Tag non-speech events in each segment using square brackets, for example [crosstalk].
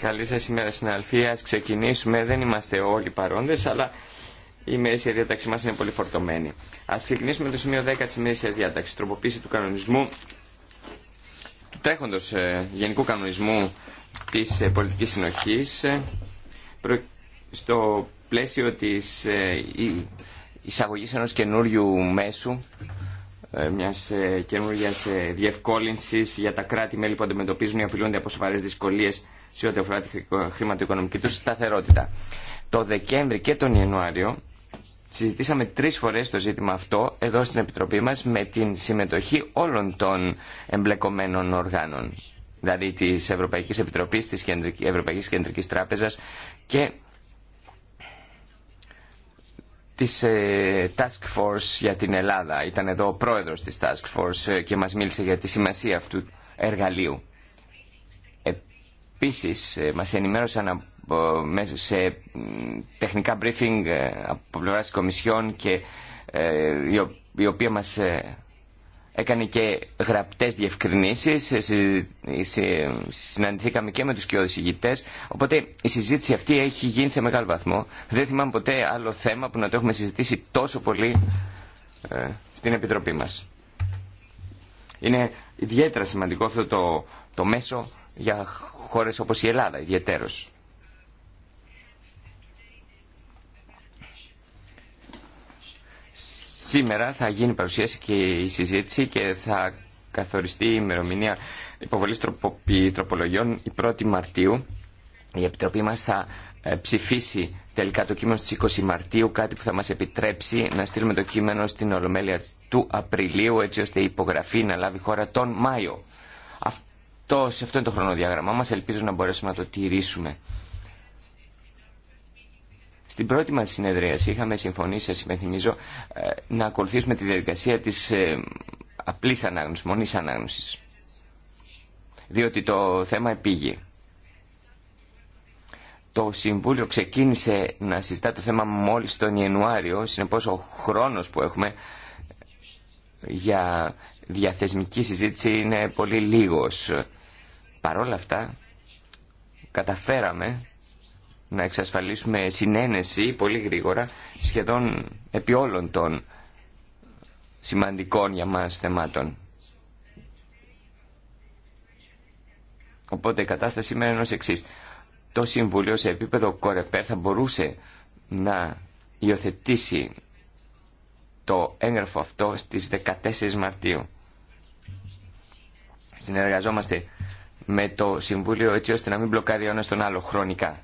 Καλή σας ημέρα Αλφή, ας ξεκινήσουμε. Δεν είμαστε όλοι παρόντες, αλλά η ημερήσια διάταξη μας είναι πολύ φορτωμένη. Ας ξεκινήσουμε το σημείο 10 της ημερήσιας διάταξης, τροποποίηση του κανονισμού, του τρέχοντος ε, γενικού κανονισμού της ε, πολιτικής ε, στο πλαίσιο της εισαγωγής ενός καινούριου μέσου ε, μιας ε, καινούργιας ε, διευκόλυνση για τα κράτη-μέλη που αντιμετωπίζουν ή απειλούνται από σοβαρές δυσκολίες σε ό,τι αφορά τη χρηματοοικονομική του σταθερότητα. Το Δεκέμβρη και τον Ιανουάριο συζητήσαμε τρεις φορές το ζήτημα αυτό εδώ στην Επιτροπή μας με την συμμετοχή όλων των εμπλεκομένων οργάνων δηλαδή τη Ευρωπαϊκή Επιτροπή, τη Ευρωπαϊκή Κεντρική Τράπεζα και της ε, Task Force για την Ελλάδα. Ήταν εδώ ο πρόεδρος της Task Force ε, και μας μίλησε για τη σημασία αυτού του εργαλείου. Επίσης, ε, μας ενημέρωσαν σε τεχνικά briefing από πλευράς Κομισιόν και η οποία μας έκανε και γραπτές διευκρινήσεις, συναντηθήκαμε και με τους κοιόδους ηγητές, οπότε η συζήτηση αυτή έχει γίνει σε μεγάλο βαθμό. Δεν θυμάμαι ποτέ άλλο θέμα που να το έχουμε συζητήσει τόσο πολύ ε, στην Επιτροπή μας. Είναι ιδιαίτερα σημαντικό αυτό το, το μέσο για χώρες όπως η Ελλάδα, ιδιαίτερος. Σήμερα θα γίνει παρουσίαση και η συζήτηση και θα καθοριστεί η ημερομηνία υποβολής τροπολογιών η 1η Μαρτίου. Η Επιτροπή μας θα ε, ψηφίσει τελικά το κείμενο στις 20 Μαρτίου, κάτι που θα μας επιτρέψει να στείλουμε το κείμενο στην Ολομέλεια του Απριλίου, έτσι ώστε η υπογραφή να λάβει χώρα τον Μάιο. Αυτό, αυτό είναι το χρονοδιάγραμμά μας, ελπίζω να μπορέσουμε να το τηρήσουμε. Στην πρώτη μας συνεδρίαση είχαμε συμφωνήσει, σα υπενθυμίζω, ε, να ακολουθήσουμε τη διαδικασία της ε, απλής ανάγνωσης, μονής ανάγνωσης. Διότι το θέμα επήγει. Το Συμβούλιο ξεκίνησε να συζητά το θέμα μόλις τον Ιανουάριο, συνεπώς ο χρόνος που έχουμε ε, για διαθεσμική συζήτηση είναι πολύ λίγος. παρόλα αυτά, καταφέραμε να εξασφαλίσουμε συνένεση πολύ γρήγορα σχεδόν επί όλων των σημαντικών για μας θεμάτων. Οπότε η κατάσταση σήμερα είναι ως εξής. Το Συμβουλίο σε επίπεδο Κορεπέρ θα μπορούσε να υιοθετήσει το έγγραφο αυτό στις 14 Μαρτίου. Συνεργαζόμαστε με το Συμβούλιο έτσι ώστε να μην μπλοκάρει ο ένας τον άλλο χρονικά.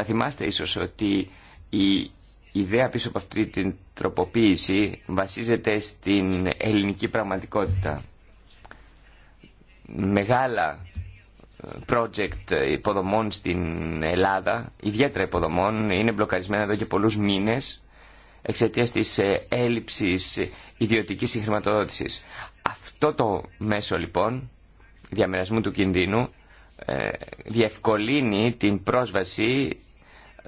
Θα θυμάστε ίσως ότι η ιδέα πίσω από αυτή την τροποποίηση βασίζεται στην ελληνική πραγματικότητα. Μεγάλα ε, project υποδομών στην Ελλάδα, ιδιαίτερα υποδομών, είναι μπλοκαρισμένα εδώ και πολλούς μήνες εξαιτίας της ε, έλλειψης ιδιωτικής συγχρηματοδότησης. Αυτό το μέσο λοιπόν διαμερασμού του κινδύνου ε, διευκολύνει την πρόσβαση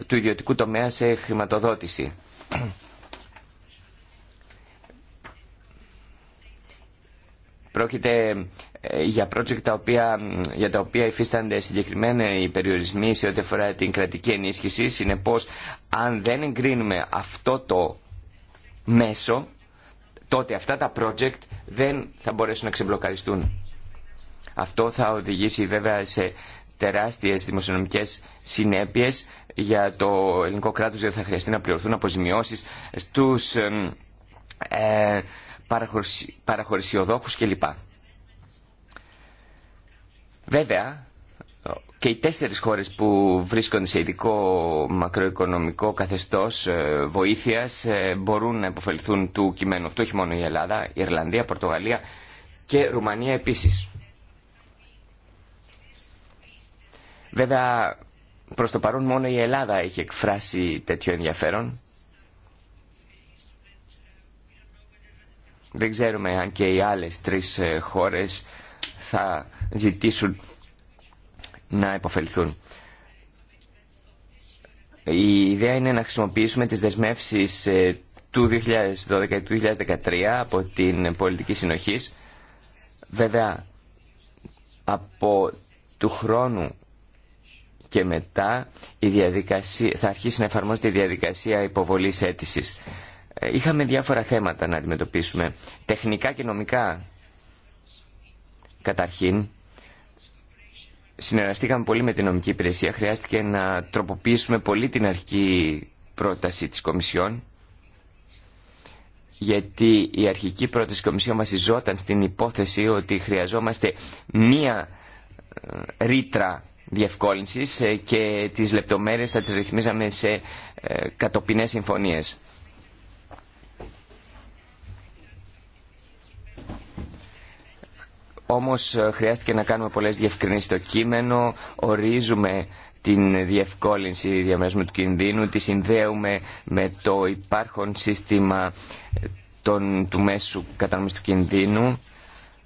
του ιδιωτικού τομέα σε χρηματοδότηση. Πρόκειται ε, για project τα οποία, για τα οποία υφίστανται συγκεκριμένα οι περιορισμοί σε ό,τι αφορά την κρατική ενίσχυση. Συνεπώ, αν δεν εγκρίνουμε αυτό το μέσο, τότε αυτά τα project δεν θα μπορέσουν να ξεμπλοκαριστούν. Αυτό θα οδηγήσει βέβαια σε τεράστιες δημοσιονομικές συνέπειες για το ελληνικό κράτος γιατί θα χρειαστεί να πληρωθούν αποζημιώσεις στους ε, παραχωρησιοδόχους κλπ. Βέβαια, και οι τέσσερις χώρες που βρίσκονται σε ειδικό μακροοικονομικό καθεστώς ε, βοήθειας ε, μπορούν να υποφεληθούν του κειμένου αυτό, όχι μόνο η Ελλάδα, η Ιρλανδία, Πορτογαλία και Ρουμανία επίσης. Βέβαια, Προς το παρόν μόνο η Ελλάδα έχει εκφράσει τέτοιο ενδιαφέρον. Δεν ξέρουμε αν και οι άλλες τρεις ε, χώρες θα ζητήσουν να υποφελθούν. Η ιδέα είναι να χρησιμοποιήσουμε τις δεσμεύσεις ε, του 2012 του 2013 από την πολιτική συνοχής. Βέβαια, από του χρόνου και μετά η διαδικασία, θα αρχίσει να εφαρμόζεται η διαδικασία υποβολής αίτησης. Ε, είχαμε διάφορα θέματα να αντιμετωπίσουμε, τεχνικά και νομικά. Καταρχήν, συνεργαστήκαμε πολύ με την νομική υπηρεσία, χρειάστηκε να τροποποιήσουμε πολύ την αρχική πρόταση της Κομισιόν, γιατί η αρχική πρόταση της Κομισιόν βασιζόταν στην υπόθεση ότι χρειαζόμαστε μία ε, ρήτρα διευκόλυνσης ε, και τις λεπτομέρειες θα τις ρυθμίζαμε σε ε, κατοπινές συμφωνίες. Όμως ε, χρειάστηκε να κάνουμε πολλές διευκρινήσεις στο κείμενο, ορίζουμε την διευκόλυνση διαμέσου του κινδύνου, τη συνδέουμε με το υπάρχον σύστημα των, του μέσου κατανομής του κινδύνου.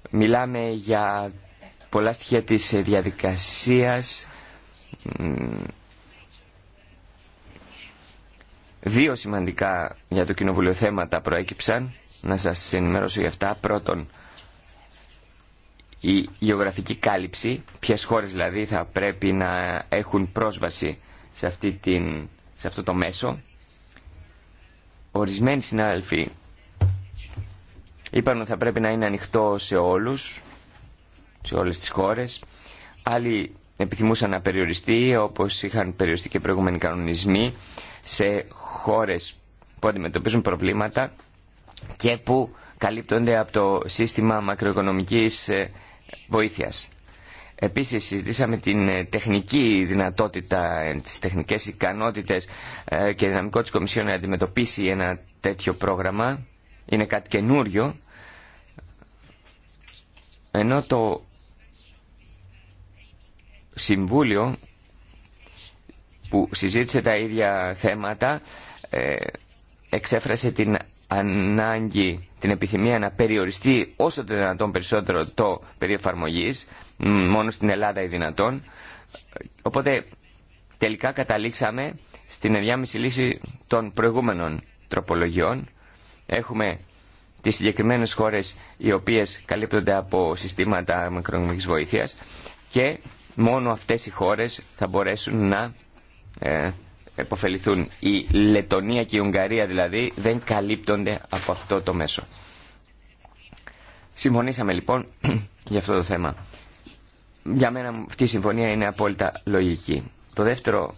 Μιλάμε για πολλά στοιχεία της διαδικασίας. Δύο σημαντικά για το Κοινοβουλίο θέματα προέκυψαν. Να σας ενημερώσω για αυτά. Πρώτον, η γεωγραφική κάλυψη. Ποιες χώρες δηλαδή θα πρέπει να έχουν πρόσβαση σε, αυτή την, σε αυτό το μέσο. Ορισμένοι συνάδελφοι είπαν ότι θα πρέπει να είναι ανοιχτό σε όλους σε όλες τις χώρες. Άλλοι επιθυμούσαν να περιοριστεί, όπως είχαν περιοριστεί και προηγούμενοι κανονισμοί, σε χώρες που αντιμετωπίζουν προβλήματα και που καλύπτονται από το σύστημα μακροοικονομικής ε, βοήθειας. Επίσης συζητήσαμε την ε, τεχνική δυνατότητα, ε, τις τεχνικές ικανότητες και δυναμικό της Κομισιόν να αντιμετωπίσει ένα τέτοιο πρόγραμμα. Είναι κάτι καινούριο, ενώ το Συμβούλιο που συζήτησε τα ίδια θέματα ε, εξέφρασε την ανάγκη, την επιθυμία να περιοριστεί όσο το δυνατόν περισσότερο το πεδίο εφαρμογή, μόνο στην Ελλάδα ή δυνατόν. Οπότε τελικά καταλήξαμε στην ενδιάμεση λύση των προηγούμενων τροπολογιών. Έχουμε τις συγκεκριμένε χώρες οι οποίες καλύπτονται από συστήματα μικρονομική βοήθεια και μόνο αυτές οι χώρες θα μπορέσουν να ε, επωφεληθούν. Η Λετωνία και η Ουγγαρία δηλαδή δεν καλύπτονται από αυτό το μέσο. Συμφωνήσαμε λοιπόν [clears throat] για αυτό το θέμα. Για μένα αυτή η συμφωνία είναι απόλυτα λογική. Το δεύτερο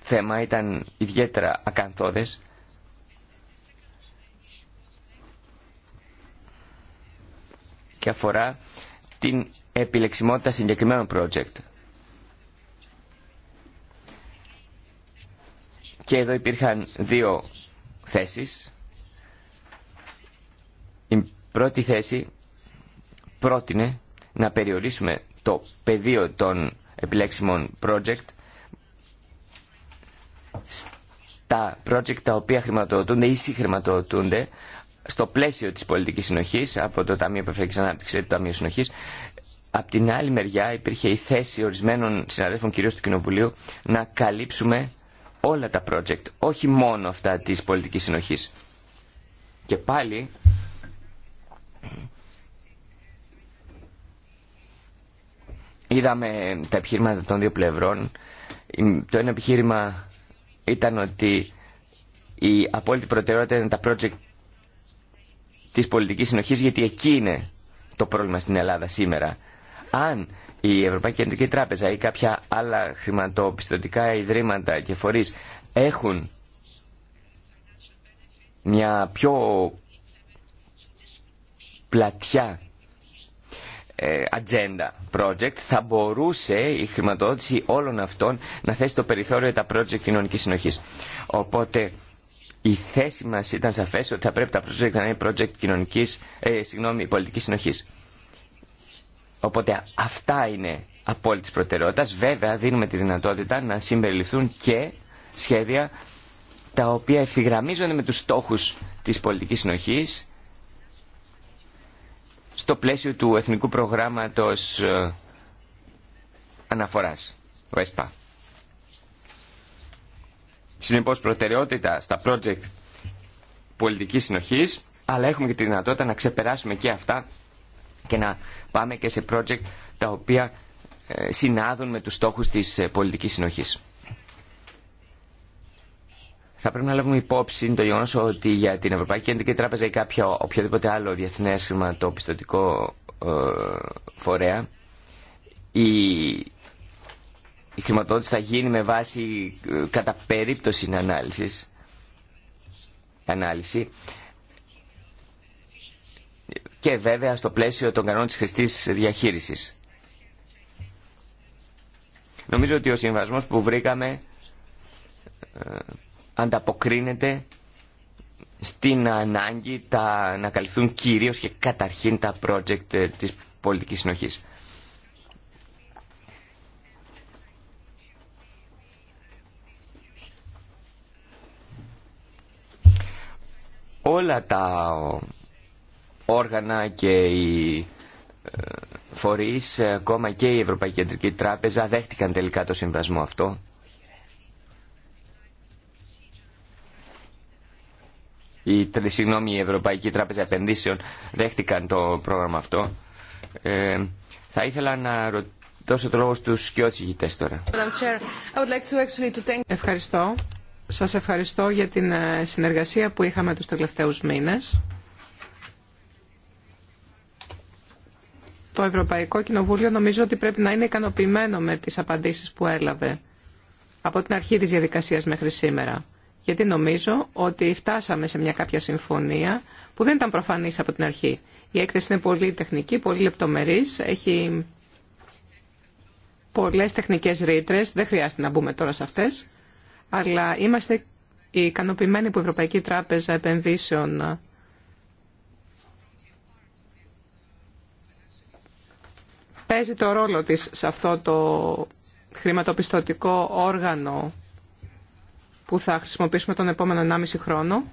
θέμα ήταν ιδιαίτερα ακανθώδες και αφορά την επιλεξιμότητα συγκεκριμένων project. Και εδώ υπήρχαν δύο θέσεις. Η πρώτη θέση πρότεινε να περιορίσουμε το πεδίο των επιλέξιμων project στα project τα οποία χρηματοδοτούνται ή συγχρηματοδοτούνται στο πλαίσιο της πολιτικής συνοχής από το Ταμείο Περιφερειακής Ανάπτυξης και το Ταμείο Συνοχής. Απ' την άλλη μεριά υπήρχε η θέση ορισμένων συναδέλφων κυρίως του Κοινοβουλίου να καλύψουμε όλα τα project, όχι μόνο αυτά της πολιτικής συνοχής. Και πάλι είδαμε τα επιχείρηματα των δύο πλευρών. Το ένα επιχείρημα ήταν ότι η απόλυτη προτεραιότητα ήταν τα project της πολιτικής συνοχής γιατί εκεί είναι το πρόβλημα στην Ελλάδα σήμερα. Αν η Ευρωπαϊκή Κεντρική Τράπεζα ή κάποια άλλα χρηματοπιστωτικά ιδρύματα και φορείς έχουν μια πιο πλατιά ε, ατζέντα project θα μπορούσε η χρηματοδότηση όλων αυτών να θέσει το περιθώριο τα project κοινωνικής συνοχής. Οπότε η θέση μας ήταν σαφές ότι θα πρέπει τα project να είναι project κοινωνικής, ε, συγγνώμη, πολιτικής συνοχής. Οπότε αυτά είναι απόλυτη προτεραιότητα. Βέβαια, δίνουμε τη δυνατότητα να συμπεριληφθούν και σχέδια τα οποία ευθυγραμμίζονται με τους στόχους της πολιτικής συνοχής στο πλαίσιο του Εθνικού Προγράμματος ε, Αναφοράς, ο ΕΣΠΑ. Συνεπώς προτεραιότητα στα project πολιτικής συνοχής, αλλά έχουμε και τη δυνατότητα να ξεπεράσουμε και αυτά και να πάμε και σε project τα οποία ε, συνάδουν με τους στόχους της ε, πολιτικής συνοχής. Θα πρέπει να λάβουμε υπόψη το γεγονό ότι για την Ευρωπαϊκή Κεντρική Τράπεζα ή κάποιο οποιοδήποτε άλλο διεθνέ χρηματοπιστωτικό ε, φορέα η, χρηματοδότηση θα γίνει με βάση ε, κατά περίπτωση Ανάλυση και βέβαια στο πλαίσιο των κανόνων της χρηστής διαχείρισης. Νομίζω ότι ο συμβασμός που βρήκαμε ε, ανταποκρίνεται στην ανάγκη τα, να καλυφθούν κυρίως και καταρχήν τα project ε, της πολιτικής συνοχής. Όλα τα όργανα και οι ε, φορείς, ε, ακόμα και η Ευρωπαϊκή Κεντρική Τράπεζα, δέχτηκαν τελικά το συμβασμό αυτό. Η, συγγνώμη, η Ευρωπαϊκή Τράπεζα Επενδύσεων δέχτηκαν το πρόγραμμα αυτό. Ε, θα ήθελα να δώσω το λόγο στους κοιότσιγητές τώρα. Ευχαριστώ. Σας ευχαριστώ για την ε, συνεργασία που είχαμε τους τελευταίους μήνες. το Ευρωπαϊκό Κοινοβούλιο νομίζω ότι πρέπει να είναι ικανοποιημένο με τις απαντήσεις που έλαβε από την αρχή της διαδικασίας μέχρι σήμερα. Γιατί νομίζω ότι φτάσαμε σε μια κάποια συμφωνία που δεν ήταν προφανής από την αρχή. Η έκθεση είναι πολύ τεχνική, πολύ λεπτομερής, έχει πολλές τεχνικές ρήτρε, δεν χρειάζεται να μπούμε τώρα σε αυτές, αλλά είμαστε ικανοποιημένοι που η Ευρωπαϊκή Τράπεζα Επενδύσεων παίζει το ρόλο της σε αυτό το χρηματοπιστωτικό όργανο που θα χρησιμοποιήσουμε τον επόμενο 1,5 χρόνο.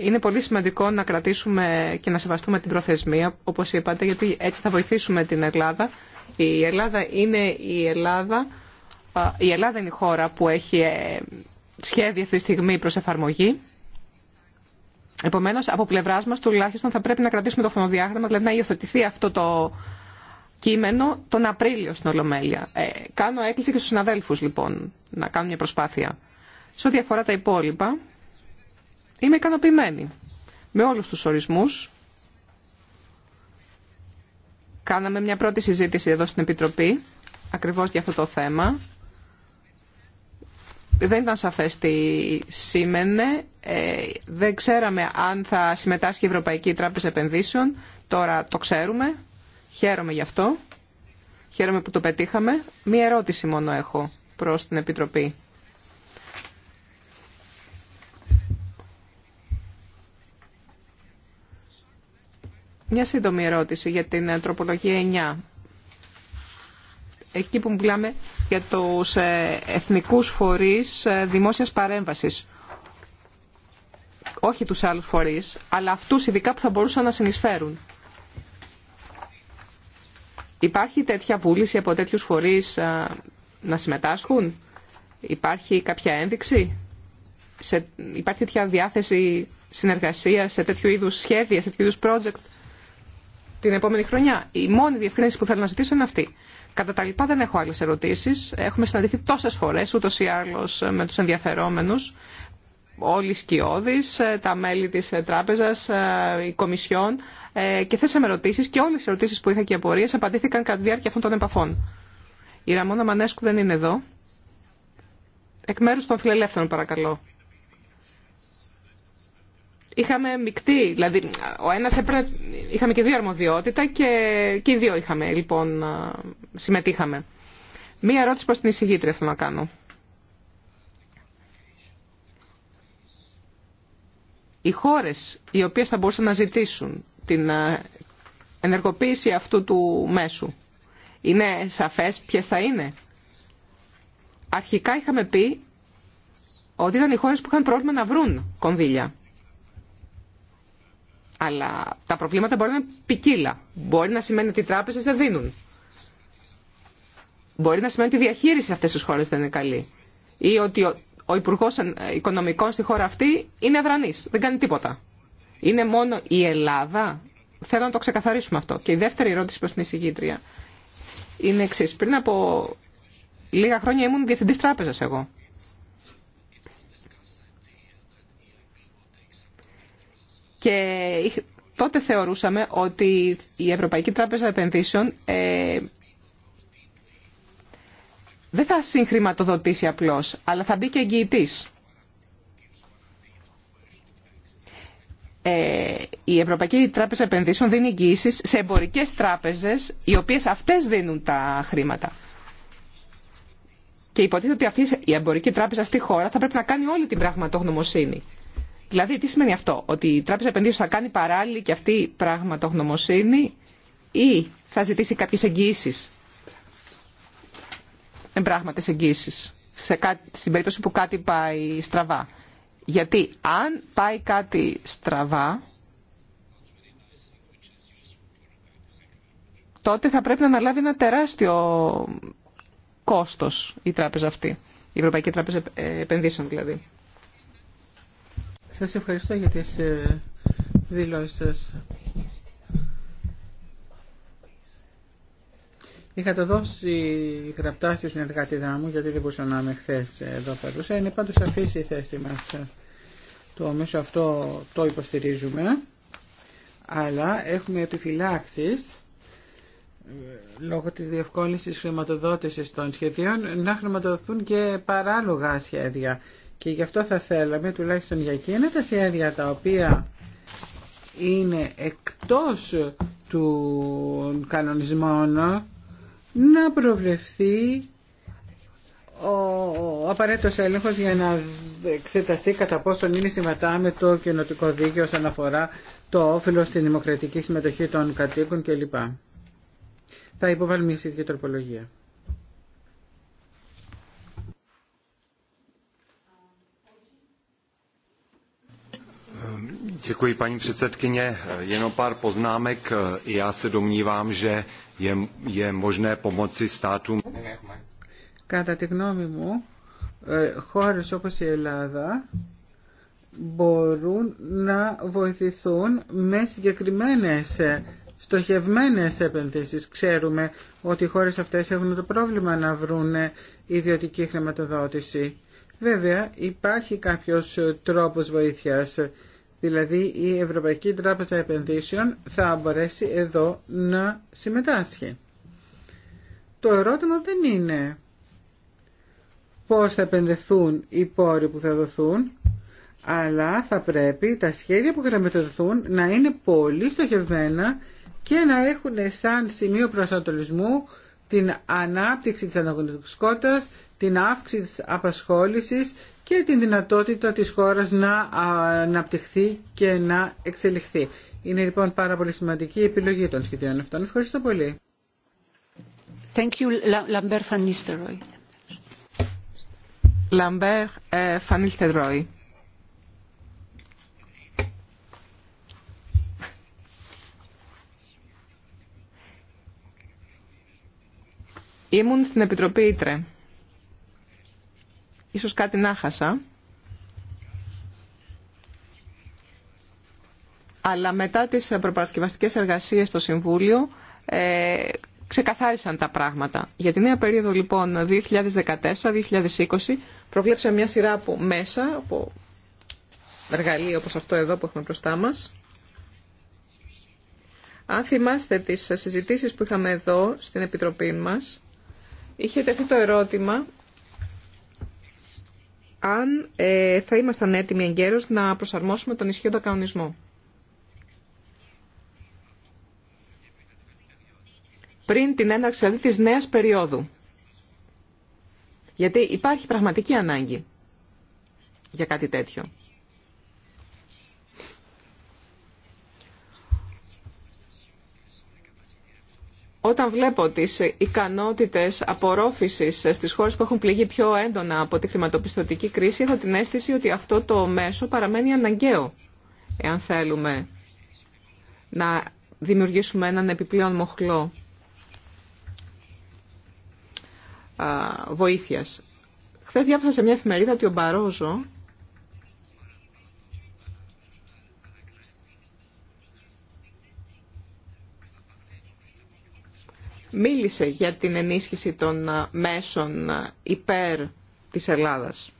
Είναι πολύ σημαντικό να κρατήσουμε και να σεβαστούμε την προθεσμία, όπως είπατε, γιατί έτσι θα βοηθήσουμε την Ελλάδα. Η Ελλάδα είναι η Ελλάδα, η Ελλάδα είναι η χώρα που έχει ε, σχέδια αυτή τη στιγμή προς εφαρμογή Επομένως, από πλευρά μα τουλάχιστον θα πρέπει να κρατήσουμε το χρονοδιάγραμμα, δηλαδή να υιοθετηθεί αυτό το κείμενο τον Απρίλιο στην Ολομέλεια. Ε, κάνω έκκληση και στους συναδέλφου, λοιπόν να κάνουν μια προσπάθεια. Σε ό,τι αφορά τα υπόλοιπα, είμαι ικανοποιημένη με όλους τους ορισμούς. Κάναμε μια πρώτη συζήτηση εδώ στην Επιτροπή, ακριβώς για αυτό το θέμα δεν ήταν σαφές τι σήμαινε. Ε, δεν ξέραμε αν θα συμμετάσχει η Ευρωπαϊκή Τράπεζα Επενδύσεων. Τώρα το ξέρουμε. Χαίρομαι γι' αυτό. Χαίρομαι που το πετύχαμε. Μία ερώτηση μόνο έχω προς την Επιτροπή. Μια σύντομη ερώτηση για την τροπολογία 9 εκεί που μιλάμε για τους ε, εθνικούς φορείς ε, δημόσιας παρέμβασης. Όχι τους άλλους φορείς, αλλά αυτούς ειδικά που θα μπορούσαν να συνεισφέρουν. Υπάρχει τέτοια βούληση από τέτοιους φορείς ε, να συμμετάσχουν. Υπάρχει κάποια ένδειξη. Σε, υπάρχει τέτοια διάθεση συνεργασίας σε τέτοιου είδους σχέδια, σε τέτοιου είδους project την επόμενη χρονιά. Η μόνη διευκρίνηση που θέλω να ζητήσω είναι αυτή. Κατά τα λοιπά δεν έχω άλλε ερωτήσει. Έχουμε συναντηθεί τόσε φορέ ούτω ή άλλω με του ενδιαφερόμενου. Όλοι οι σκιώδει, τα μέλη τη τράπεζα, οι κομισιόν ε, και θέσαμε ερωτήσει και όλε οι ερωτήσει που είχα και απορίε απαντήθηκαν κατά τη διάρκεια αυτών των επαφών. Η Ραμόνα Μανέσκου δεν είναι εδώ. Εκ μέρου των φιλελεύθερων, παρακαλώ είχαμε μεικτή, δηλαδή ο ένας είχαμε και δύο αρμοδιότητα και, και οι δύο είχαμε, λοιπόν, συμμετείχαμε. Μία ερώτηση προς την εισηγήτρια θέλω να κάνω. Οι χώρες οι οποίες θα μπορούσαν να ζητήσουν την ενεργοποίηση αυτού του μέσου, είναι σαφές ποιες θα είναι. Αρχικά είχαμε πει ότι ήταν οι χώρες που είχαν πρόβλημα να βρουν κονδύλια. Αλλά τα προβλήματα μπορεί να είναι ποικίλα. Μπορεί να σημαίνει ότι οι τράπεζε δεν δίνουν. Μπορεί να σημαίνει ότι η διαχείριση σε αυτέ τι χώρε δεν είναι καλή. Ή ότι ο Υπουργό Οικονομικών στη χώρα αυτή είναι αδρανής, δεν κάνει τίποτα. Είναι μόνο η οτι ο υπουργο οικονομικων στη χωρα αυτη ειναι δρανης Θέλω να το ξεκαθαρίσουμε αυτό. Και η δεύτερη ερώτηση προ την εισηγήτρια είναι εξή. Πριν από λίγα χρόνια ήμουν διευθυντή Τράπεζα εγώ. Και τότε θεωρούσαμε ότι η Ευρωπαϊκή Τράπεζα Επενδύσεων ε, δεν θα συγχρηματοδοτήσει απλώς, αλλά θα μπει και εγγυητής. Ε, η Ευρωπαϊκή Τράπεζα Επενδύσεων δίνει εγγυήσεις σε εμπορικές τράπεζες, οι οποίες αυτές δίνουν τα χρήματα. Και υποτίθεται ότι αυτή η εμπορική τράπεζα στη χώρα θα πρέπει να κάνει όλη την πραγματογνωμοσύνη. Δηλαδή, τι σημαίνει αυτό, ότι η Τράπεζα Επενδύσεων θα κάνει παράλληλη και αυτή πραγματογνωμοσύνη ή θα ζητήσει κάποιες εγγύησεις, εμπράγματες εγγύησεις, σε κάτι, στην περίπτωση που κάτι πάει στραβά. Γιατί αν πάει κάτι στραβά, τότε θα πρέπει να αναλάβει ένα τεράστιο κόστος η θα ζητησει καποιες εγγυησεις εμπραγματε εγγυησεις σε στην περιπτωση που κατι παει στραβα αυτή, η Ευρωπαϊκή Τράπεζα ε, Επενδύσεων δηλαδή. Σας ευχαριστώ για τις ε, δηλώσεις σας. Είχα δώσει γραπτά στη συνεργατή μου, γιατί δεν μπορούσα να είμαι χθε εδώ παρούσα. Είναι πάντως αφή η θέση μας. Το μέσο αυτό το υποστηρίζουμε, αλλά έχουμε επιφυλάξεις ε, λόγω της διευκόλυνσης χρηματοδότησης των σχεδίων να χρηματοδοθούν και παράλογα σχέδια και γι' αυτό θα θέλαμε, τουλάχιστον για εκείνα τα σχέδια τα οποία είναι εκτός του κανονισμού να προβλεφθεί ο απαραίτητος έλεγχος για να εξεταστεί κατά πόσον είναι συμβατά με το κοινοτικό δίκαιο όσον αφορά το όφελο στην δημοκρατική συμμετοχή των κατοίκων κλπ. Θα υποβάλουμε η ίδια τροπολογία. Děkuji, paní předsedkyně. Jenom pár poznámek. já se domnívám, že je, je možné pomoci státům. Κατά τη γνώμη μου, ε, χώρες όπως η Ελλάδα μπορούν να βοηθηθούν με συγκεκριμένες ε, στοχευμένες επενδύσεις. Ξέρουμε ότι οι χώρες αυτές έχουν το πρόβλημα να βρουν ιδιωτική χρηματοδότηση. Βέβαια, υπάρχει κάποιος τρόπος βοήθειας δηλαδή η Ευρωπαϊκή Τράπεζα Επενδύσεων θα μπορέσει εδώ να συμμετάσχει. Το ερώτημα δεν είναι πώς θα επενδεθούν οι πόροι που θα δοθούν, αλλά θα πρέπει τα σχέδια που μεταδοθούν να είναι πολύ στοχευμένα και να έχουν σαν σημείο προσανατολισμού την ανάπτυξη της ανταγωνιστικότητας, την αύξηση της απασχόλησης και την δυνατότητα της χώρας να αναπτυχθεί και να εξελιχθεί. Είναι λοιπόν πάρα πολύ σημαντική η επιλογή των σχεδιών αυτών. Ευχαριστώ πολύ. Thank you, Lambert van Nistelrooy. Lambert ε, van Ήμουν στην Επιτροπή Ήτρε. Ίσως κάτι να χάσα. Αλλά μετά τις προπαρασκευαστικές εργασίες στο Συμβούλιο ε, ξεκαθάρισαν τα πράγματα. Για την νέα περίοδο λοιπόν 2014-2020 προβλέψαμε μια σειρά από μέσα, από εργαλεία όπως αυτό εδώ που έχουμε μπροστά μας. Αν θυμάστε τις συζητήσεις που είχαμε εδώ στην Επιτροπή μας, Είχε τεθεί το ερώτημα αν ε, θα ήμασταν έτοιμοι εγκαίρως να προσαρμόσουμε τον ισχύοντα κανονισμό. Πριν την έναρξη δηλαδή της νέας περίοδου. Γιατί υπάρχει πραγματική ανάγκη για κάτι τέτοιο. όταν βλέπω τις ικανότητες απορρόφησης στις χώρες που έχουν πληγεί πιο έντονα από τη χρηματοπιστωτική κρίση, έχω την αίσθηση ότι αυτό το μέσο παραμένει αναγκαίο, εάν θέλουμε να δημιουργήσουμε έναν επιπλέον μοχλό βοήθειας. Χθες διάβασα σε μια εφημερίδα ότι ο Μπαρόζο μίλησε για την ενίσχυση των ε, μέσων ε, υπέρ της Ελλάδας.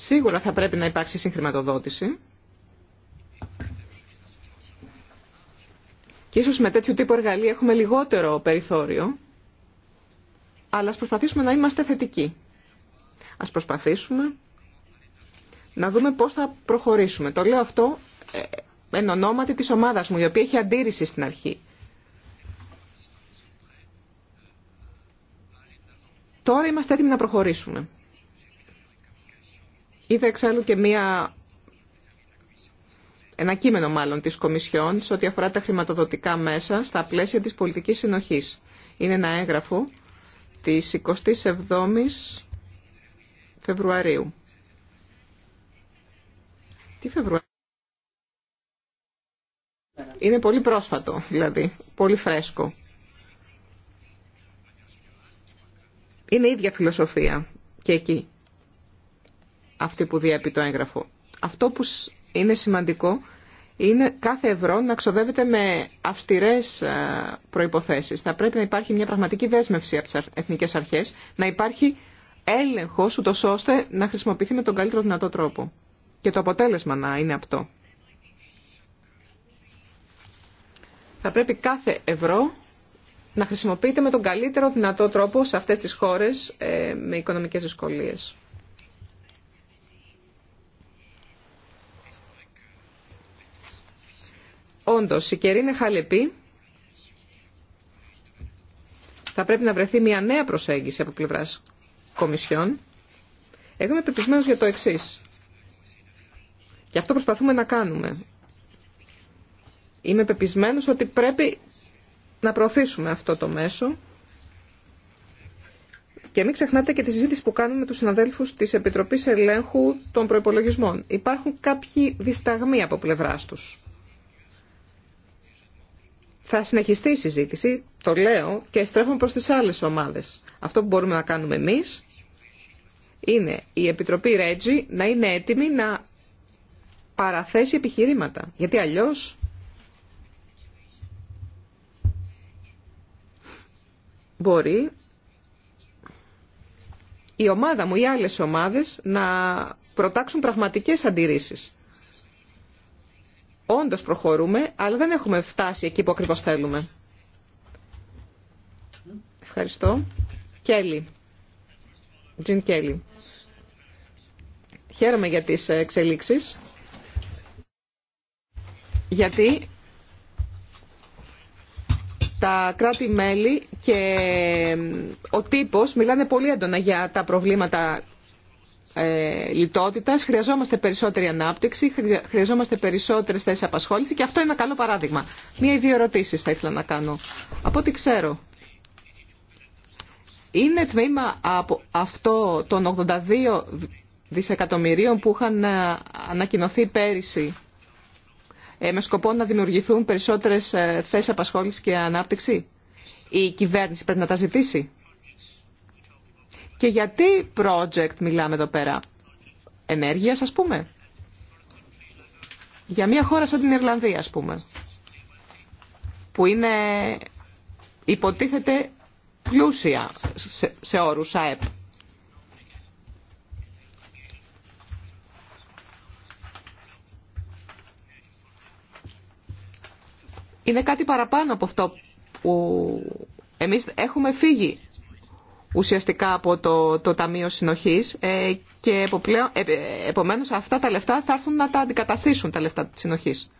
Σίγουρα θα πρέπει να υπάρξει συγχρηματοδότηση. Και ίσως με τέτοιο τύπο εργαλεία έχουμε λιγότερο περιθώριο. Αλλά ας προσπαθήσουμε να είμαστε θετικοί. Ας προσπαθήσουμε να δούμε πώς θα προχωρήσουμε. Το λέω αυτό ε, εν ονόματι της ομάδας μου, η οποία έχει αντίρρηση στην αρχή. Τώρα είμαστε έτοιμοι να προχωρήσουμε. Είδα εξάλλου και μία, ένα κείμενο μάλλον της Κομισιόν σε ό,τι αφορά τα χρηματοδοτικά μέσα στα πλαίσια της πολιτικής συνοχής. Είναι ένα έγγραφο της 27ης Φεβρουαρίου. Τι Φεβρουάριο. Είναι πολύ πρόσφατο, δηλαδή, πολύ φρέσκο. Είναι ίδια φιλοσοφία και εκεί, αυτή που διέπει το έγγραφο. Αυτό που είναι σημαντικό είναι κάθε ευρώ να ξοδεύεται με αυστηρές ε, προϋποθέσεις. Θα πρέπει να υπάρχει μια πραγματική δέσμευση από τις εθνικές αρχές, να υπάρχει έλεγχος, ούτως ώστε να χρησιμοποιηθεί με τον καλύτερο δυνατό τρόπο και το αποτέλεσμα να είναι αυτό. Θα πρέπει κάθε ευρώ να χρησιμοποιείται με τον καλύτερο δυνατό τρόπο σε αυτές τις χώρες ε, με οικονομικές δυσκολίες. Όντως, η καιρή είναι χαλεπή. Θα πρέπει να βρεθεί μια νέα προσέγγιση από πλευράς κομισιών. Εγώ είμαι για το εξής. Και αυτό προσπαθούμε να κάνουμε. Είμαι πεπισμένος ότι πρέπει να προωθήσουμε αυτό το μέσο και μην ξεχνάτε και τη συζήτηση που κάνουμε με τους συναδέλφους της Επιτροπής Ελέγχου των Προϋπολογισμών. Υπάρχουν κάποιοι δισταγμοί από πλευρά τους. Θα συνεχιστεί η συζήτηση, το λέω, και στρέφουμε προς τις άλλες ομάδες. Αυτό που μπορούμε να κάνουμε εμείς είναι η Επιτροπή Ρέτζι να είναι έτοιμη να παραθέσει επιχειρήματα. Γιατί αλλιώς μπορεί η ομάδα μου ή άλλες ομάδες να προτάξουν πραγματικές αντιρρήσεις. Όντως προχωρούμε, αλλά δεν έχουμε φτάσει εκεί που ακριβώς θέλουμε. Ευχαριστώ. Κέλλη. Τζιν Κέλλη. Χαίρομαι για τις εξελίξεις γιατί τα κράτη-μέλη και ο τύπος μιλάνε πολύ έντονα για τα προβλήματα ε, λιτότητας. Χρειαζόμαστε περισσότερη ανάπτυξη, χρειαζόμαστε περισσότερες θέσεις απασχόληση και αυτό είναι ένα καλό παράδειγμα. Μία ή δύο ερωτήσεις θα ήθελα να κάνω. Από ό,τι ξέρω, είναι τμήμα από αυτό των 82 δισεκατομμυρίων που είχαν ε, ανακοινωθεί πέρυσι ε, με σκοπό να δημιουργηθούν περισσότερες ε, θέσεις απασχόλησης και ανάπτυξη. Η κυβέρνηση πρέπει να τα ζητήσει. Και γιατί project μιλάμε εδώ πέρα. Ενέργεια ας πούμε. Για μια χώρα σαν την Ιρλανδία ας πούμε. Που είναι υποτίθεται πλούσια σε, σε όρους ΑΕΠ. είναι κάτι παραπάνω από αυτό που εμείς έχουμε φύγει ουσιαστικά από το, το Ταμείο Συνοχής ε, και επομένω ε, επομένως αυτά τα λεφτά θα έρθουν να τα αντικαταστήσουν τα λεφτά της Συνοχής.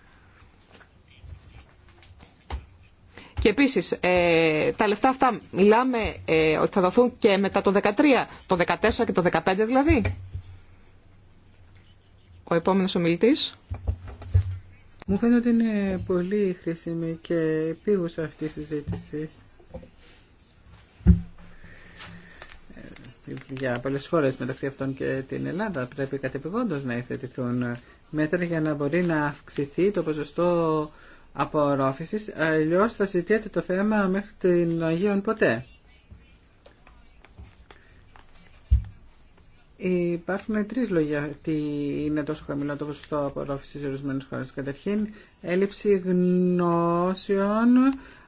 Και επίσης ε, τα λεφτά αυτά μιλάμε ε, ότι θα δοθούν και μετά το 13, το 14 και το 15 δηλαδή. Ο επόμενος ομιλητής. Μου φαίνεται ότι είναι πολύ χρήσιμη και επίγουσα αυτή η συζήτηση. Ε, για πολλές χώρες μεταξύ αυτών και την Ελλάδα πρέπει κατεπηγόντως να υφετηθούν μέτρα για να μπορεί να αυξηθεί το ποσοστό απορρόφησης, αλλιώς θα συζητιέται το θέμα μέχρι την Αγίων ποτέ. Υπάρχουν τρει λόγια γιατί είναι τόσο χαμηλό το ποσοστό απορρόφηση σε ορισμένε χώρε. Καταρχήν, έλλειψη γνώσεων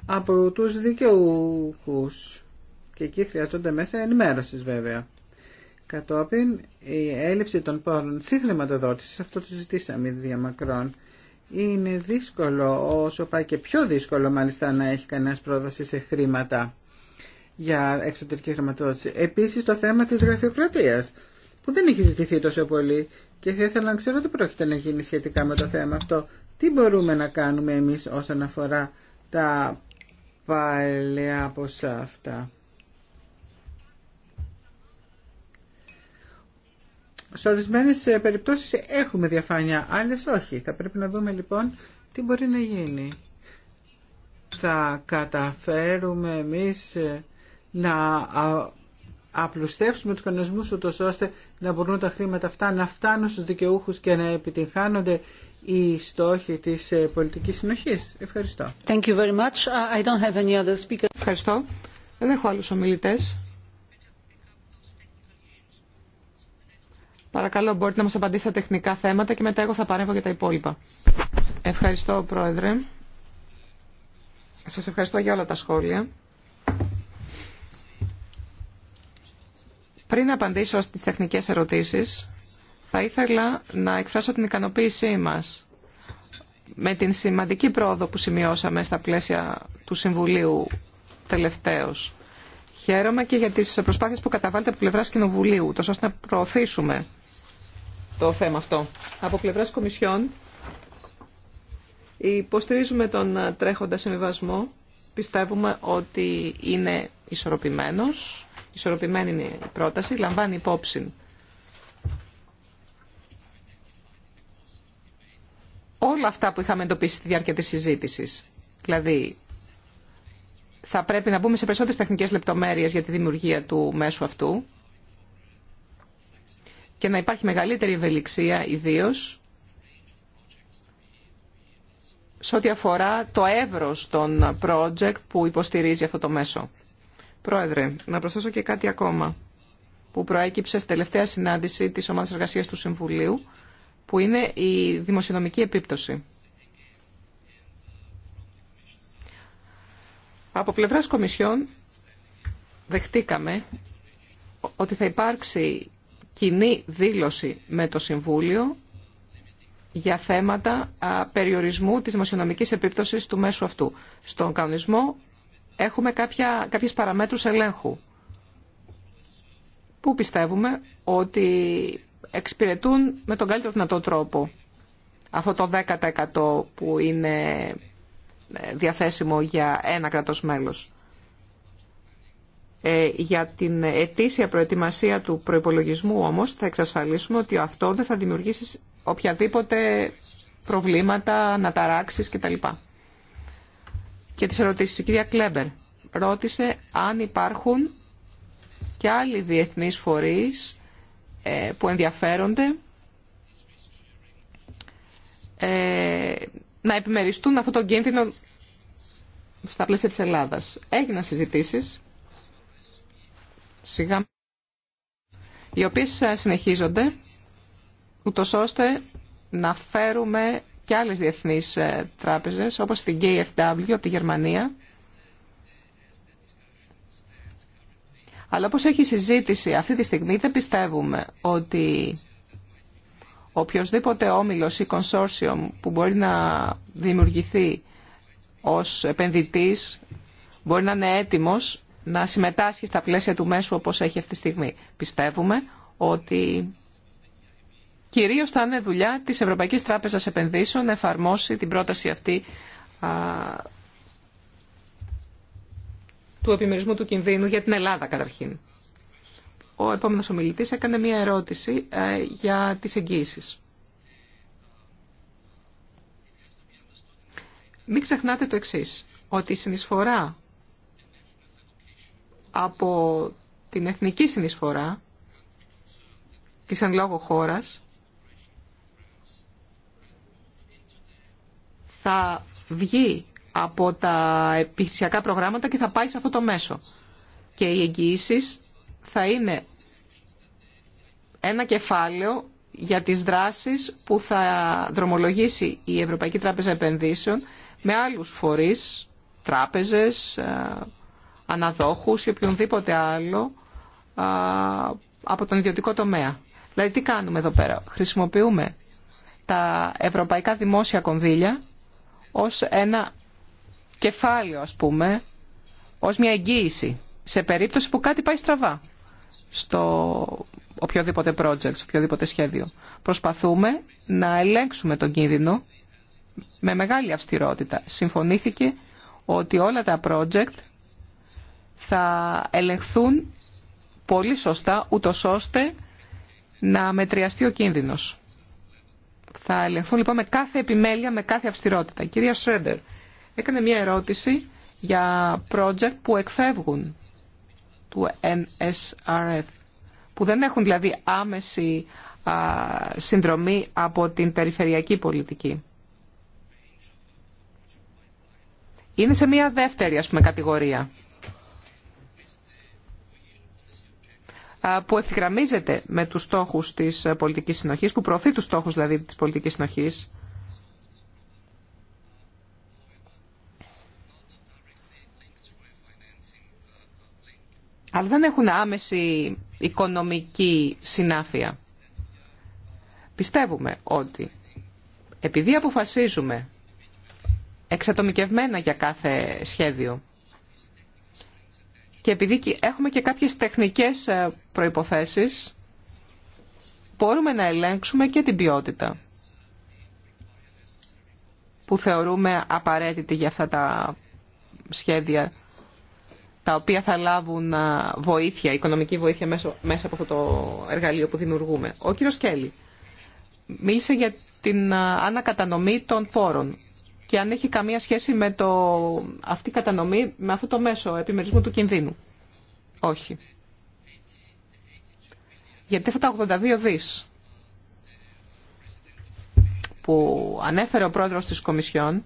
από του δικαιούχου. Και εκεί χρειάζονται μέσα ενημέρωση βέβαια. Κατόπιν, η έλλειψη των πόρων συγχρηματοδότηση, αυτό το συζητήσαμε διαμακρών. Είναι δύσκολο, όσο πάει και πιο δύσκολο μάλιστα να έχει κανένα πρόταση σε χρήματα για εξωτερική χρηματοδότηση. Επίσης το θέμα της γραφειοκρατίας που δεν έχει ζητηθεί τόσο πολύ και θα ήθελα να ξέρω τι πρόκειται να γίνει σχετικά με το θέμα αυτό. Τι μπορούμε να κάνουμε εμείς όσον αφορά τα παλαιά ποσά αυτά. Σε ορισμένε ε, περιπτώσεις έχουμε διαφάνεια, άλλες όχι. Θα πρέπει να δούμε λοιπόν τι μπορεί να γίνει. Θα καταφέρουμε εμείς ε, να απλουστεύσουμε τους κανονισμούς ούτως ώστε να μπορούν τα χρήματα αυτά να φτάνουν στους δικαιούχους και να επιτυγχάνονται οι στόχοι της ε, πολιτικής συνοχής. Ευχαριστώ. Thank you very much. I don't have any other speaker. Ευχαριστώ. Δεν έχω άλλους ομιλητές. Παρακαλώ, μπορείτε να μας απαντήσετε τεχνικά θέματα και μετά εγώ θα παρέμβω για τα υπόλοιπα. Ευχαριστώ, Πρόεδρε. Σας ευχαριστώ για όλα τα σχόλια. Πριν απαντήσω στις τεχνικές ερωτήσεις, θα ήθελα να εκφράσω την ικανοποίησή μας με την σημαντική πρόοδο που σημειώσαμε στα πλαίσια του Συμβουλίου τελευταίως. Χαίρομαι και για τις προσπάθειες που καταβάλλεται από πλευράς Κοινοβουλίου, τόσο ώστε να προωθήσουμε το θέμα αυτό. Από πλευράς Κομισιόν υποστηρίζουμε τον τρέχοντα συμβιβασμό Πιστεύουμε ότι είναι ισορροπημένος. Ισορροπημένη είναι η πρόταση. Λαμβάνει υπόψη όλα αυτά που είχαμε εντοπίσει στη διάρκεια της συζήτησης. Δηλαδή, θα πρέπει να μπούμε σε περισσότερες τεχνικές λεπτομέρειες για τη δημιουργία του μέσου αυτού και να υπάρχει μεγαλύτερη ευελιξία ιδίως σε ό,τι αφορά το εύρος των project που υποστηρίζει αυτό το μέσο. Πρόεδρε, να προσθέσω και κάτι ακόμα που προέκυψε στη τελευταία συνάντηση της Ομάδας Εργασίας του Συμβουλίου, που είναι η δημοσιονομική επίπτωση. Από πλευράς Κομισιόν δεχτήκαμε ότι θα υπάρξει κοινή δήλωση με το Συμβούλιο για θέματα περιορισμού της δημοσιονομικής επίπτωσης του μέσου αυτού. Στον κανονισμό έχουμε κάποια, κάποιες παραμέτρους ελέγχου που πιστεύουμε ότι εξυπηρετούν με τον καλύτερο δυνατό τρόπο αυτό το 10% που είναι ε, διαθέσιμο για ένα κρατός μέλος. Ε, για την ετήσια προετοιμασία του προϋπολογισμού όμως θα εξασφαλίσουμε ότι αυτό δεν θα δημιουργήσει οποιαδήποτε προβλήματα, αναταράξεις κτλ. Και τις ερωτήσεις η κυρία Κλέμπερ ρώτησε αν υπάρχουν και άλλοι διεθνείς φορείς ε, που ενδιαφέρονται ε, να επιμεριστούν αυτό το κίνδυνο στα πλαίσια της Ελλάδας. Έγιναν συζητήσεις σιγά, οι οποίες συνεχίζονται ούτως ώστε να φέρουμε και άλλες διεθνείς ε, τράπεζες, όπως την KFW από τη Γερμανία. Αλλά όπως έχει συζήτηση αυτή τη στιγμή, δεν πιστεύουμε ότι οποιοδήποτε όμιλος ή consortium που μπορεί να δημιουργηθεί ως επενδυτής μπορεί να είναι έτοιμος να συμμετάσχει στα πλαίσια του μέσου όπως έχει αυτή τη στιγμή. Πιστεύουμε ότι Κυρίω θα είναι δουλειά τη Ευρωπαϊκή Τράπεζα Επενδύσεων να εφαρμόσει την πρόταση αυτή α, του επιμερισμού του κινδύνου για την Ελλάδα καταρχήν. Ο επόμενος ομιλητής έκανε μία ερώτηση ε, για τις εγγύησει. Μην ξεχνάτε το εξής, ότι η συνεισφορά από την εθνική συνεισφορά της εν λόγω χώρας θα βγει από τα επιχειρησιακά προγράμματα και θα πάει σε αυτό το μέσο. Και οι εγγυήσει θα είναι ένα κεφάλαιο για τις δράσεις που θα δρομολογήσει η Ευρωπαϊκή Τράπεζα Επενδύσεων με άλλους φορείς, τράπεζες, ε, αναδόχους ή οποιονδήποτε άλλο ε, από τον ιδιωτικό τομέα. Δηλαδή τι κάνουμε εδώ πέρα. Χρησιμοποιούμε τα ευρωπαϊκά δημόσια κονδύλια ως ένα κεφάλαιο, ας πούμε, ως μια εγγύηση σε περίπτωση που κάτι πάει στραβά στο οποιοδήποτε project, στο οποιοδήποτε σχέδιο. Προσπαθούμε να ελέγξουμε τον κίνδυνο με μεγάλη αυστηρότητα. Συμφωνήθηκε ότι όλα τα project θα ελεγχθούν πολύ σωστά, ούτω ώστε να μετριαστεί ο κίνδυνος θα ελεγχθούν λοιπόν με κάθε επιμέλεια, με κάθε αυστηρότητα. Η κυρία Σρέντερ έκανε μια ερώτηση για project που εκφεύγουν του NSRF, που δεν έχουν δηλαδή άμεση συνδρομή από την περιφερειακή πολιτική. Είναι σε μια δεύτερη ας πούμε κατηγορία. που ευθυγραμμίζεται με τους στόχους της ε, πολιτικής συνοχής, που προωθεί τους στόχους δηλαδή της πολιτικής συνοχής. Αλλά δεν έχουν άμεση οικονομική συνάφεια. Πιστεύουμε ότι επειδή αποφασίζουμε εξατομικευμένα για κάθε σχέδιο και επειδή έχουμε και κάποιες τεχνικές ε, προϋποθέσεις, μπορούμε να ελέγξουμε και την ποιότητα που θεωρούμε απαραίτητη για αυτά τα σχέδια τα οποία θα λάβουν ε, βοήθεια, οικονομική βοήθεια μέσα από αυτό το εργαλείο που δημιουργούμε. Ο κύριος Κέλλη μίλησε για την ε, ανακατανομή των πόρων και αν έχει καμία σχέση με το, αυτή η κατανομή, με αυτό το μέσο επιμερισμού του κινδύνου. Όχι. Γιατί αυτά τα 82 δις που ανέφερε ο πρόεδρος της Κομισιόν,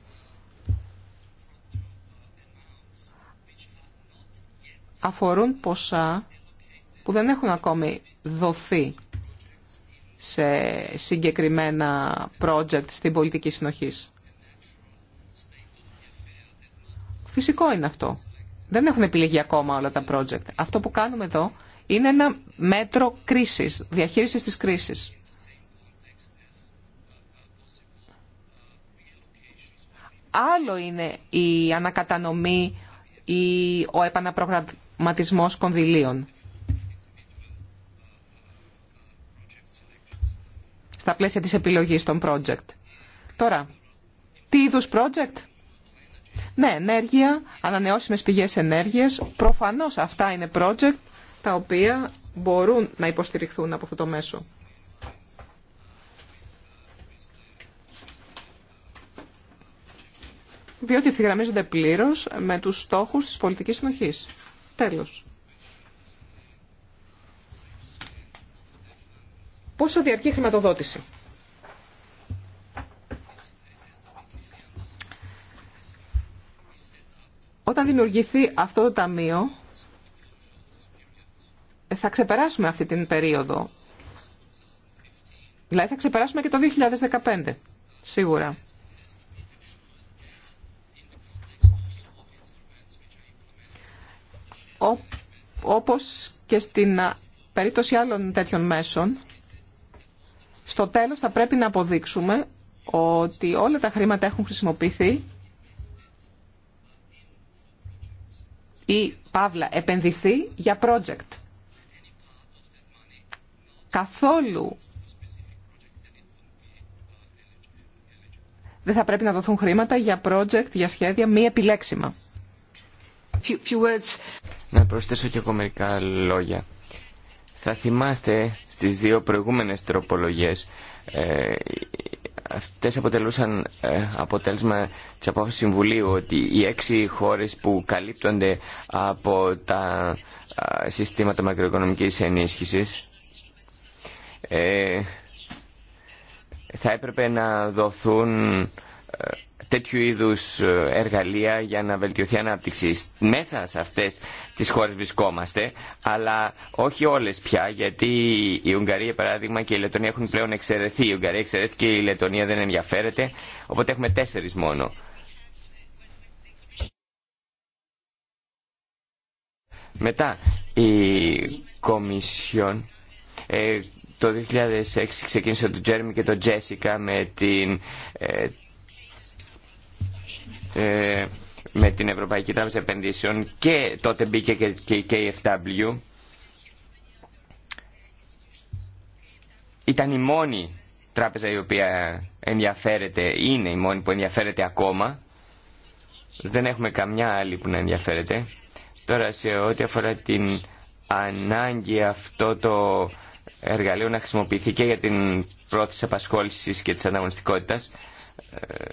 αφορούν ποσά που δεν έχουν ακόμη δοθεί σε συγκεκριμένα project στην πολιτική συνοχής. Φυσικό είναι αυτό. Δεν έχουν επιλεγεί ακόμα όλα τα project. Αυτό που κάνουμε εδώ είναι ένα μέτρο κρίσης, διαχείρισης της κρίσης. Άλλο είναι η ανακατανομή ή ο επαναπρογραμματισμός κονδυλίων. Στα πλαίσια της επιλογής των project. Τώρα, τι είδους project ναι, ενέργεια, ανανεώσιμες πηγές ενέργειας. Προφανώς αυτά είναι project τα οποία μπορούν να υποστηριχθούν από αυτό το μέσο. διότι ευθυγραμμίζονται πλήρω με τους στόχους της πολιτικής συνοχής. Τέλος. Πόσο διαρκεί η χρηματοδότηση. Όταν δημιουργηθεί αυτό το ταμείο, θα ξεπεράσουμε αυτή την περίοδο. Δηλαδή θα ξεπεράσουμε και το 2015, σίγουρα. όπως και στην περίπτωση άλλων τέτοιων μέσων, στο τέλος θα πρέπει να αποδείξουμε ότι όλα τα χρήματα έχουν χρησιμοποιηθεί ή παύλα επενδυθεί για project. Καθόλου δεν θα πρέπει να δοθούν χρήματα για project, για σχέδια μη επιλέξιμα. Να προσθέσω και εγώ μερικά λόγια. Θα θυμάστε στις δύο προηγούμενες τροπολογίες ε, Αυτές αποτελούσαν ε, αποτέλεσμα της απόφασης Συμβουλίου ότι οι έξι χώρες που καλύπτονται από τα συστήματα μακροοικονομικής ενίσχυσης ε, θα έπρεπε να δοθούν ε, τέτοιου είδους ε, εργαλεία για να βελτιωθεί η ανάπτυξη. Μέσα σε αυτές τις χώρες βρισκόμαστε, αλλά όχι όλες πια, γιατί η Ουγγαρία, παράδειγμα, και η Λετωνία έχουν πλέον εξαιρεθεί. Η Ουγγαρία και η Λετωνία δεν ενδιαφέρεται, οπότε έχουμε τέσσερις μόνο. Μετά, η Κομισιόν... Ε, το 2006 ξεκίνησε το Τζέρμι και το Τζέσικα με την, ε, ε, με την Ευρωπαϊκή Τράπεζα Επενδύσεων και τότε μπήκε και η KFW. Ήταν η μόνη τράπεζα η οποία ενδιαφέρεται, είναι η μόνη που ενδιαφέρεται ακόμα. Δεν έχουμε καμιά άλλη που να ενδιαφέρεται. Τώρα σε ό,τι αφορά την ανάγκη αυτό το εργαλείο να χρησιμοποιηθεί και για την πρόθεση απασχόλησης και της ανταγωνιστικότητας, ε,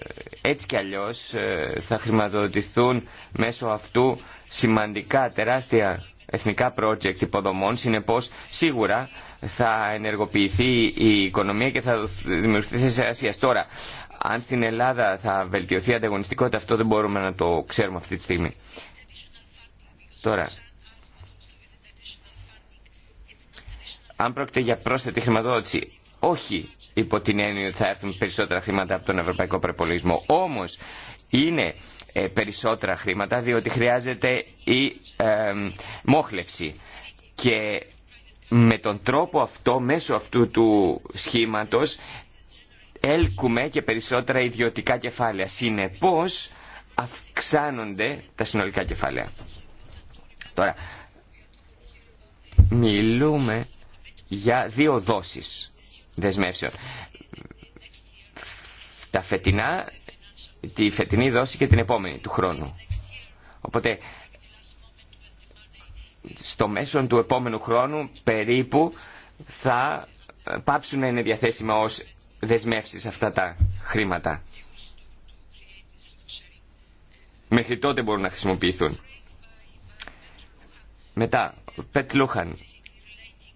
έτσι κι αλλιώς ε, θα χρηματοδοτηθούν μέσω αυτού σημαντικά τεράστια εθνικά project υποδομών, συνεπώς σίγουρα θα ενεργοποιηθεί η οικονομία και θα δημιουργηθεί θέση εργασίας. Τώρα, αν στην Ελλάδα θα βελτιωθεί η ανταγωνιστικότητα, αυτό δεν μπορούμε να το ξέρουμε αυτή τη στιγμή. Τώρα, αν πρόκειται για πρόσθετη χρηματοδότηση, όχι, υπό την έννοια ότι θα έρθουν περισσότερα χρήματα από τον ευρωπαϊκό προπολογισμό. Όμως είναι ε, περισσότερα χρήματα διότι χρειάζεται η ε, μόχλευση και με τον τρόπο αυτό, μέσω αυτού του σχήματος έλκουμε και περισσότερα ιδιωτικά κεφάλαια. Συνεπώς αυξάνονται τα συνολικά κεφάλαια. Τώρα, μιλούμε για δύο δόσεις δεσμεύσεων. Τα φετινά, τη φετινή δόση και την επόμενη του χρόνου. Οπότε στο μέσο του επόμενου χρόνου περίπου θα πάψουν να είναι διαθέσιμα ως δεσμεύσεις αυτά τα χρήματα. Μέχρι τότε μπορούν να χρησιμοποιηθούν. Μετά, Πετ Λούχαν,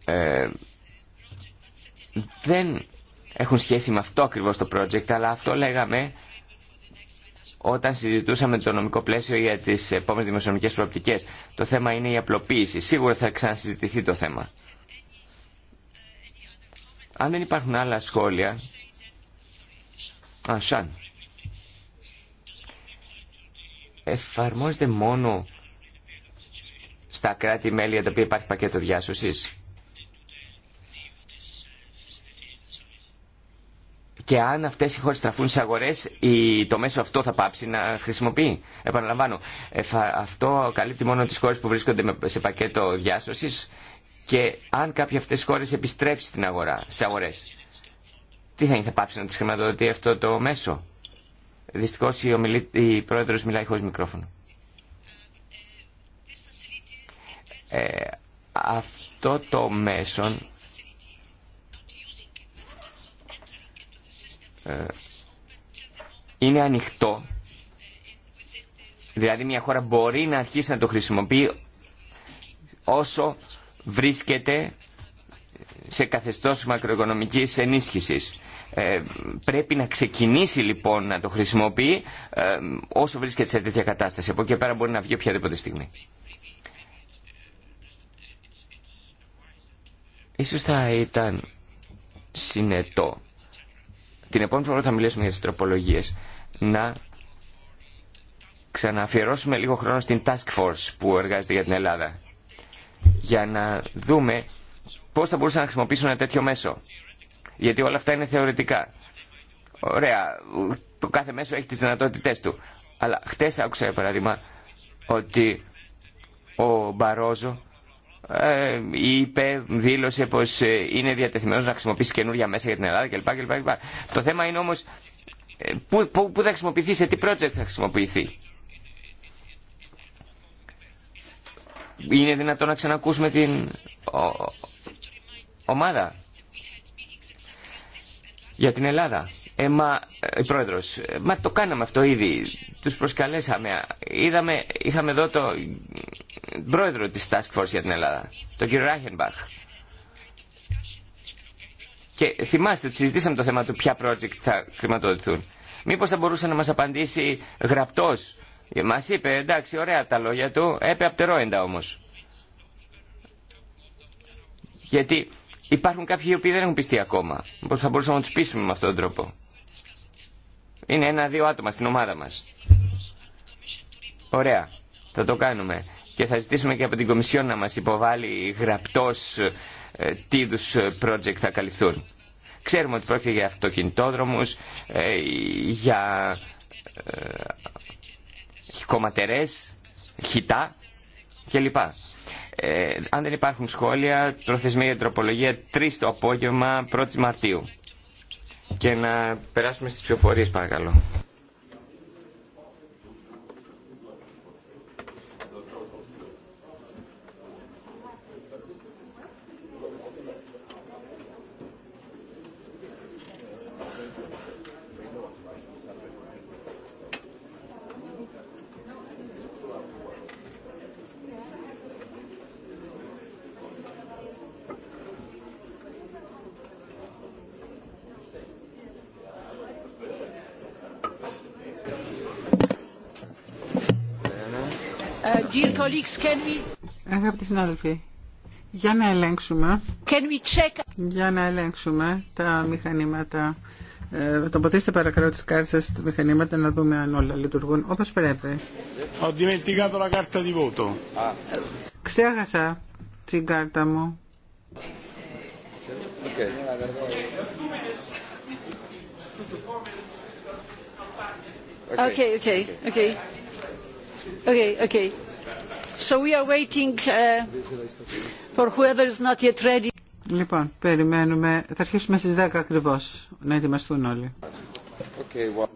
ε, δεν έχουν σχέση με αυτό ακριβώς το project, αλλά αυτό λέγαμε όταν συζητούσαμε το νομικό πλαίσιο για τις επόμενες δημοσιονομικές προοπτικές. Το θέμα είναι η απλοποίηση. Σίγουρα θα ξανασυζητηθεί το θέμα. Αν δεν υπάρχουν άλλα σχόλια... Α, σαν. Εφαρμόζεται μόνο στα κράτη-μέλη για τα οποία υπάρχει πακέτο διάσωσης. Και αν αυτές οι χώρες στραφούν σε αγορές, το μέσο αυτό θα πάψει να χρησιμοποιεί. Επαναλαμβάνω, ε, αυτό καλύπτει μόνο τις χώρες που βρίσκονται σε πακέτο διάσωσης και αν κάποια αυτές οι χώρες επιστρέψει στην αγορά, στις αγορές. Τι θα είναι, θα πάψει να τις χρηματοδοτεί αυτό το μέσο. Δυστυχώς η, ομιλή, πρόεδρος μιλάει χωρίς μικρόφωνο. Ε, αυτό το μέσον Ε, είναι ανοιχτό. Δηλαδή μια χώρα μπορεί να αρχίσει να το χρησιμοποιεί όσο βρίσκεται σε καθεστώς μακροοικονομικής ενίσχυσης. Ε, πρέπει να ξεκινήσει λοιπόν να το χρησιμοποιεί ε, όσο βρίσκεται σε τέτοια κατάσταση. Από εκεί και πέρα μπορεί να βγει οποιαδήποτε στιγμή. Ίσως θα ήταν συνετό την επόμενη φορά θα μιλήσουμε για τις τροπολογίες. Να ξαναφιερώσουμε λίγο χρόνο στην Task Force που εργάζεται για την Ελλάδα. Για να δούμε πώς θα μπορούσαν να χρησιμοποιήσουν ένα τέτοιο μέσο. Γιατί όλα αυτά είναι θεωρητικά. Ωραία, το κάθε μέσο έχει τις δυνατότητές του. Αλλά χτες άκουσα, για παράδειγμα, ότι ο Μπαρόζο ε, είπε, δήλωσε πως ε, είναι διατεθειμένος να χρησιμοποιήσει καινούργια μέσα για την Ελλάδα κλπ. Το θέμα είναι όμως ε, πού, πού, θα χρησιμοποιηθεί, σε τι project θα χρησιμοποιηθεί. Είναι δυνατόν να ξανακούσουμε την ομάδα για την Ελλάδα. Ε, μα, ε, πρόεδρος, ε, μα το κάναμε αυτό ήδη. Τους προσκαλέσαμε. Είδαμε, είχαμε εδώ το πρόεδρο της Task Force για την Ελλάδα, τον κύριο Ράχενμπαχ. Και θυμάστε, ότι συζητήσαμε το θέμα του ποια project θα χρηματοδοτηθούν. Μήπως θα μπορούσε να μας απαντήσει γραπτός. Ε, μα είπε, εντάξει, ωραία τα λόγια του, έπε απτερόεντα όμως. Γιατί υπάρχουν κάποιοι οι οποίοι δεν έχουν πιστεί ακόμα. πώ θα μπορούσαμε να τους πείσουμε με αυτόν τον τρόπο. Είναι ένα-δύο άτομα στην ομάδα μα. Ωραία, θα το κάνουμε. Και θα ζητήσουμε και από την Κομισιόν να μα υποβάλει γραπτός ε, τι είδου project θα καλυφθούν. Ξέρουμε ότι πρόκειται για αυτοκινητόδρομου, για ε, κομματερές, χιτά κλπ. Ε, αν δεν υπάρχουν σχόλια, προθεσμία για τροπολογία 3 το απόγευμα 1η Μαρτίου. Και να περάσουμε στις ψηφοφορίες παρακαλώ. can we... Αγαπητοί συνάδελφοι, για να ελέγξουμε, can we check... για να ελέγξουμε τα μηχανήματα, ε, τοποθέστε παρακαλώ τις κάρτες τα μηχανήματα να δούμε αν όλα λειτουργούν όπως πρέπει. Ho dimenticato la carta di voto. Ξέχασα την κάρτα μου. Okay. Okay, okay, okay. Okay, okay we are waiting uh, for whoever is not yet ready. Λοιπόν, περιμένουμε. Θα αρχίσουμε στις 10 ακριβώς να ετοιμαστούν όλοι. Okay,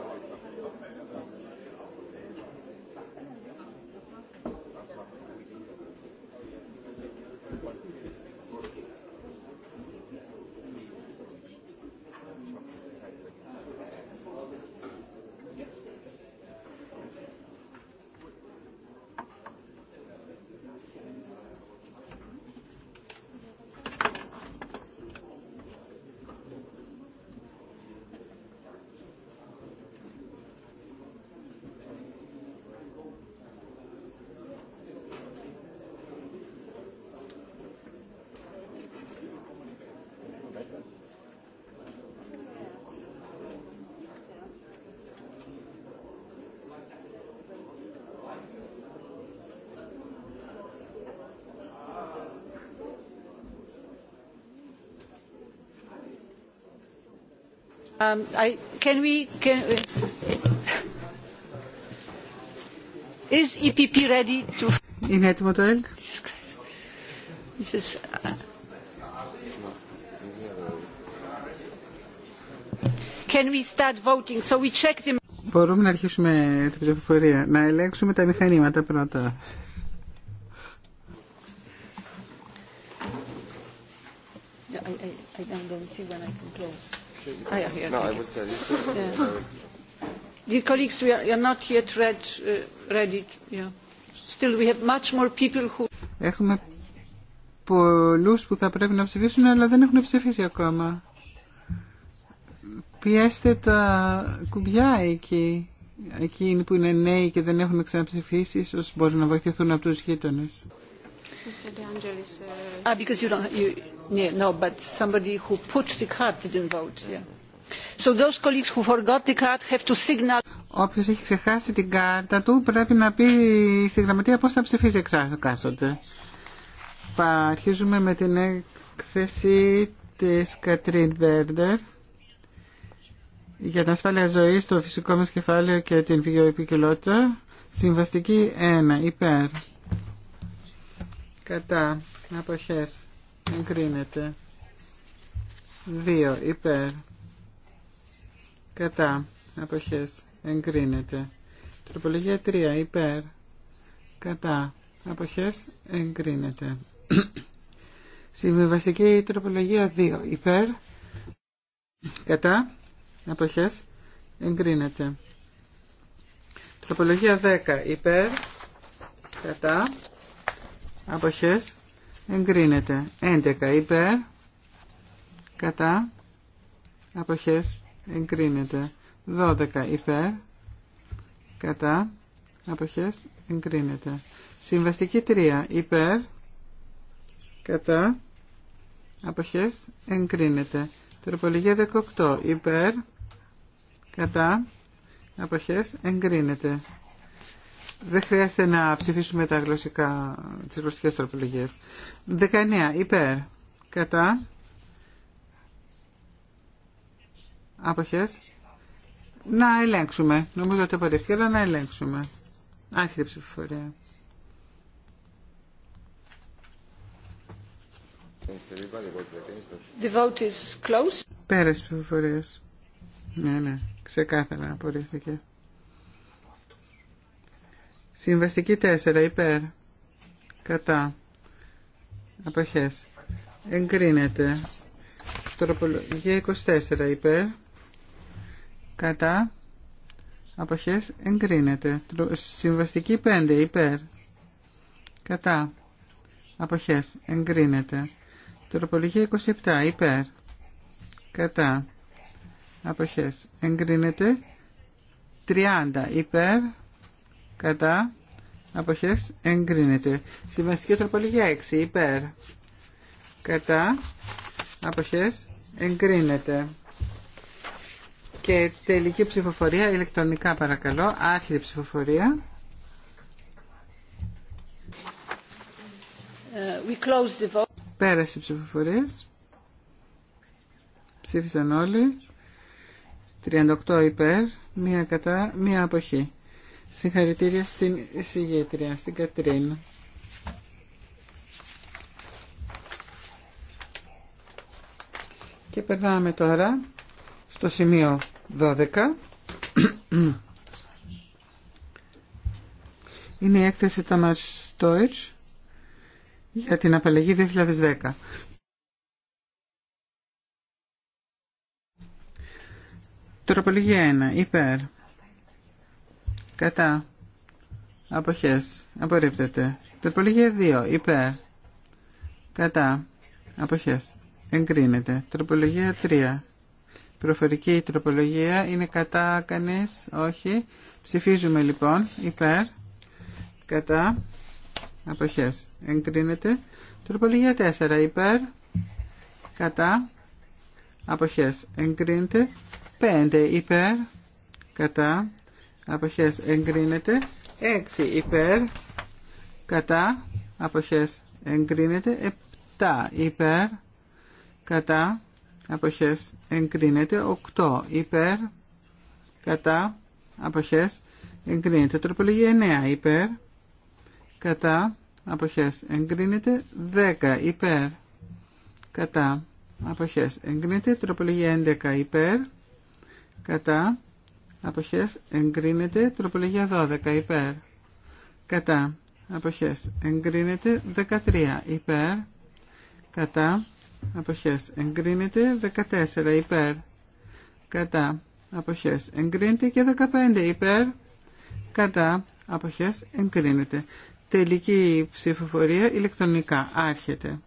αυτό Um, I, can we, can, is EPP ready to... In έτοιμο το ΕΛΚ. Is... Uh, can we start voting? So we check the... Μπορούμε να αρχίσουμε την ψηφοφορία. Να ελέγξουμε τα μηχανήματα πρώτα. Έχουμε πολλούς που θα πρέπει να ψηφίσουν, αλλά δεν έχουν ψηφίσει ακόμα. Πιέστε τα κουμπιά εκεί. Εκείνοι που είναι νέοι και δεν έχουν ξαναψηφίσει, ίσως μπορούν να βοηθηθούν από τους γείτονες. So those colleagues who forgot the card have to signal. Όποιος έχει ξεχάσει την κάρτα του πρέπει να πει στη γραμματεία πώ θα ψηφίζει εξάστοτε. Αρχίζουμε με την έκθεση τη Κατρίν Βέρντερ για την ασφάλεια ζωή το φυσικό μα κεφάλαιο και την βιοεπικοινότητα. Συμβαστική 1. Υπέρ. Κατά. Αποχές. Εγκρίνεται. 2. Υπέρ κατά αποχές εγκρίνεται τροπολογία 3 υπέρ κατά αποχές εγκρίνεται συμβιβαστική τροπολογία 2 υπέρ κατά αποχές εγκρίνεται τροπολογία 10 υπέρ κατά αποχές εγκρίνεται 11 υπέρ κατά αποχές εγκρίνεται. 12 υπέρ, κατά, αποχές, εγκρίνεται. Συμβαστική 3 υπέρ, κατά, αποχές, εγκρίνεται. Τροπολογία 18 υπέρ, κατά, αποχές, εγκρίνεται. Δεν χρειάζεται να ψηφίσουμε τα γλωσσικά, τις γλωσσικές τροπολογίες. 19 υπέρ, κατά, Αποχές. Να ελέγξουμε. Νομίζω ότι απορρίφθηκε αλλά να ελέγξουμε. Άρχεται η ψηφοφορία. The vote Πέρασε ψηφοφορίες. Ναι, ναι. Ξεκάθαρα απορρίφθηκε. Συμβαστική 4. Υπέρ. Κατά. Αποχές. Εγκρίνεται. Τροπολογία 24. Υπέρ κατά αποχές εγκρίνεται. Συμβαστική 5 υπέρ κατά αποχές εγκρίνεται. Τροπολογία 27 υπέρ κατά αποχές εγκρίνεται. 30 υπέρ κατά αποχές εγκρίνεται. Συμβαστική τροπολογία 6 υπέρ κατά αποχές εγκρίνεται. Και τελική ψηφοφορία, ηλεκτρονικά παρακαλώ, άθλη ψηφοφορία. Uh, we close the vote. Πέρασε ψηφοφορίες. Ψήφισαν όλοι. 38 υπέρ, μία κατά, μία αποχή. Συγχαρητήρια στην συγγετρία, στην Κατρίν. Και περνάμε τώρα στο σημείο 12 είναι η έκθεση Thomas Deutsch για την απαλλαγή 2010. Τροπολογία 1. Υπέρ. Κατά. Αποχές. Απορρίπτεται. Τροπολογία 2. Υπέρ. Κατά. Αποχές. Εγκρίνεται. Τροπολογία 3. Προφορική τροπολογία. Είναι κατά κανείς. Όχι. Ψηφίζουμε λοιπόν. Υπέρ. Κατά. Αποχές. Εγκρίνεται. Τροπολογία 4. Υπέρ. Κατά. Αποχές. Εγκρίνεται. 5. Υπέρ. Κατά. Αποχές. Εγκρίνεται. 6. Υπέρ. Κατά. Αποχές. Εγκρίνεται. 7. Υπέρ. Κατά αποχές εγκρίνεται 8 υπέρ κατά αποχές εγκρίνεται τροπολογία 9 υπέρ κατά αποχές εγκρίνεται 10 υπέρ κατά αποχές εγκρίνεται τροπολογία 11 υπέρ κατά αποχές εγκρίνεται τροπολογία 12 υπέρ κατά αποχές εγκρίνεται 13 υπέρ κατά αποχές εγκρίνεται 14 υπέρ κατά αποχές εγκρίνεται και 15 υπέρ κατά αποχές εγκρίνεται τελική ψηφοφορία ηλεκτρονικά άρχεται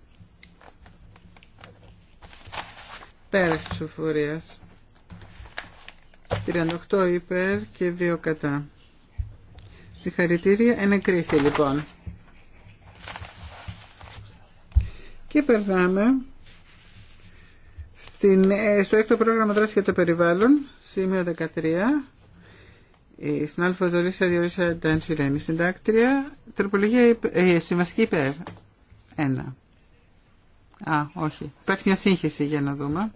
πέρας ψηφοφορίας 38 υπέρ και 2 κατά συγχαρητήρια ενεκρίθη λοιπόν και περνάμε στην, ε, στο έκτο πρόγραμμα δράση για το περιβάλλον, σήμερα 13, η συνάδελφο Ζωρίσα Διορίσα Ντάντσιρα στην συντάκτρια. Τροπολογία ε, συμβαστική υπέρ. Ένα. Α, όχι. Υπάρχει μια σύγχυση για να δούμε.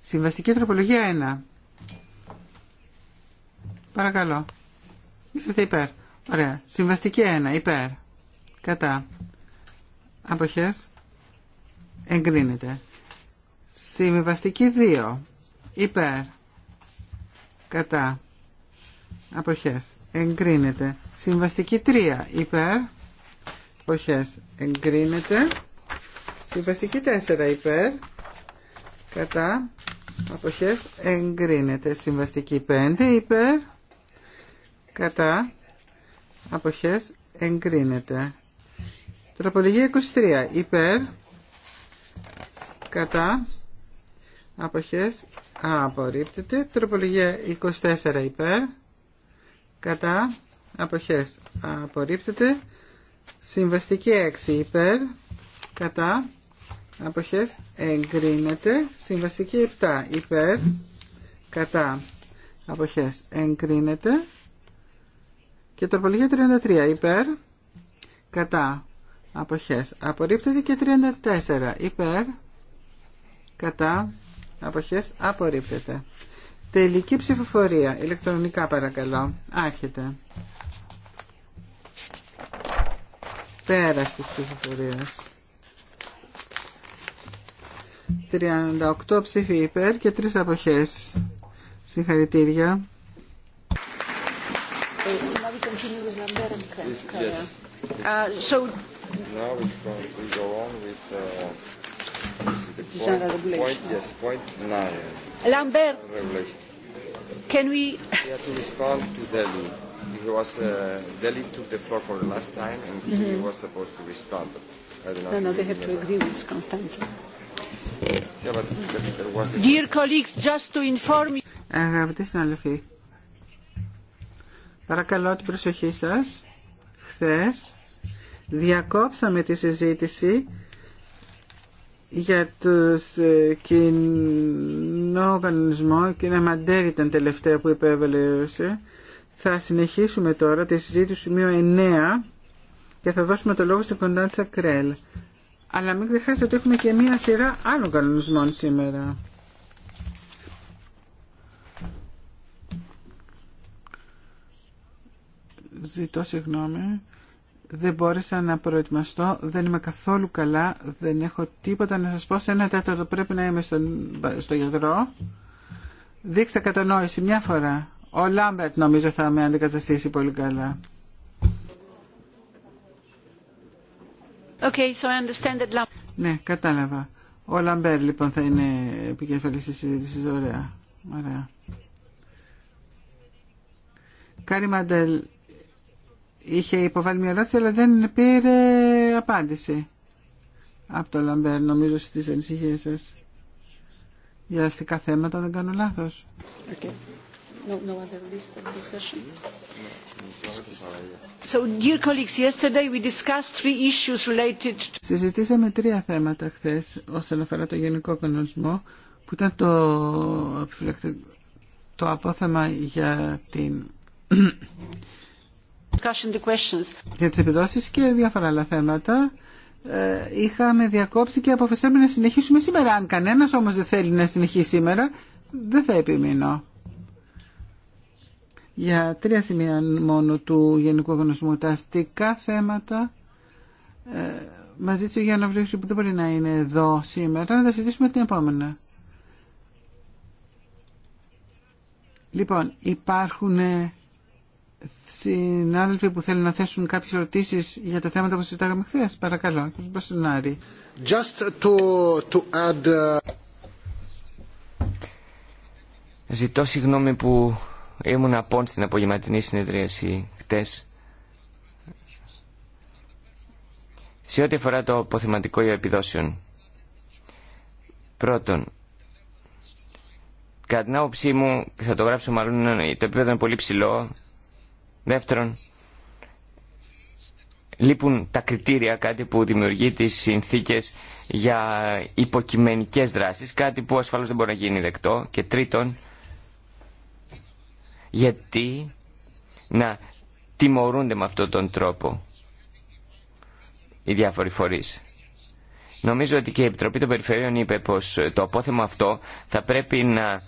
Συμβαστική τροπολογία 1. Παρακαλώ. Είσαστε υπέρ. Ωραία. Συμβαστική 1. Υπέρ. Κατά. Αποχές. Εγκρίνεται. Συμβαστική 2. Υπέρ. Κατά. Αποχές. Εγκρίνεται. Συμβαστική 3. Υπέρ. Αποχές. Εγκρίνεται. Συμβαστική 4. Υπέρ. Κατά. Αποχές. Εγκρίνεται. Συμβαστική 5. Υπέρ. Κατά. Αποχές. Εγκρίνεται. Τροπολογία 23. Υπέρ. Κατά αποχές απορρίπτεται τροπολογία 24 υπέρ κατά αποχές απορρίπτεται συμβαστική 6 υπέρ κατά αποχές εγκρίνεται συμβαστική 7 υπέρ κατά αποχές εγκρίνεται και τροπολογία 33 υπέρ κατά αποχές απορρίπτεται και 34 υπέρ κατά αποχές απορρίπτεται. Τελική ψηφοφορία, ηλεκτρονικά παρακαλώ, άρχεται. Πέρας της ψηφοφορίας. 38 ψήφοι υπέρ και 3 αποχές. Συγχαρητήρια. Uh, so... Now we go on with, uh... Point, can we? We to respond to Delhi. He was uh, Delhi the floor for the last time, and he was supposed to respond. no, no, they have to agree with Constanza. Dear colleagues, just to inform you. συνάδελφοι, παρακαλώ την προσοχή σας. Χθες διακόψαμε τη για τους ε, κοινό κανονισμό και ένα μαντέρι ήταν τελευταία που υπέβαλε θα συνεχίσουμε τώρα τη συζήτηση σημείο 9 και θα δώσουμε το λόγο στην Κοντάντσα Κρέλ αλλά μην ξεχάσετε ότι έχουμε και μία σειρά άλλων κανονισμών σήμερα ζητώ συγγνώμη δεν μπόρεσα να προετοιμαστώ, δεν είμαι καθόλου καλά, δεν έχω τίποτα να σας πω. Σε ένα τέταρτο πρέπει να είμαι στον, στο γιατρό. Δείξτε κατανόηση μια φορά. Ο Λάμπερτ νομίζω θα με αντικαταστήσει πολύ καλά. Okay, so I understand that... Ναι, κατάλαβα. Ο Λαμπέρ λοιπόν θα είναι επικεφαλής της συζήτηση. Ωραία. Ωραία. Κάρι Μαντελ είχε υποβάλει μια ερώτηση αλλά δεν πήρε απάντηση από το Λαμπέρ νομίζω στις ανησυχίες σας για αστικά θέματα δεν κάνω λάθος Συζητήσαμε τρία θέματα χθε όσον αφορά το γενικό κανονισμό που ήταν το απόθεμα για την για τις επιδόσεις και διάφορα άλλα θέματα ε, είχαμε διακόψει και αποφασίσαμε να συνεχίσουμε σήμερα. Αν κανένας όμως δεν θέλει να συνεχίσει σήμερα, δεν θα επιμείνω. Για τρία σημεία μόνο του Γενικού γνωσμού τα αστικά θέματα ε, μας ζήτησε ο Γιάννα που δεν μπορεί να είναι εδώ σήμερα, να τα συζητήσουμε την επόμενα. Λοιπόν, υπάρχουν συνάδελφοι που θέλουν να θέσουν κάποιες ερωτήσεις για τα θέματα που συζητάγαμε χθε. Παρακαλώ, κ. Uh, Ζητώ συγγνώμη που ήμουν απόν στην απογευματινή συνεδρίαση χτες. Σε ό,τι αφορά το αποθεματικό επιδόσεων. Πρώτον, κατά την άποψή μου, θα το γράψω μάλλον, το επίπεδο είναι πολύ ψηλό, Δεύτερον, λείπουν τα κριτήρια, κάτι που δημιουργεί τις συνθήκες για υποκειμενικές δράσεις, κάτι που ασφαλώς δεν μπορεί να γίνει δεκτό. Και τρίτον, γιατί να τιμωρούνται με αυτόν τον τρόπο οι διάφοροι φορείς. Νομίζω ότι και η Επιτροπή των Περιφερειών είπε πως το απόθεμα αυτό θα πρέπει να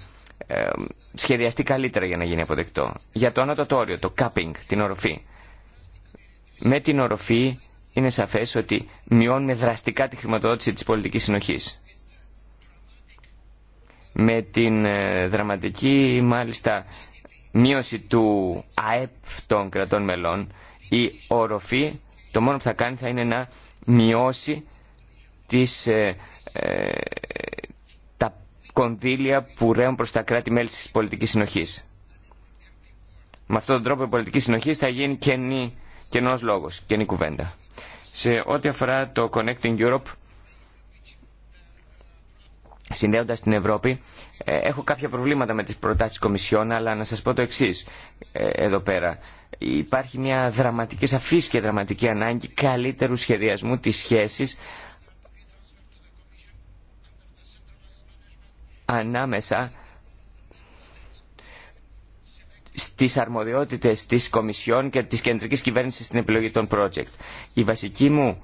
σχεδιαστεί καλύτερα για να γίνει αποδεκτό. Για το ανώτατο όριο, το cupping, την οροφή. Με την οροφή είναι σαφές ότι μειώνουμε δραστικά τη χρηματοδότηση της πολιτικής συνοχής. Με την ε, δραματική μάλιστα μείωση του ΑΕΠ των κρατών μελών, η οροφή το μόνο που θα κάνει θα είναι να μειώσει τις, ε, ε, κονδύλια που ρέουν προς τα κράτη-μέλη της πολιτικής συνοχής. Με αυτόν τον τρόπο η πολιτική συνοχή θα γίνει κενή, κενός λόγος, κενή κουβέντα. Σε ό,τι αφορά το Connecting Europe, συνδέοντας την Ευρώπη, ε, έχω κάποια προβλήματα με τις προτάσεις Κομισιόν, αλλά να σας πω το εξής ε, εδώ πέρα. Υπάρχει μια δραματική σαφής και δραματική ανάγκη καλύτερου σχεδιασμού της σχέσης ανάμεσα στις αρμοδιότητες της Κομισιόν και της κεντρικής κυβέρνησης στην επιλογή των project. Η βασική μου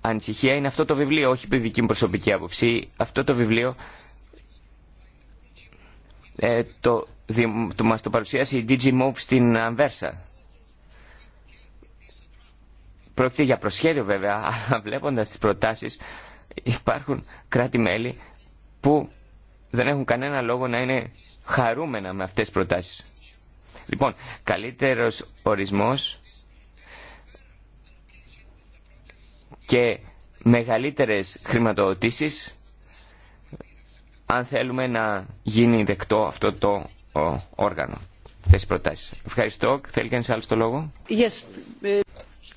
ανησυχία είναι αυτό το βιβλίο, όχι η δική μου προσωπική άποψη. Αυτό το βιβλίο ε, το, το, μας το παρουσίασε η DG Move στην Ανβέρσα Πρόκειται για προσχέδιο βέβαια, [laughs] αλλά βλέποντας τις προτάσεις υπάρχουν κράτη-μέλη που δεν έχουν κανένα λόγο να είναι χαρούμενα με αυτές τις προτάσεις. Λοιπόν, καλύτερος ορισμός και μεγαλύτερες χρηματοδοτήσεις αν θέλουμε να γίνει δεκτό αυτό το όργανο. Αυτές προτάσεις. Ευχαριστώ. Θέλει κανείς άλλο το λόγο. Yes.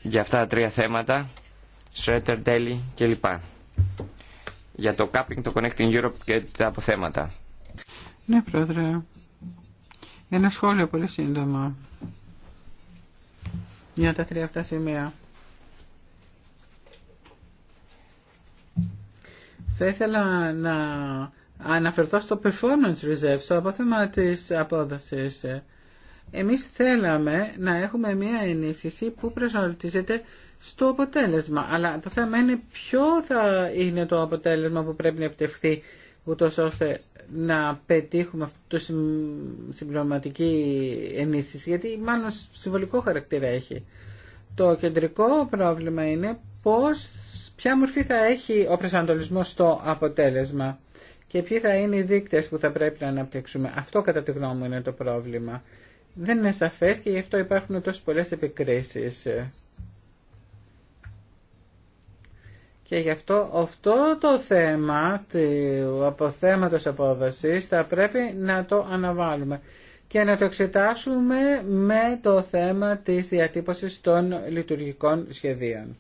Για αυτά τα τρία θέματα, Σρέτερ, Τέλη κλπ για το Capping, το Connecting Europe και τα αποθέματα. Ναι, Πρόεδρε. Ένα σχόλιο πολύ σύντομα για τα τρία αυτά σημεία. Θα ήθελα να αναφερθώ στο performance reserve, στο απόθεμα της απόδοσης. Εμείς θέλαμε να έχουμε μία ενίσχυση που προσανατολίζεται στο αποτέλεσμα. Αλλά το θέμα είναι ποιο θα είναι το αποτέλεσμα που πρέπει να επιτευχθεί ούτως ώστε να πετύχουμε αυτή τη συμπληρωματική ενίσχυση, γιατί μάλλον συμβολικό χαρακτήρα έχει. Το κεντρικό πρόβλημα είναι πώς, ποια μορφή θα έχει ο προσανατολισμός στο αποτέλεσμα και ποιοι θα είναι οι δείκτες που θα πρέπει να αναπτύξουμε. Αυτό κατά τη γνώμη μου είναι το πρόβλημα. Δεν είναι σαφές και γι' αυτό υπάρχουν τόσες πολλές επικρίσεις. Και γι' αυτό αυτό το θέμα του αποθέματος απόδοσης θα πρέπει να το αναβάλουμε και να το εξετάσουμε με το θέμα της διατύπωσης των λειτουργικών σχεδίων.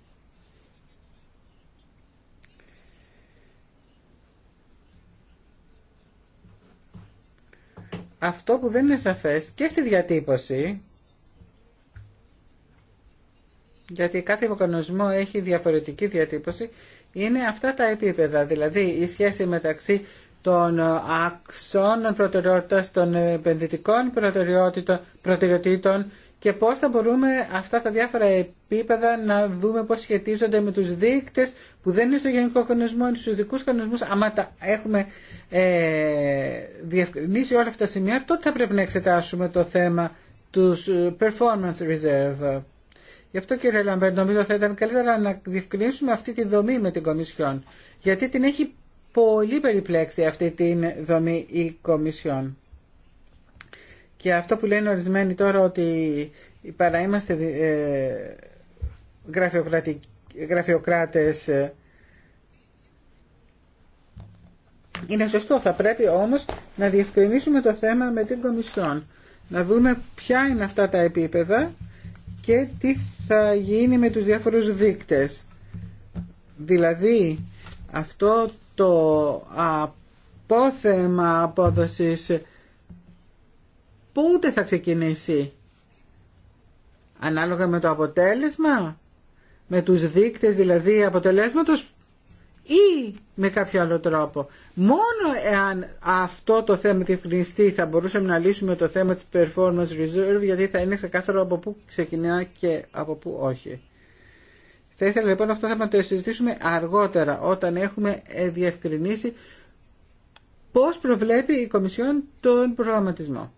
Αυτό που δεν είναι σαφές και στη διατύπωση γιατί κάθε υποκανονισμό έχει διαφορετική διατύπωση, είναι αυτά τα επίπεδα, δηλαδή η σχέση μεταξύ των αξώνων προτεραιότητας, των επενδυτικών προτεραιοτήτων και πώς θα μπορούμε αυτά τα διάφορα επίπεδα να δούμε πώς σχετίζονται με τους δείκτες που δεν είναι στο γενικό κανονισμό, είναι στους ειδικούς κανονισμούς. Αν τα έχουμε ε, διευκρινίσει όλα αυτά τα σημεία, τότε θα πρέπει να εξετάσουμε το θέμα του ε, performance reserve. Γι' αυτό κύριε Λαμπέρ, νομίζω θα ήταν καλύτερα να διευκρινίσουμε αυτή τη δομή με την Κομισιόν. Γιατί την έχει πολύ περιπλέξει αυτή τη δομή η Κομισιόν. Και αυτό που λένε ορισμένοι τώρα ότι παρά είμαστε ε, γραφειοκράτες ε, είναι σωστό. Θα πρέπει όμως να διευκρινίσουμε το θέμα με την Κομισιόν. Να δούμε ποια είναι αυτά τα επίπεδα και τι θα γίνει με τους διάφορους δείκτες. Δηλαδή αυτό το απόθεμα απόδοσης που θα ξεκινήσει ανάλογα με το αποτέλεσμα με τους δείκτες δηλαδή αποτελέσματος ή με κάποιο άλλο τρόπο. Μόνο εάν αυτό το θέμα διευκρινιστεί θα μπορούσαμε να λύσουμε το θέμα της performance reserve γιατί θα είναι ξεκάθαρο από πού ξεκινά και από πού όχι. Θα ήθελα λοιπόν αυτό να το συζητήσουμε αργότερα όταν έχουμε ε, διευκρινίσει πώς προβλέπει η Κομισιόν τον προγραμματισμό.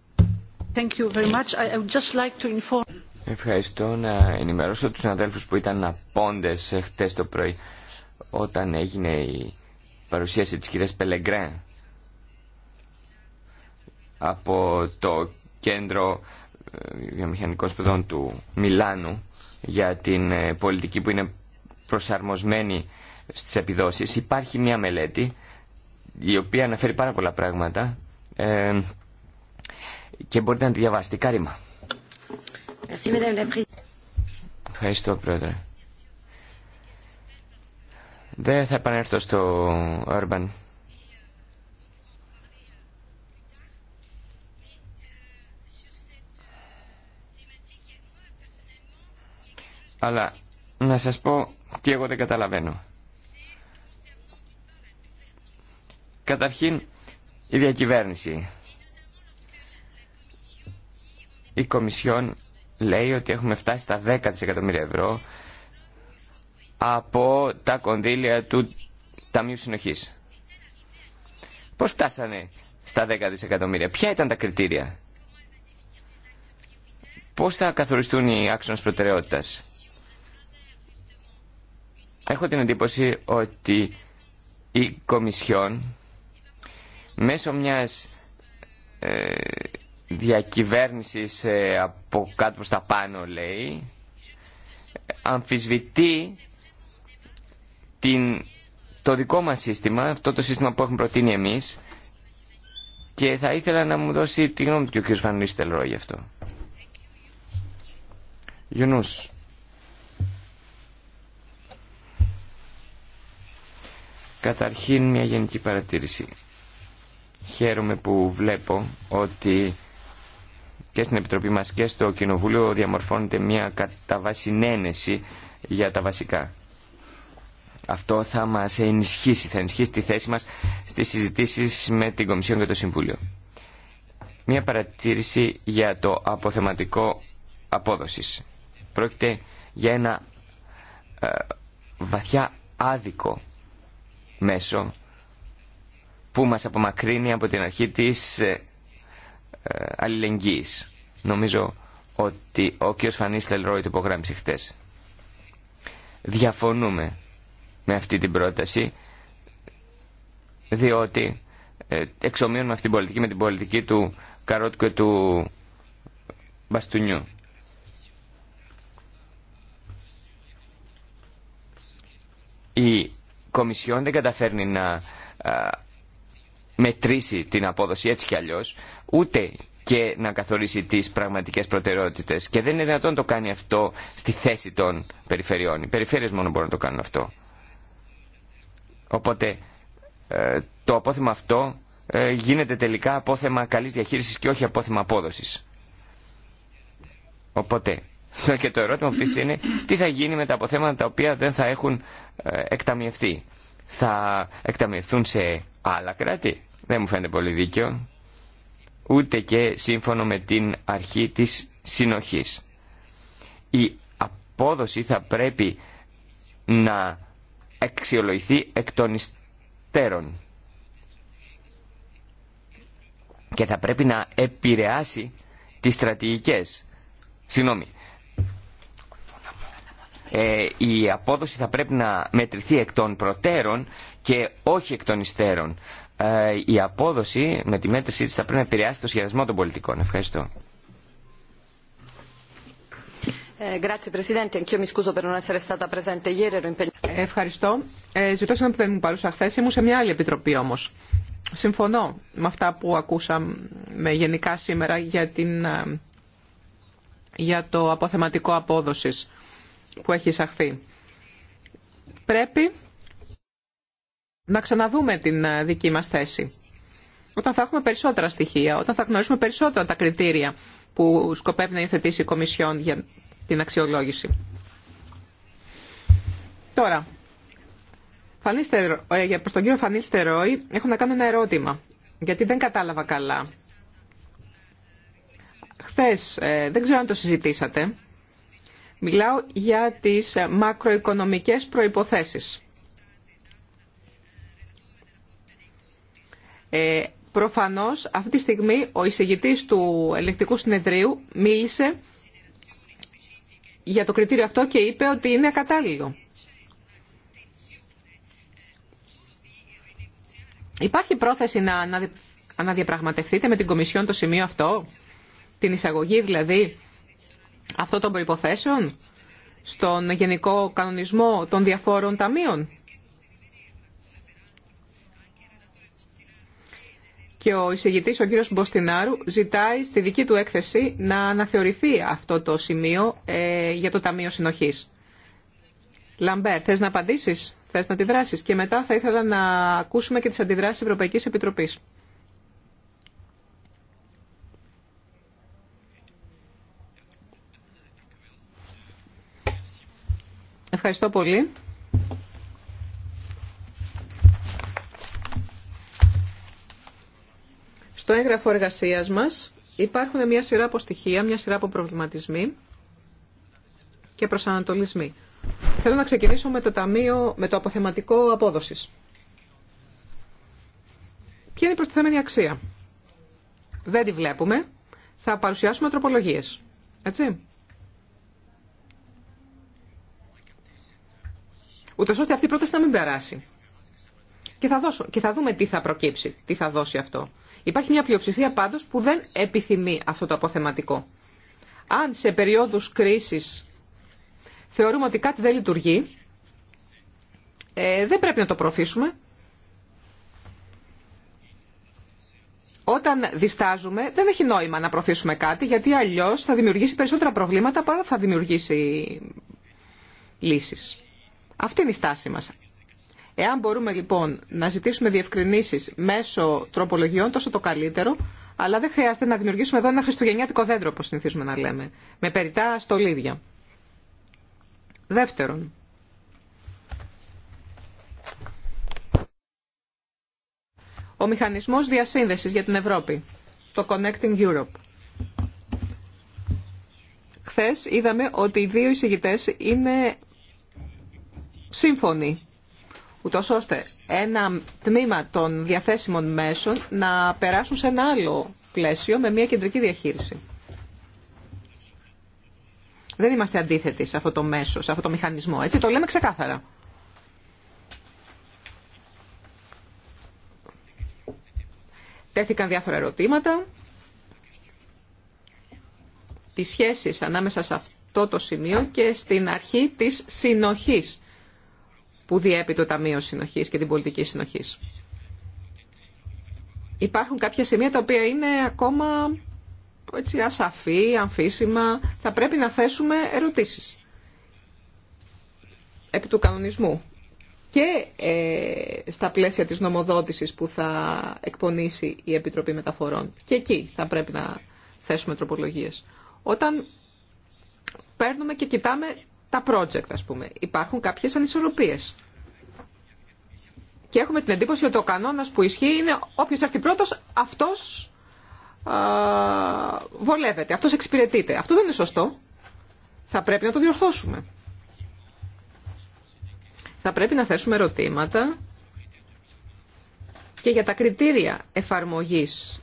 Thank you very much. I would just like to inform... Ευχαριστώ να ενημερώσω τους αδέλφους που ήταν απόντες ε, χτες το πρωί όταν έγινε η παρουσίαση της κυρίας Πελεγκρέ από το κέντρο ε, βιομηχανικών σπουδών του Μιλάνου για την ε, πολιτική που είναι προσαρμοσμένη στις επιδόσεις υπάρχει μια μελέτη η οποία αναφέρει πάρα πολλά πράγματα ε, και μπορείτε να τη διαβάσετε. Κάριμα. Ευχαριστώ, Πρόεδρε. Δεν θα επανέλθω στο Urban. Αλλά να σας πω τι εγώ δεν καταλαβαίνω. Καταρχήν, η διακυβέρνηση. Η Κομισιόν λέει ότι έχουμε φτάσει στα 10 δισεκατομμύρια ευρώ από τα κονδύλια του Ταμείου Συνοχής. Πώς φτάσανε στα 10 δισεκατομμύρια, ποια ήταν τα κριτήρια, πώς θα καθοριστούν οι άξονες προτεραιότητας. Έχω την εντύπωση ότι η Κομισιόν μέσω μιας ε, διακυβέρνησης ε, από κάτω προς τα πάνω λέει αμφισβητεί την, το δικό μας σύστημα, αυτό το σύστημα που έχουμε προτείνει εμείς και θα ήθελα να μου δώσει τη γνώμη του και ο κ. Φανλής γι' αυτό. Γιουνούς. Καταρχήν μια γενική παρατήρηση. Χαίρομαι που βλέπω ότι και στην Επιτροπή μας και στο Κοινοβούλιο διαμορφώνεται μια κατά συνένεση για τα βασικά. Αυτό θα μας ενισχύσει, θα ενισχύσει τη θέση μας στις συζητήσεις με την Κομισιόν και το Συμβούλιο. Μία παρατήρηση για το αποθεματικό απόδοσης. Πρόκειται για ένα ε, βαθιά άδικο μέσο που μας απομακρύνει από την αρχή της ε, ε αλληλεγγύης. Νομίζω ότι ο κ. Φανίστελ Ρόιτ το υπογράμμισε χτες. Διαφωνούμε με αυτή την πρόταση διότι ε, εξομοίωνουμε αυτή την πολιτική με την πολιτική του καρότου και του μπαστούνιου. Η Κομισιόν δεν καταφέρνει να μετρήσει την απόδοση έτσι κι αλλιώς, ούτε και να καθορίσει τις πραγματικές προτεραιότητες. Και δεν είναι δυνατόν να το κάνει αυτό στη θέση των περιφερειών. Οι περιφέρειες μόνο μπορούν να το κάνουν αυτό. Οπότε ε, το απόθεμα αυτό ε, γίνεται τελικά απόθεμα καλής διαχείρισης και όχι απόθεμα απόδοσης. Οπότε [laughs] και το ερώτημα που είναι τι θα γίνει με τα αποθέματα τα οποία δεν θα έχουν ε, εκταμιευθεί. Θα εκταμιευθούν σε άλλα κράτη. Δεν μου φαίνεται πολύ δίκιο Ούτε και σύμφωνο με την αρχή της συνοχής. Η απόδοση θα πρέπει να αξιολογηθεί εκ των υστέρων και θα πρέπει να επηρεάσει τις στρατηγικές. Συγγνώμη. Ε, η απόδοση θα πρέπει να μετρηθεί εκ των προτέρων και όχι εκ των υστέρων. Ε, η απόδοση με τη μέτρησή της θα πρέπει να επηρεάσει το σχεδιασμό των πολιτικών. Ευχαριστώ. Ευχαριστώ. Ε, ζητώ συγγνώμη που δεν ήμουν παρούσα χθε. Ήμουν σε μια άλλη επιτροπή όμω. Συμφωνώ με αυτά που ακούσαμε γενικά σήμερα για, ε, το αποθεματικό απόδοση που έχει εισαχθεί. Πρέπει να ξαναδούμε την ε, δική μας θέση. Όταν θα έχουμε περισσότερα στοιχεία, όταν θα γνωρίσουμε περισσότερα τα κριτήρια που σκοπεύει να υιοθετήσει η Κομισιόν για την αξιολόγηση. Τώρα, ε, προς τον κύριο Φανίστερόι έχω να κάνω ένα ερώτημα, γιατί δεν κατάλαβα καλά. Χθες, ε, δεν ξέρω αν το συζητήσατε, μιλάω για τις ε, μακροοικονομικές προϋποθέσεις. Ε, προφανώς αυτή τη στιγμή ο εισηγητής του ελεκτικού συνεδρίου μίλησε για το κριτήριο αυτό και είπε ότι είναι ακατάλληλο. Υπάρχει πρόθεση να αναδιαπραγματευτείτε με την Κομισιόν το σημείο αυτό, την εισαγωγή δηλαδή αυτών των προϋποθέσεων στον γενικό κανονισμό των διαφόρων ταμείων. και ο εισηγητή, ο κύριος Μποστινάρου, ζητάει στη δική του έκθεση να αναθεωρηθεί αυτό το σημείο ε, για το Ταμείο Συνοχής. Λαμπέρ, θες να απαντήσεις, θες να αντιδράσεις και μετά θα ήθελα να ακούσουμε και τις αντιδράσεις Ευρωπαϊκής Επιτροπής. Ευχαριστώ πολύ. Στο έγγραφο εργασίας μας υπάρχουν μια σειρά από στοιχεία, μια σειρά από προβληματισμοί και προσανατολισμοί. Θέλω να ξεκινήσω με το, ταμείο, με το αποθεματικό απόδοσης. Ποια είναι η προστιθέμενη αξία. Δεν τη βλέπουμε. Θα παρουσιάσουμε τροπολογίες. Έτσι. Ούτω ώστε αυτή η πρόταση να μην περάσει. Και θα, δώσω, και θα δούμε τι θα προκύψει, τι θα δώσει αυτό. Υπάρχει μια πλειοψηφία πάντως που δεν επιθυμεί αυτό το αποθεματικό. Αν σε περίοδους κρίσης θεωρούμε ότι κάτι δεν λειτουργεί, ε, δεν πρέπει να το προωθήσουμε. Όταν διστάζουμε, δεν έχει νόημα να προωθήσουμε κάτι, γιατί αλλιώς θα δημιουργήσει περισσότερα προβλήματα παρά θα δημιουργήσει λύσεις. Αυτή είναι η στάση μα. Εάν μπορούμε λοιπόν να ζητήσουμε διευκρινήσεις μέσω τροπολογιών, τόσο το καλύτερο, αλλά δεν χρειάζεται να δημιουργήσουμε εδώ ένα χριστουγεννιάτικο δέντρο, όπως συνηθίζουμε να λέμε, με περιτά στολίδια. Δεύτερον, ο μηχανισμός διασύνδεσης για την Ευρώπη, το Connecting Europe. Χθε είδαμε ότι οι δύο εισηγητές είναι σύμφωνοι ούτως ώστε ένα τμήμα των διαθέσιμων μέσων να περάσουν σε ένα άλλο πλαίσιο με μια κεντρική διαχείριση. Δεν είμαστε αντίθετοι σε αυτό το μέσο, σε αυτό το μηχανισμό. Έτσι το λέμε ξεκάθαρα. Τέθηκαν διάφορα ερωτήματα. Τις σχέσεις ανάμεσα σε αυτό το σημείο και στην αρχή της συνοχής που διέπει το Ταμείο συνοχή και την πολιτική συνοχή. Υπάρχουν κάποια σημεία τα οποία είναι ακόμα έτσι, ασαφή, αμφίσιμα. Θα πρέπει να θέσουμε ερωτήσεις επί του κανονισμού και ε, στα πλαίσια της νομοδότησης που θα εκπονήσει η Επιτροπή Μεταφορών. Και εκεί θα πρέπει να θέσουμε τροπολογίες. Όταν παίρνουμε και κοιτάμε τα project, ας πούμε. Υπάρχουν κάποιες ανισορροπίες. Και έχουμε την εντύπωση ότι ο κανόνας που ισχύει είναι όποιος έρθει πρώτος, αυτός βολεύεται, αυτός εξυπηρετείται. Αυτό δεν είναι σωστό. Θα πρέπει να το διορθώσουμε. Θα πρέπει να θέσουμε ερωτήματα και για τα κριτήρια εφαρμογής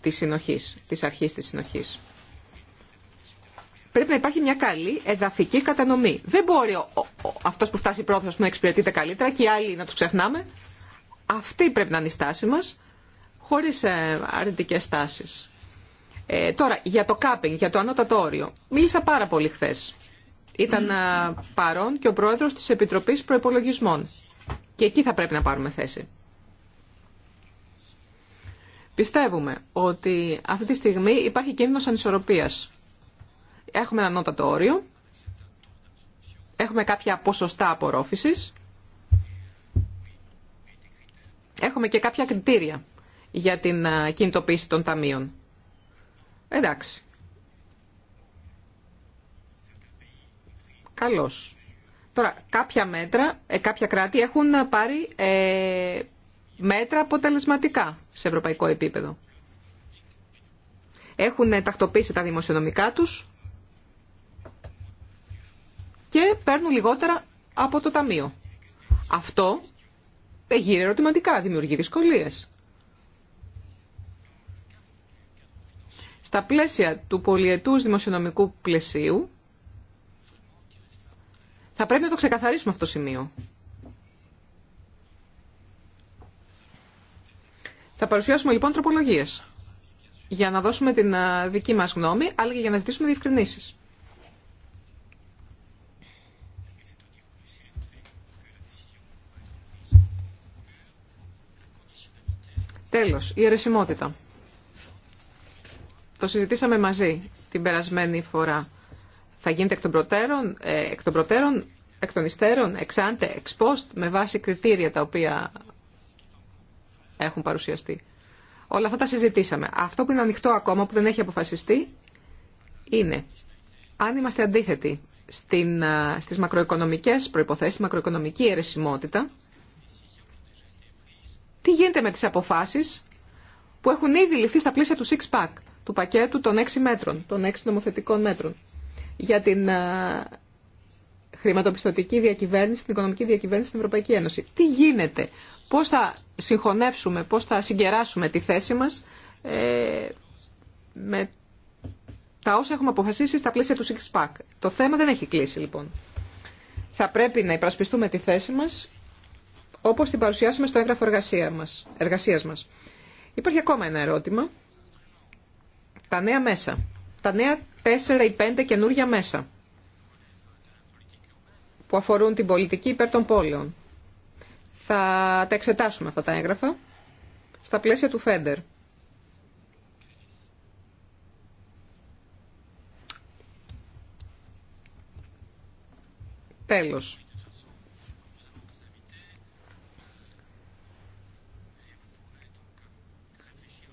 της συνοχής, της αρχής της συνοχής πρέπει να υπάρχει μια καλή εδαφική κατανομή. Δεν μπορεί αυτό που φτάσει πρώτος να εξυπηρετείται καλύτερα και οι άλλοι να του ξεχνάμε. Αυτή πρέπει να είναι η στάση μα χωρί ε, αρνητικές στάσεις. Ε, τώρα, για το κάπινγκ, για το ανώτατο όριο. Μίλησα πάρα πολύ χθε. Ήταν ε, παρόν και ο πρόεδρο τη επιτροπή προπολογισμών. Και εκεί θα πρέπει να πάρουμε θέση. Πιστεύουμε ότι αυτή τη στιγμή υπάρχει κίνδυνος ανισορροπίας Έχουμε ένα νότατο όριο. Έχουμε κάποια ποσοστά απορρόφησης. Έχουμε και κάποια κριτήρια για την ε, κινητοποίηση των ταμείων. Εντάξει. Καλώς. Τώρα, κάποια μέτρα, ε, κάποια κράτη έχουν πάρει ε, μέτρα αποτελεσματικά σε ευρωπαϊκό επίπεδο. Έχουν τακτοποιήσει τα δημοσιονομικά τους και παίρνουν λιγότερα από το ταμείο. Αυτό γύρει ερωτηματικά, δημιουργεί δυσκολίες. Στα πλαίσια του πολιετούς δημοσιονομικού πλαισίου, θα πρέπει να το ξεκαθαρίσουμε αυτό το σημείο. Θα παρουσιάσουμε λοιπόν τροπολογίες για να δώσουμε την δική μας γνώμη, αλλά και για να ζητήσουμε διευκρινήσεις. Τέλος, η αιρεσιμότητα. Το συζητήσαμε μαζί την περασμένη φορά. Θα γίνεται εκ των προτέρων, ε, εκ των, προτέρων, εκ υστέρων, εξάντε, εξ με βάση κριτήρια τα οποία έχουν παρουσιαστεί. Όλα αυτά τα συζητήσαμε. Αυτό που είναι ανοιχτό ακόμα, που δεν έχει αποφασιστεί, είναι αν είμαστε αντίθετοι στην, ε, στις μακροοικονομικές προϋποθέσεις, μακροοικονομική αιρεσιμότητα, τι γίνεται με τις αποφάσεις που έχουν ήδη ληφθεί στα πλαίσια του six-pack, του πακέτου των 6 μέτρων, των 6 νομοθετικών μέτρων, για την ε, χρηματοπιστωτική διακυβέρνηση, την οικονομική διακυβέρνηση στην Ευρωπαϊκή Ένωση. Τι γίνεται, πώς θα συγχωνεύσουμε, πώς θα συγκεράσουμε τη θέση μας ε, με τα όσα έχουμε αποφασίσει στα πλαίσια του six-pack. Το θέμα δεν έχει κλείσει λοιπόν. Θα πρέπει να υπρασπιστούμε τη θέση μας όπως την παρουσιάσαμε στο έγγραφο εργασία μα. μας. Υπάρχει ακόμα ένα ερώτημα. Τα νέα μέσα. Τα νέα 4 ή 5 καινούργια μέσα που αφορούν την πολιτική υπέρ των πόλεων. Θα τα εξετάσουμε αυτά τα έγγραφα στα πλαίσια του ΦΕΝΤΕΡ. Τέλος.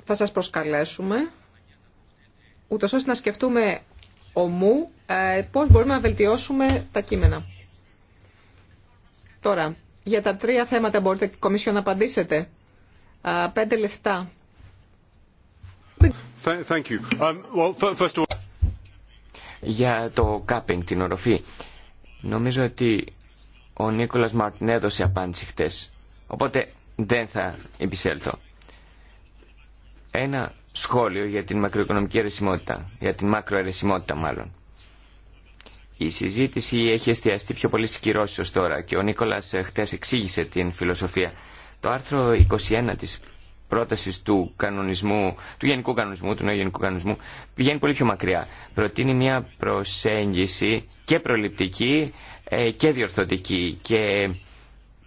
θα σας προσκαλέσουμε, ούτως ώστε να σκεφτούμε ομού ε, πώς μπορούμε να βελτιώσουμε τα κείμενα. Τώρα, για τα τρία θέματα μπορείτε, Κομισιό, να απαντήσετε. πέντε λεφτά. Thank you. Um, για το κάπινγκ, την οροφή. Νομίζω ότι ο Νίκολας Μαρτιν έδωσε απάντηση χτες. Οπότε δεν θα επισέλθω. Ένα σχόλιο για την μακροοικονομική αρεσιμότητα, για την μακροαιρεσιμότητα μάλλον. Η συζήτηση έχει εστιαστεί πιο πολύ στις κυρώσεις ως τώρα και ο Νίκολας ε, χτες εξήγησε την φιλοσοφία. Το άρθρο 21 της πρότασης του, κανονισμού, του γενικού κανονισμού, του νέου γενικού κανονισμού, πηγαίνει πολύ πιο μακριά. Προτείνει μια προσέγγιση και προληπτική ε, και διορθωτική και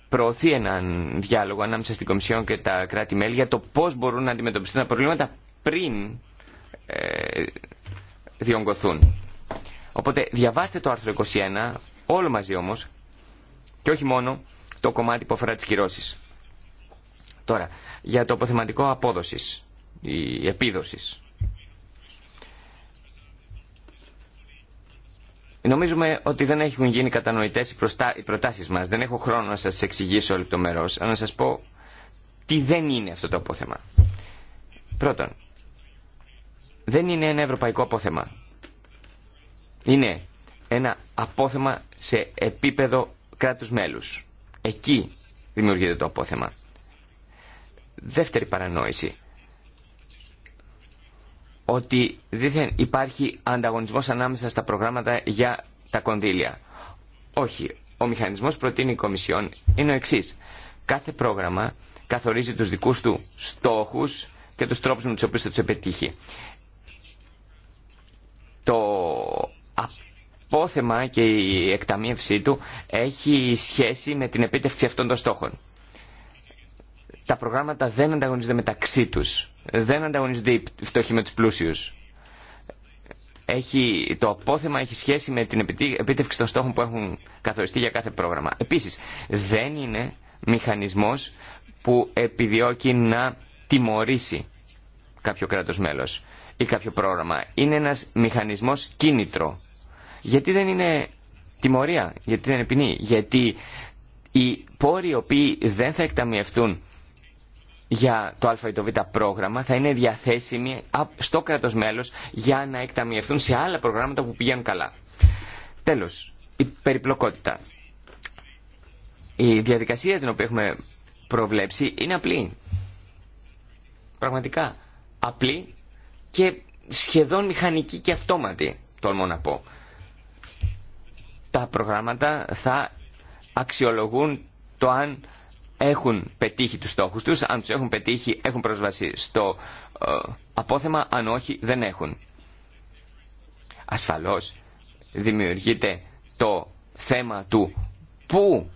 προωθεί έναν διάλογο ανάμεσα στην Κομισιόν και τα κράτη-μέλη για το πώς μπορούν να αντιμετωπιστούν τα προβλήματα πριν ε, διονγκωθούν. Οπότε διαβάστε το άρθρο 21, όλο μαζί όμως, και όχι μόνο το κομμάτι που αφορά τις κυρώσεις. Τώρα, για το αποθεματικό απόδοσης ή επίδοσης. Νομίζουμε ότι δεν έχουν γίνει κατανοητές οι, προτάσει μα. μας. Δεν έχω χρόνο να σας εξηγήσω λεπτομερώ, αλλά να σα πω τι δεν είναι αυτό το απόθεμα. Πρώτον, δεν είναι ένα ευρωπαϊκό απόθεμα. Είναι ένα απόθεμα σε επίπεδο κράτους μέλους. Εκεί δημιουργείται το απόθεμα. Δεύτερη παρανόηση ότι δήθεν υπάρχει ανταγωνισμός ανάμεσα στα προγράμματα για τα κονδύλια. Όχι. Ο μηχανισμός προτείνει η Κομισιόν είναι ο εξή. Κάθε πρόγραμμα καθορίζει τους δικούς του στόχους και τους τρόπους με τους οποίους θα τους επιτύχει. Το απόθεμα και η εκταμίευσή του έχει σχέση με την επίτευξη αυτών των στόχων τα προγράμματα δεν ανταγωνίζονται μεταξύ του. Δεν ανταγωνίζονται οι φτωχοί με του πλούσιους. Έχει, το απόθεμα έχει σχέση με την επίτευξη των στόχων που έχουν καθοριστεί για κάθε πρόγραμμα. Επίσης, δεν είναι μηχανισμός που επιδιώκει να τιμωρήσει κάποιο κράτος μέλος ή κάποιο πρόγραμμα. Είναι ένας μηχανισμός κίνητρο. Γιατί δεν είναι τιμωρία, γιατί δεν είναι ποινή, γιατί οι πόροι οι οποίοι δεν θα εκταμιευτούν για το α ή το πρόγραμμα θα είναι διαθέσιμη στο κράτος μέλος για να εκταμιευθούν σε άλλα προγράμματα που πηγαίνουν καλά. Τέλος, η περιπλοκότητα. Η διαδικασία την οποία έχουμε προβλέψει είναι απλή. Πραγματικά απλή και σχεδόν μηχανική και αυτόματη, τολμώ να πω. Τα προγράμματα θα αξιολογούν το αν έχουν πετύχει τους στόχους τους, αν τους έχουν πετύχει έχουν πρόσβαση στο ε, απόθεμα, αν όχι δεν έχουν. Ασφαλώς δημιουργείται το θέμα του πού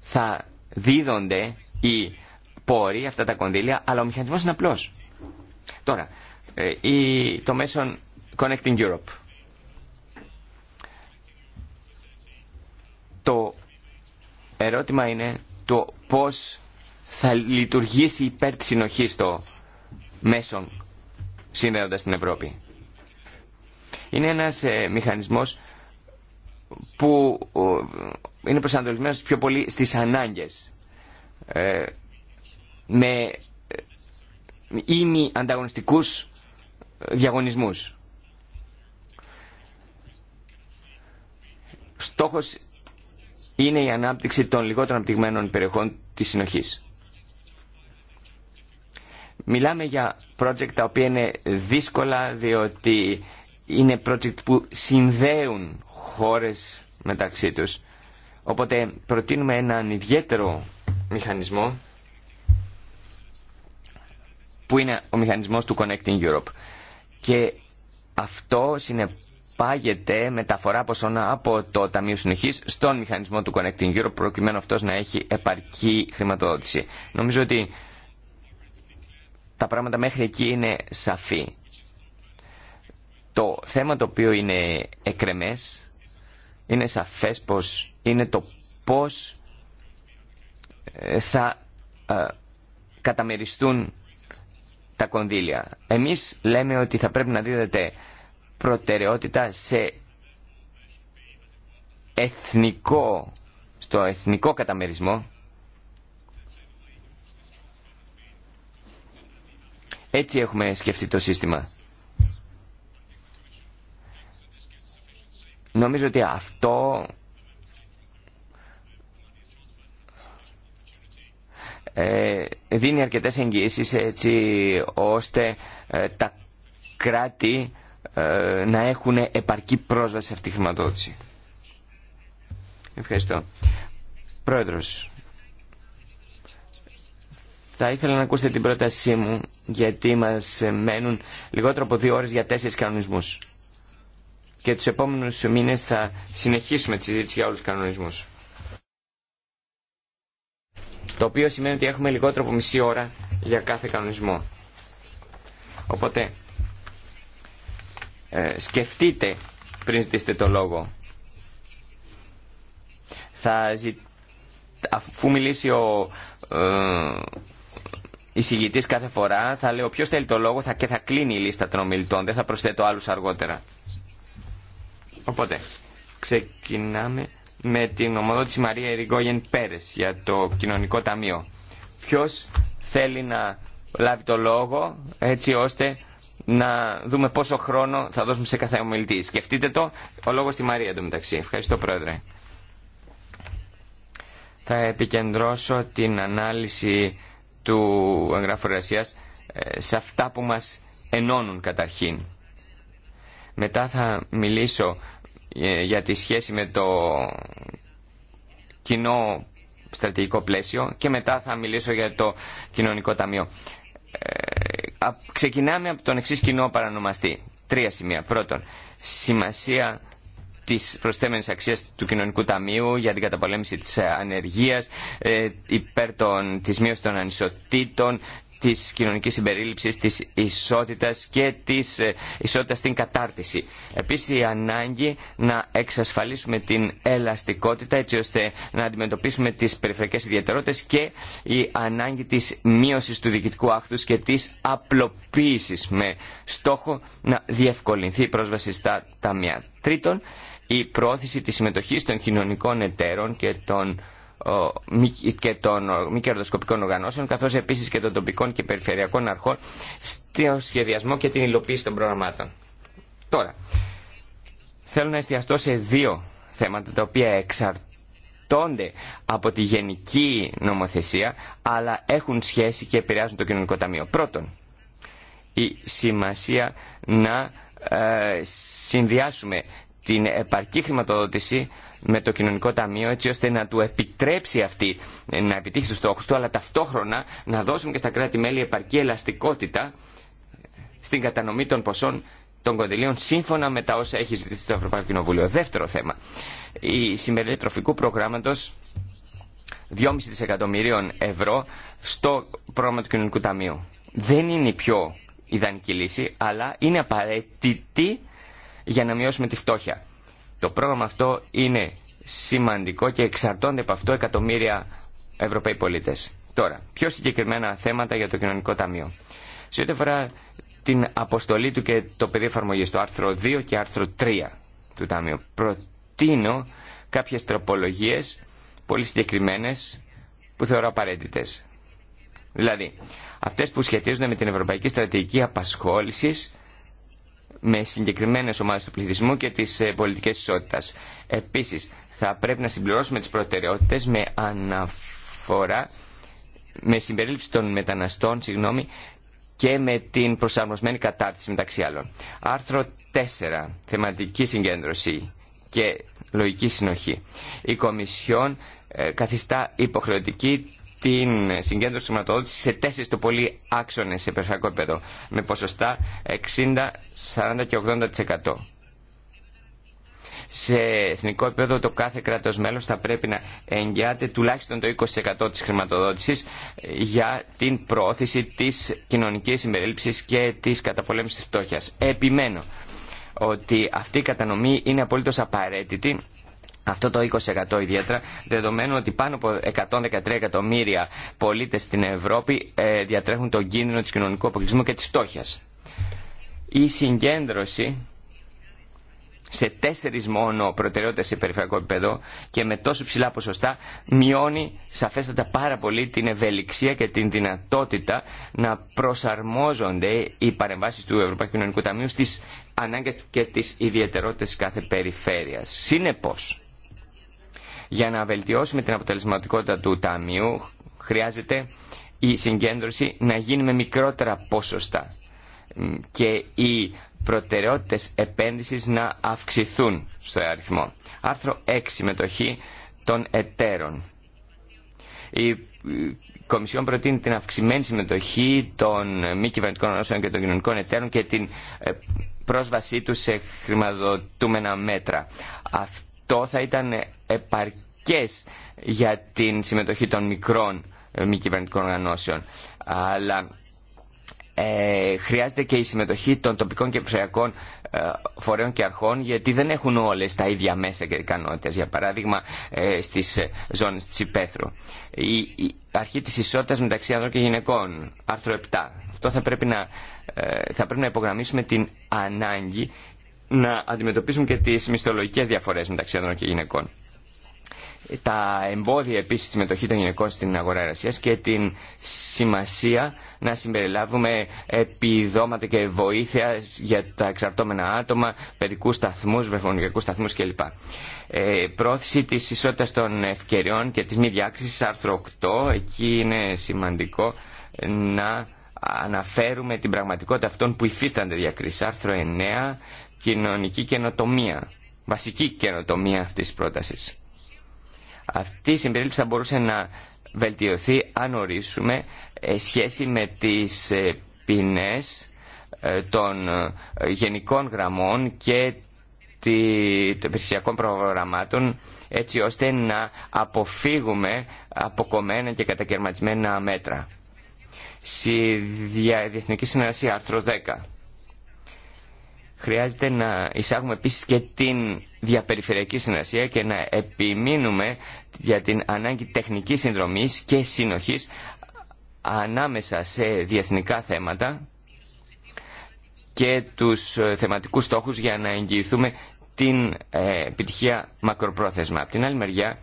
θα δίδονται οι πόροι, αυτά τα κονδύλια, αλλά ο μηχανισμός είναι απλός. Τώρα, ε, το μέσον Connecting Europe. Το ερώτημα είναι το πώς θα λειτουργήσει υπέρ της συνοχής το μέσον συνδέοντας την Ευρώπη. Είναι ένας ε, μηχανισμός που είναι προσανατολισμένος πιο πολύ στις ανάγκες ε, με ήμι ε, ανταγωνιστικούς διαγωνισμούς. Στόχος είναι η ανάπτυξη των λιγότερων αναπτυγμένων περιοχών της συνοχής. Μιλάμε για project τα οποία είναι δύσκολα διότι είναι project που συνδέουν χώρες μεταξύ τους. Οπότε προτείνουμε έναν ιδιαίτερο μηχανισμό που είναι ο μηχανισμός του Connecting Europe. Και αυτό συνεπώς Πάγεται μεταφορά ποσόνα από το Ταμείο Συνοχή στον μηχανισμό του Connecting Europe, προκειμένου αυτό να έχει επαρκή χρηματοδότηση. Νομίζω ότι τα πράγματα μέχρι εκεί είναι σαφή. Το θέμα το οποίο είναι εκρεμές είναι σαφές πως είναι το πώς ε, θα ε, καταμεριστούν τα κονδύλια. Εμείς λέμε ότι θα πρέπει να δίδεται προτεραιότητα σε εθνικό, στο εθνικό καταμερισμό Έτσι έχουμε σκεφτεί το σύστημα. Νομίζω ότι αυτό ε, δίνει αρκετές εγγύσεις έτσι ώστε ε, τα κράτη ε, να έχουν επαρκή πρόσβαση σε αυτή τη χρηματοδότηση. Ευχαριστώ. Πρόεδρος, θα ήθελα να ακούσετε την πρότασή μου γιατί μας μένουν λιγότερο από δύο ώρες για τέσσερις κανονισμούς. Και τους επόμενους μήνες θα συνεχίσουμε τη συζήτηση για όλους τους κανονισμούς. Το οποίο σημαίνει ότι έχουμε λιγότερο από μισή ώρα για κάθε κανονισμό. Οπότε ε, σκεφτείτε πριν ζητήσετε το λόγο. Θα ζη... Αφού μιλήσει ο ε, εισηγητή κάθε φορά, θα λέω ποιο θέλει το λόγο θα... και θα κλείνει η λίστα των ομιλητών. Δεν θα προσθέτω άλλου αργότερα. Οπότε, ξεκινάμε με την ομοδότηση Μαρία Ερηγόγεν Πέρε για το Κοινωνικό Ταμείο. Ποιο θέλει να λάβει το λόγο έτσι ώστε να δούμε πόσο χρόνο θα δώσουμε σε κάθε ομιλητή. Σκεφτείτε το, ο λόγος στη Μαρία εντωμεταξύ. Ευχαριστώ Πρόεδρε. Θα επικεντρώσω την ανάλυση του εγγράφου εργασία ε, σε αυτά που μας ενώνουν καταρχήν. Μετά θα μιλήσω ε, για τη σχέση με το κοινό στρατηγικό πλαίσιο και μετά θα μιλήσω για το κοινωνικό ταμείο. Ε, ξεκινάμε από τον εξή κοινό παρανομαστή. Τρία σημεία. Πρώτον, σημασία τη προσθέμενη αξία του κοινωνικού ταμείου για την καταπολέμηση τη ανεργία, ε, υπέρ τη μείωση των ανισοτήτων, της κοινωνικής συμπερίληψης, της ισότητας και της ε, ισότητας στην κατάρτιση. Επίσης η ανάγκη να εξασφαλίσουμε την ελαστικότητα έτσι ώστε να αντιμετωπίσουμε τις περιφερειακές ιδιαιτερότητες και η ανάγκη της μείωσης του διοικητικού άχθους και της απλοποίησης με στόχο να διευκολυνθεί η πρόσβαση στα ταμεία. Τρίτον, η πρόθεση της συμμετοχής των κοινωνικών εταίρων και των και των μη κερδοσκοπικών οργανώσεων καθώς επίσης και των τοπικών και περιφερειακών αρχών στο σχεδιασμό και την υλοποίηση των προγραμμάτων. Τώρα, θέλω να εστιαστώ σε δύο θέματα τα οποία εξαρτώνται από τη γενική νομοθεσία αλλά έχουν σχέση και επηρεάζουν το κοινωνικό ταμείο. Πρώτον, η σημασία να ε, συνδυάσουμε την επαρκή χρηματοδότηση με το κοινωνικό ταμείο έτσι ώστε να του επιτρέψει αυτή να επιτύχει τους στόχους του αλλά ταυτόχρονα να δώσουν και στα κράτη-μέλη επαρκή ελαστικότητα στην κατανομή των ποσών των κονδυλίων σύμφωνα με τα όσα έχει ζητήσει το Ευρωπαϊκό Κοινοβούλιο. Δεύτερο θέμα, η σημερινή τροφικού προγράμματος 2,5 δισεκατομμυρίων ευρώ στο πρόγραμμα του Κοινωνικού Ταμείου. Δεν είναι η πιο ιδανική λύση, αλλά είναι απαραίτητη για να μειώσουμε τη φτώχεια. Το πρόγραμμα αυτό είναι σημαντικό και εξαρτώνται από αυτό εκατομμύρια Ευρωπαίοι πολίτε. Τώρα, πιο συγκεκριμένα θέματα για το Κοινωνικό Ταμείο. Σε ό,τι αφορά την αποστολή του και το πεδίο εφαρμογή, το άρθρο 2 και άρθρο 3 του Ταμείου, προτείνω κάποιε τροπολογίε πολύ συγκεκριμένε που θεωρώ απαραίτητε. Δηλαδή, αυτέ που σχετίζονται με την Ευρωπαϊκή Στρατηγική Απασχόληση με συγκεκριμένε ομάδε του πληθυσμού και τι ε, πολιτικέ ισότητας. Επίσης, θα πρέπει να συμπληρώσουμε τι προτεραιότητες με αναφορά, με συμπερίληψη των μεταναστών, συγγνώμη, και με την προσαρμοσμένη κατάρτιση μεταξύ άλλων. Άρθρο 4. Θεματική συγκέντρωση και λογική συνοχή. Η Κομισιόν ε, καθιστά υποχρεωτική την συγκέντρωση χρηματοδότηση σε τέσσερι το πολύ άξονες σε περιφερειακό επίπεδο με ποσοστά 60, 40 και 80%. Σε εθνικό επίπεδο το κάθε κράτος μέλος θα πρέπει να εγγυάται τουλάχιστον το 20% της χρηματοδότησης ε, για την προώθηση της κοινωνικής συμπερίληψης και της καταπολέμησης της φτώχειας. Επιμένω ότι αυτή η κατανομή είναι απολύτως απαραίτητη αυτό το 20% ιδιαίτερα, δεδομένου ότι πάνω από 113 εκατομμύρια πολίτες στην Ευρώπη ε, διατρέχουν τον κίνδυνο της κοινωνικού αποκλεισμού και της φτώχειας. Η συγκέντρωση σε τέσσερις μόνο προτεραιότητες σε περιφερειακό επίπεδο και με τόσο ψηλά ποσοστά μειώνει σαφέστατα πάρα πολύ την ευελιξία και την δυνατότητα να προσαρμόζονται οι παρεμβάσει του Ευρωπαϊκού Κοινωνικού Ταμείου στι ανάγκες και τις ιδιαιτερότητες κάθε περιφέρειας. Συνεπώς, για να βελτιώσουμε την αποτελεσματικότητα του Ταμείου χρειάζεται η συγκέντρωση να γίνει με μικρότερα ποσοστά και οι προτεραιότητες επένδυσης να αυξηθούν στο αριθμό. Άρθρο 6. Συμμετοχή των εταίρων. Η Κομισιόν προτείνει την αυξημένη συμμετοχή των μη κυβερνητικών οργανώσεων και των κοινωνικών εταίρων και την ε, πρόσβασή τους σε χρηματοδοτούμενα μέτρα. Αυτό αυτό θα ήταν επαρκές για την συμμετοχή των μικρών ε, μη κυβερνητικών οργανώσεων. Αλλά ε, χρειάζεται και η συμμετοχή των τοπικών και ψηφιακών ε, φορέων και αρχών γιατί δεν έχουν όλες τα ίδια μέσα και ικανότητες για παράδειγμα ε, στις ζώνες της υπαίθρου η, αρχή της ισότητας μεταξύ άνδρων και γυναικών άρθρο 7 αυτό θα πρέπει να, θα πρέπει να υπογραμμίσουμε την ανάγκη να αντιμετωπίσουν και τις μισθολογικές διαφορές μεταξύ ανδρών και γυναικών. Τα εμπόδια επίσης στη συμμετοχή των γυναικών στην αγορά εργασία και την σημασία να συμπεριλάβουμε επιδόματα και βοήθεια για τα εξαρτώμενα άτομα, παιδικούς σταθμούς, βρεφονικούς σταθμούς κλπ. Ε, πρόθεση της ισότητας των ευκαιριών και της μη διάκριση άρθρο 8, εκεί είναι σημαντικό να αναφέρουμε την πραγματικότητα αυτών που υφίστανται διακρίσεις. Άρθρο 9, κοινωνική καινοτομία, βασική καινοτομία αυτή της πρότασης. Αυτή η συμπερίληψη θα μπορούσε να βελτιωθεί αν ορίσουμε ε, σχέση με τις ε, ποινές ε, των γενικών γραμμών και των περισσιακών προγραμμάτων έτσι ώστε να αποφύγουμε αποκομμένα και κατακαιρματισμένα μέτρα. Στη διεθνική συνεργασία άρθρο 10 Χρειάζεται να εισάγουμε επίσης και την διαπεριφερειακή συνασία και να επιμείνουμε για την ανάγκη τεχνικής συνδρομής και συνοχής ανάμεσα σε διεθνικά θέματα και τους ε, θεματικούς στόχους για να εγγυηθούμε την ε, επιτυχία μακροπρόθεσμα. Από την άλλη μεριά,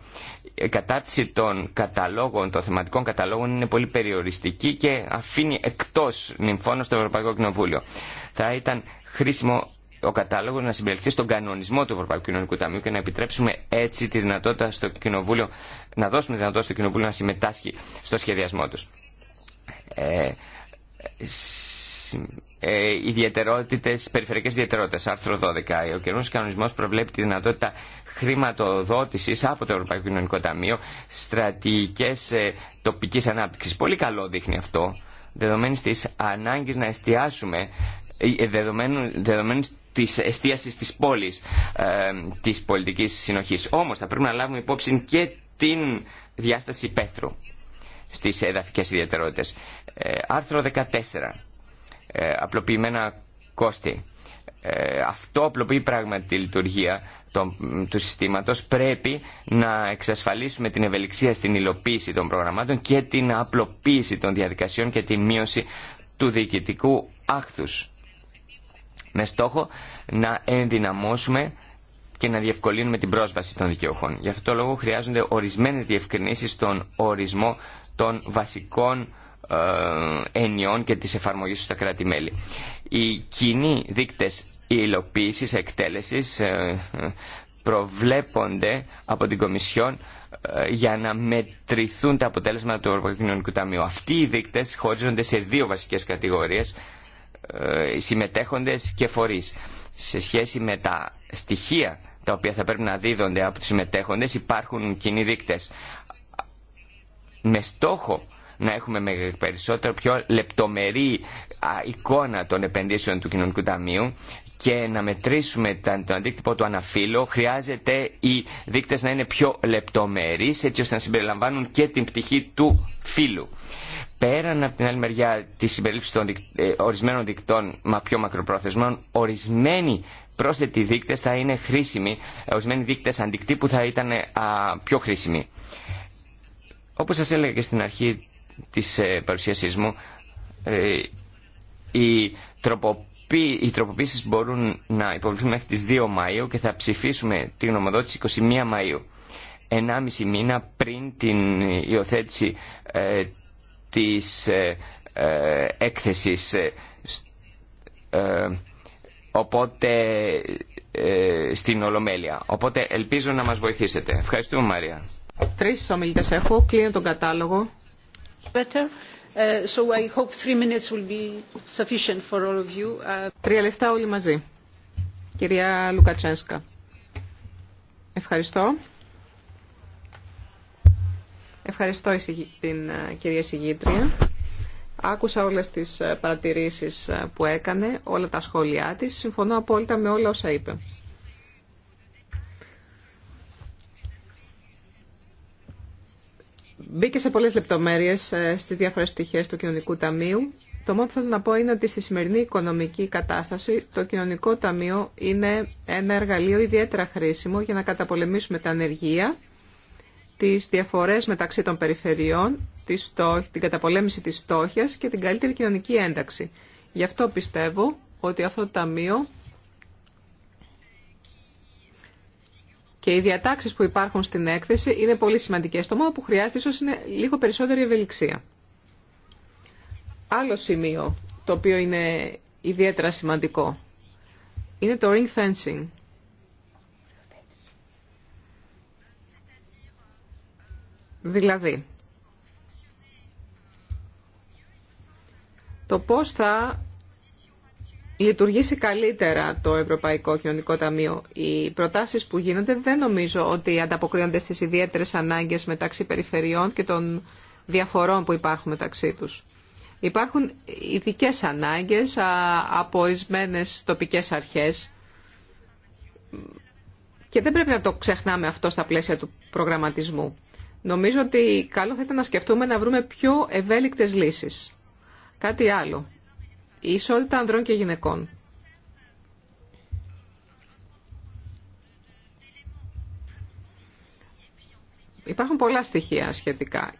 η κατάρτιση των καταλόγων, των θεματικών καταλόγων είναι πολύ περιοριστική και αφήνει εκτός νυμφώνος στο Ευρωπαϊκό Κοινοβούλιο. Θα ήταν χρήσιμο ο κατάλογο να συμπεριληφθεί στον κανονισμό του Ευρωπαϊκού Κοινωνικού Ταμείου και να επιτρέψουμε έτσι τη δυνατότητα στο Κοινοβούλιο, να δώσουμε δυνατότητα στο Κοινοβούλιο να συμμετάσχει στο σχεδιασμό του. Ε, ε, ιδιαιτερότητε, περιφερειακές ιδιαιτερότητες, άρθρο 12. Ο καινούργιο κανονισμό προβλέπει τη δυνατότητα χρηματοδότηση από το Ευρωπαϊκό Κοινωνικό Ταμείο στρατηγικέ ε, τοπικής ανάπτυξης. Πολύ καλό δείχνει αυτό, δεδομένη τη ανάγκη να εστιάσουμε ε, ε, δεδομένου τη εστίαση της πόλης ε, της πολιτικής συνοχής. Όμως θα πρέπει να λάβουμε υπόψη και την διάσταση πέθρου στις εδαφικές ιδιαιτερότητε. άρθρο 14. απλοποιημένα κόστη. αυτό απλοποιεί πράγματι τη λειτουργία του συστήματος. Πρέπει να εξασφαλίσουμε την ευελιξία στην υλοποίηση των προγραμμάτων και την απλοποίηση των διαδικασιών και τη μείωση του διοικητικού άχθους με στόχο να ενδυναμώσουμε και να διευκολύνουμε την πρόσβαση των δικαιωχών. Γι' αυτό το λόγο χρειάζονται ορισμένες διευκρινήσεις στον ορισμό των βασικών ε, ενιών και της εφαρμογής στα κράτη-μέλη. Οι κοινοί δείκτες υλοποίησης, εκτέλεσης ε, προβλέπονται από την Κομισιόν ε, για να μετρηθούν τα αποτέλεσματα του Ευρωπαϊκού Κοινωνικού Ταμείου. Αυτοί οι δείκτες χωρίζονται σε δύο βασικές κατηγορίες ε, συμμετέχοντες και φορείς. Σε σχέση με τα στοιχεία τα οποία θα πρέπει να δίδονται από τους συμμετέχοντες υπάρχουν κοινοί δείκτες. Με στόχο να έχουμε με περισσότερο πιο λεπτομερή εικόνα των επενδύσεων του Κοινωνικού Ταμείου και να μετρήσουμε τον αντίκτυπο του αναφύλου, χρειάζεται οι δείκτες να είναι πιο λεπτομερείς, έτσι ώστε να συμπεριλαμβάνουν και την πτυχή του φύλου. Πέραν από την άλλη μεριά τη συμπερίληψη των ε, ορισμένων δικτών, μα πιο μακροπρόθεσμων, ορισμένοι πρόσθετοι δείκτες θα είναι χρήσιμοι, ορισμένοι δείκτες αντικτύπου θα ήταν ε, πιο χρήσιμοι. Όπως σας έλεγα και στην αρχή της ε, παρουσίασής μου, ε, η τροποποίηση οι τροποποίησεις μπορούν να υποβληθούν μέχρι τις 2 Μαΐου και θα ψηφίσουμε τη γνωμοδότηση 21 Μαΐου. 1,5 μήνα πριν την υιοθέτηση ε, της ε, ε, έκθεσης. Ε, οπότε στην Ολομέλεια. Οπότε ελπίζω να μας βοηθήσετε. Ευχαριστούμε Μαρία. Τρεις ομιλητές έχω. Κλείνω τον κατάλογο. Better. Uh, so I hope three minutes will be sufficient for all of you. Uh, Τρία λεφτά όλοι μαζί. Κυρία Λουκατσένσκα. Ευχαριστώ. Ευχαριστώ την ε, κυρία Συγήτρια. Άκουσα όλες τις ε, παρατηρήσεις ε, που έκανε, όλα τα σχόλιά της. Συμφωνώ απόλυτα με όλα όσα είπε. μπήκε σε πολλές λεπτομέρειες ε, στις διάφορες πτυχές του κοινωνικού ταμείου. Το μόνο που θέλω να πω είναι ότι στη σημερινή οικονομική κατάσταση το κοινωνικό ταμείο είναι ένα εργαλείο ιδιαίτερα χρήσιμο για να καταπολεμήσουμε τα ανεργία, τις διαφορές μεταξύ των περιφερειών, την καταπολέμηση της φτώχειας και την καλύτερη κοινωνική ένταξη. Γι' αυτό πιστεύω ότι αυτό το ταμείο Και οι διατάξει που υπάρχουν στην έκθεση είναι πολύ σημαντικέ. Το μόνο που χρειάζεται ίσω είναι λίγο περισσότερη ευελιξία. Άλλο σημείο το οποίο είναι ιδιαίτερα σημαντικό είναι το ring fencing. Δηλαδή, το πώς θα λειτουργήσει καλύτερα το Ευρωπαϊκό Κοινωνικό Ταμείο. Οι προτάσεις που γίνονται δεν νομίζω ότι ανταποκρίνονται στις ιδιαίτερες ανάγκες μεταξύ περιφερειών και των διαφορών που υπάρχουν μεταξύ τους. Υπάρχουν ειδικέ ανάγκες από ορισμένε τοπικές αρχές και δεν πρέπει να το ξεχνάμε αυτό στα πλαίσια του προγραμματισμού. Νομίζω ότι καλό θα ήταν να σκεφτούμε να βρούμε πιο ευέλικτες λύσεις. Κάτι άλλο η ισότητα ανδρών και γυναικών. Υπάρχουν πολλά στοιχεία σχετικά.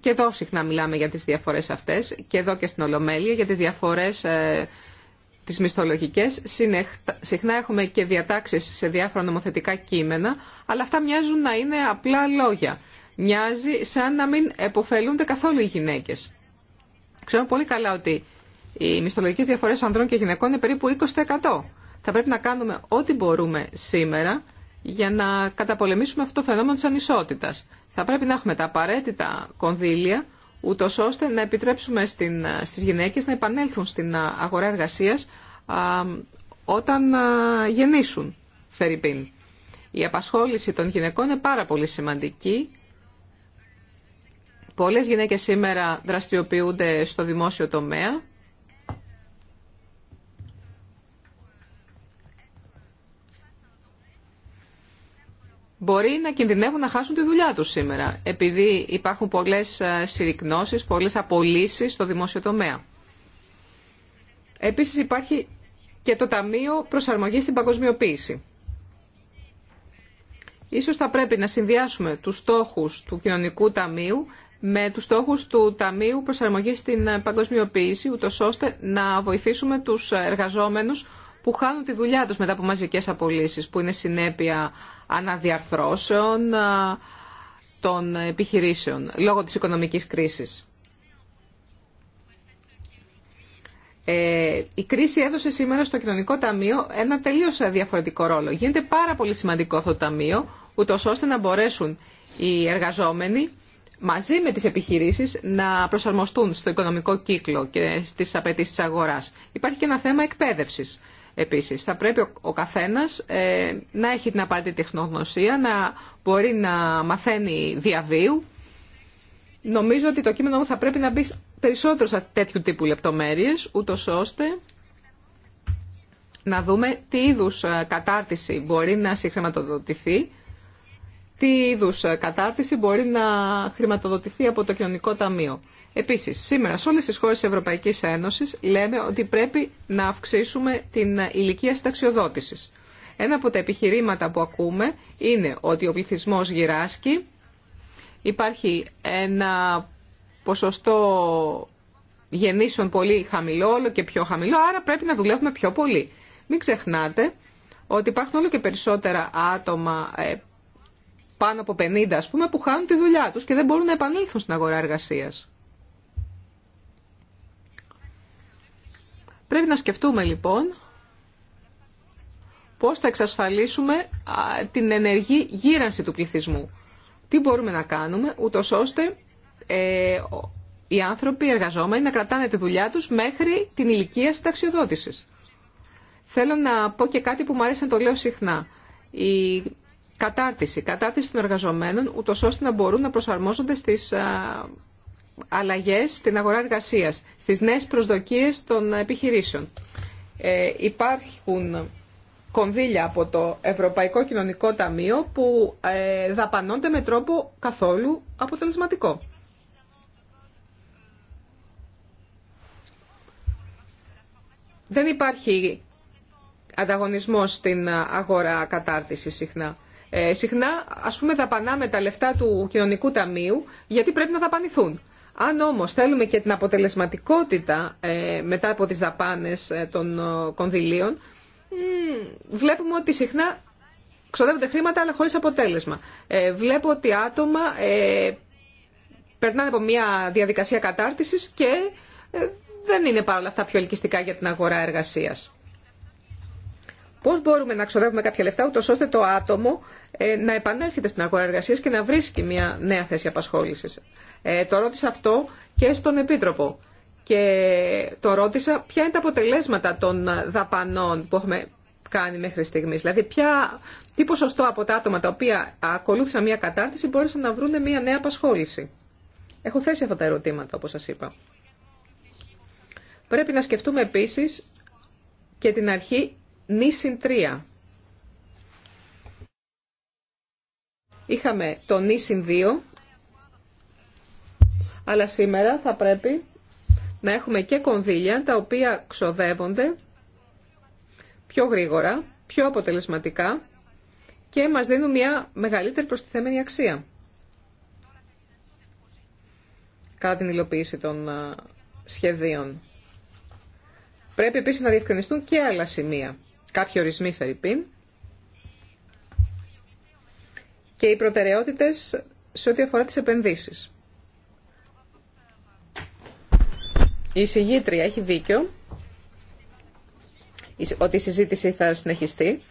Και εδώ συχνά μιλάμε για τις διαφορές αυτές και εδώ και στην Ολομέλεια για τις διαφορές ε, τις μισθολογικές. Συχνά έχουμε και διατάξεις σε διάφορα νομοθετικά κείμενα, αλλά αυτά μοιάζουν να είναι απλά λόγια. Μοιάζει σαν να μην εποφελούνται καθόλου οι γυναίκες. Ξέρω πολύ καλά ότι οι μισθολογικές διαφορές ανδρών και γυναικών είναι περίπου 20%. Θα πρέπει να κάνουμε ό,τι μπορούμε σήμερα για να καταπολεμήσουμε αυτό το φαινόμενο της ανισότητας. Θα πρέπει να έχουμε τα απαραίτητα κονδύλια, ούτω ώστε να επιτρέψουμε στην, στις γυναίκες να επανέλθουν στην αγορά εργασίας όταν γεννήσουν, Φερρυπίν. Η απασχόληση των γυναικών είναι πάρα πολύ σημαντική. Πολλές γυναίκες σήμερα δραστηριοποιούνται στο δημόσιο τομέα μπορεί να κινδυνεύουν να χάσουν τη δουλειά τους σήμερα, επειδή υπάρχουν πολλές ε, συρρυκνώσεις, πολλές απολύσεις στο δημόσιο τομέα. Επίσης υπάρχει και το Ταμείο Προσαρμογής στην Παγκοσμιοποίηση. Ίσως θα πρέπει να συνδυάσουμε τους στόχους του Κοινωνικού Ταμείου με τους στόχους του Ταμείου Προσαρμογής στην ε, Παγκοσμιοποίηση, ούτως ώστε να βοηθήσουμε τους ε, εργαζόμενους που χάνουν τη δουλειά τους μετά από μαζικές απολύσεις, που είναι συνέπεια αναδιαρθρώσεων των επιχειρήσεων λόγω της οικονομικής κρίσης. Ε, η κρίση έδωσε σήμερα στο κοινωνικό ταμείο ένα τελείως διαφορετικό ρόλο. Γίνεται πάρα πολύ σημαντικό αυτό το ταμείο, ούτω ώστε να μπορέσουν οι εργαζόμενοι μαζί με τις επιχειρήσεις να προσαρμοστούν στο οικονομικό κύκλο και στις απαιτήσει της αγοράς. Υπάρχει και ένα θέμα εκπαίδευσης επίσης. Θα πρέπει ο καθένας ε, να έχει την απαραίτητη τεχνογνωσία, να μπορεί να μαθαίνει διαβίου. Νομίζω ότι το κείμενο μου θα πρέπει να μπει περισσότερο σε τέτοιου τύπου λεπτομέρειες, ούτω ώστε να δούμε τι είδους ε, κατάρτιση μπορεί να συγχρηματοδοτηθεί, τι είδους ε, κατάρτιση μπορεί να χρηματοδοτηθεί από το κοινωνικό ταμείο. Επίσης, σήμερα σε όλες τις χώρες της Ευρωπαϊκής Ένωσης λέμε ότι πρέπει να αυξήσουμε την ηλικία σταξιοδότησης. Ένα από τα επιχειρήματα που ακούμε είναι ότι ο πληθυσμό γυράσκει, υπάρχει ένα ποσοστό γεννήσεων πολύ χαμηλό, όλο και πιο χαμηλό, άρα πρέπει να δουλεύουμε πιο πολύ. Μην ξεχνάτε ότι υπάρχουν όλο και περισσότερα άτομα ε, πάνω από 50 ας πούμε, που χάνουν τη δουλειά τους και δεν μπορούν να επανέλθουν στην αγορά εργασίας. Πρέπει να σκεφτούμε λοιπόν πώς θα εξασφαλίσουμε την ενεργή γύρανση του πληθυσμού. Τι μπορούμε να κάνουμε ούτω ώστε ε, οι άνθρωποι οι εργαζόμενοι να κρατάνε τη δουλειά τους μέχρι την ηλικία συνταξιοδότησης. Θέλω να πω και κάτι που μου αρέσει να το λέω συχνά. Η κατάρτιση, κατάρτιση των εργαζομένων, ούτω ώστε να μπορούν να προσαρμόζονται στις αλλαγές στην αγορά εργασίας, στις νέες προσδοκίες των επιχειρήσεων. Ε, υπάρχουν κονδύλια από το Ευρωπαϊκό Κοινωνικό Ταμείο που ε, δαπανώνται με τρόπο καθόλου αποτελεσματικό. Δεν υπάρχει ανταγωνισμός στην αγορά κατάρτιση συχνά. Ε, συχνά, ας πούμε, δαπανάμε τα λεφτά του Κοινωνικού Ταμείου γιατί πρέπει να δαπανηθούν. Αν όμως θέλουμε και την αποτελεσματικότητα ε, μετά από τις δαπάνες ε, των ε, κονδυλίων, βλέπουμε ότι συχνά ξοδεύονται χρήματα αλλά χωρίς αποτέλεσμα. Βλέπω ότι άτομα περνάνε από μια διαδικασία κατάρτισης και δεν είναι παρόλα αυτά πιο ελκυστικά για την αγορά εργασίας. Πώς μπορούμε να ξοδεύουμε κάποια λεφτά ούτως ώστε το άτομο να επανέρχεται στην αγορά εργασίας και να βρίσκει μια νέα θέση απασχόλησης. Ε, το ρώτησα αυτό και στον Επίτροπο. Και το ρώτησα ποια είναι τα αποτελέσματα των δαπανών που έχουμε κάνει μέχρι στιγμή. Δηλαδή, ποια, τι ποσοστό από τα άτομα τα οποία ακολούθησαν μια κατάρτιση μπορούσαν να βρουν μια νέα απασχόληση. Έχω θέσει αυτά τα ερωτήματα, όπως σας είπα. Πρέπει να σκεφτούμε επίσης και την αρχή νήσιν 3. Είχαμε το νήσιν αλλά σήμερα θα πρέπει να έχουμε και κονδύλια τα οποία ξοδεύονται πιο γρήγορα, πιο αποτελεσματικά και μας δίνουν μια μεγαλύτερη προστιθέμενη αξία κατά την υλοποίηση των σχεδίων. Πρέπει επίσης να διευκρινιστούν και άλλα σημεία. Κάποιοι ορισμοί φερρυπίν και οι προτεραιότητες σε ό,τι αφορά τις επενδύσεις. Η συγγήτρια έχει δίκιο ότι η συζήτηση θα συνεχιστεί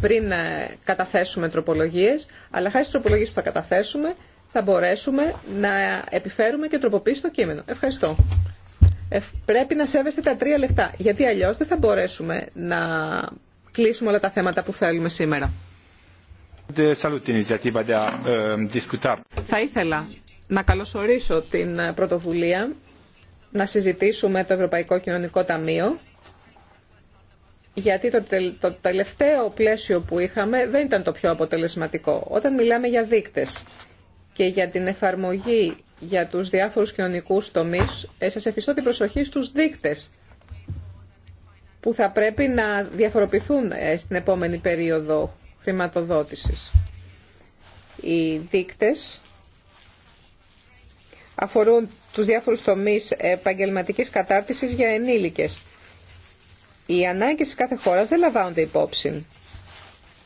πριν ε, καταθέσουμε τροπολογίες, αλλά χάρη στις τροπολογίες που θα καταθέσουμε θα μπορέσουμε να επιφέρουμε και τροποποίηση το κείμενο. Ευχαριστώ. Ε, πρέπει να σέβεστε τα τρία λεφτά, γιατί αλλιώς δεν θα μπορέσουμε να κλείσουμε όλα τα θέματα που θέλουμε σήμερα. Ε, θα ήθελα να καλωσορίσω την πρωτοβουλία να συζητήσουμε το Ευρωπαϊκό Κοινωνικό Ταμείο, γιατί το, τελευταίο πλαίσιο που είχαμε δεν ήταν το πιο αποτελεσματικό. Όταν μιλάμε για δείκτες και για την εφαρμογή για τους διάφορους κοινωνικούς τομείς, ε, σας εφιστώ την προσοχή στους δείκτες που θα πρέπει να διαφοροποιηθούν ε, στην επόμενη περίοδο χρηματοδότησης. Οι δείκτες αφορούν τους διάφορους τομείς επαγγελματικής κατάρτισης για ενήλικες. Οι ανάγκες της κάθε χώρας δεν λαμβάνονται υπόψη,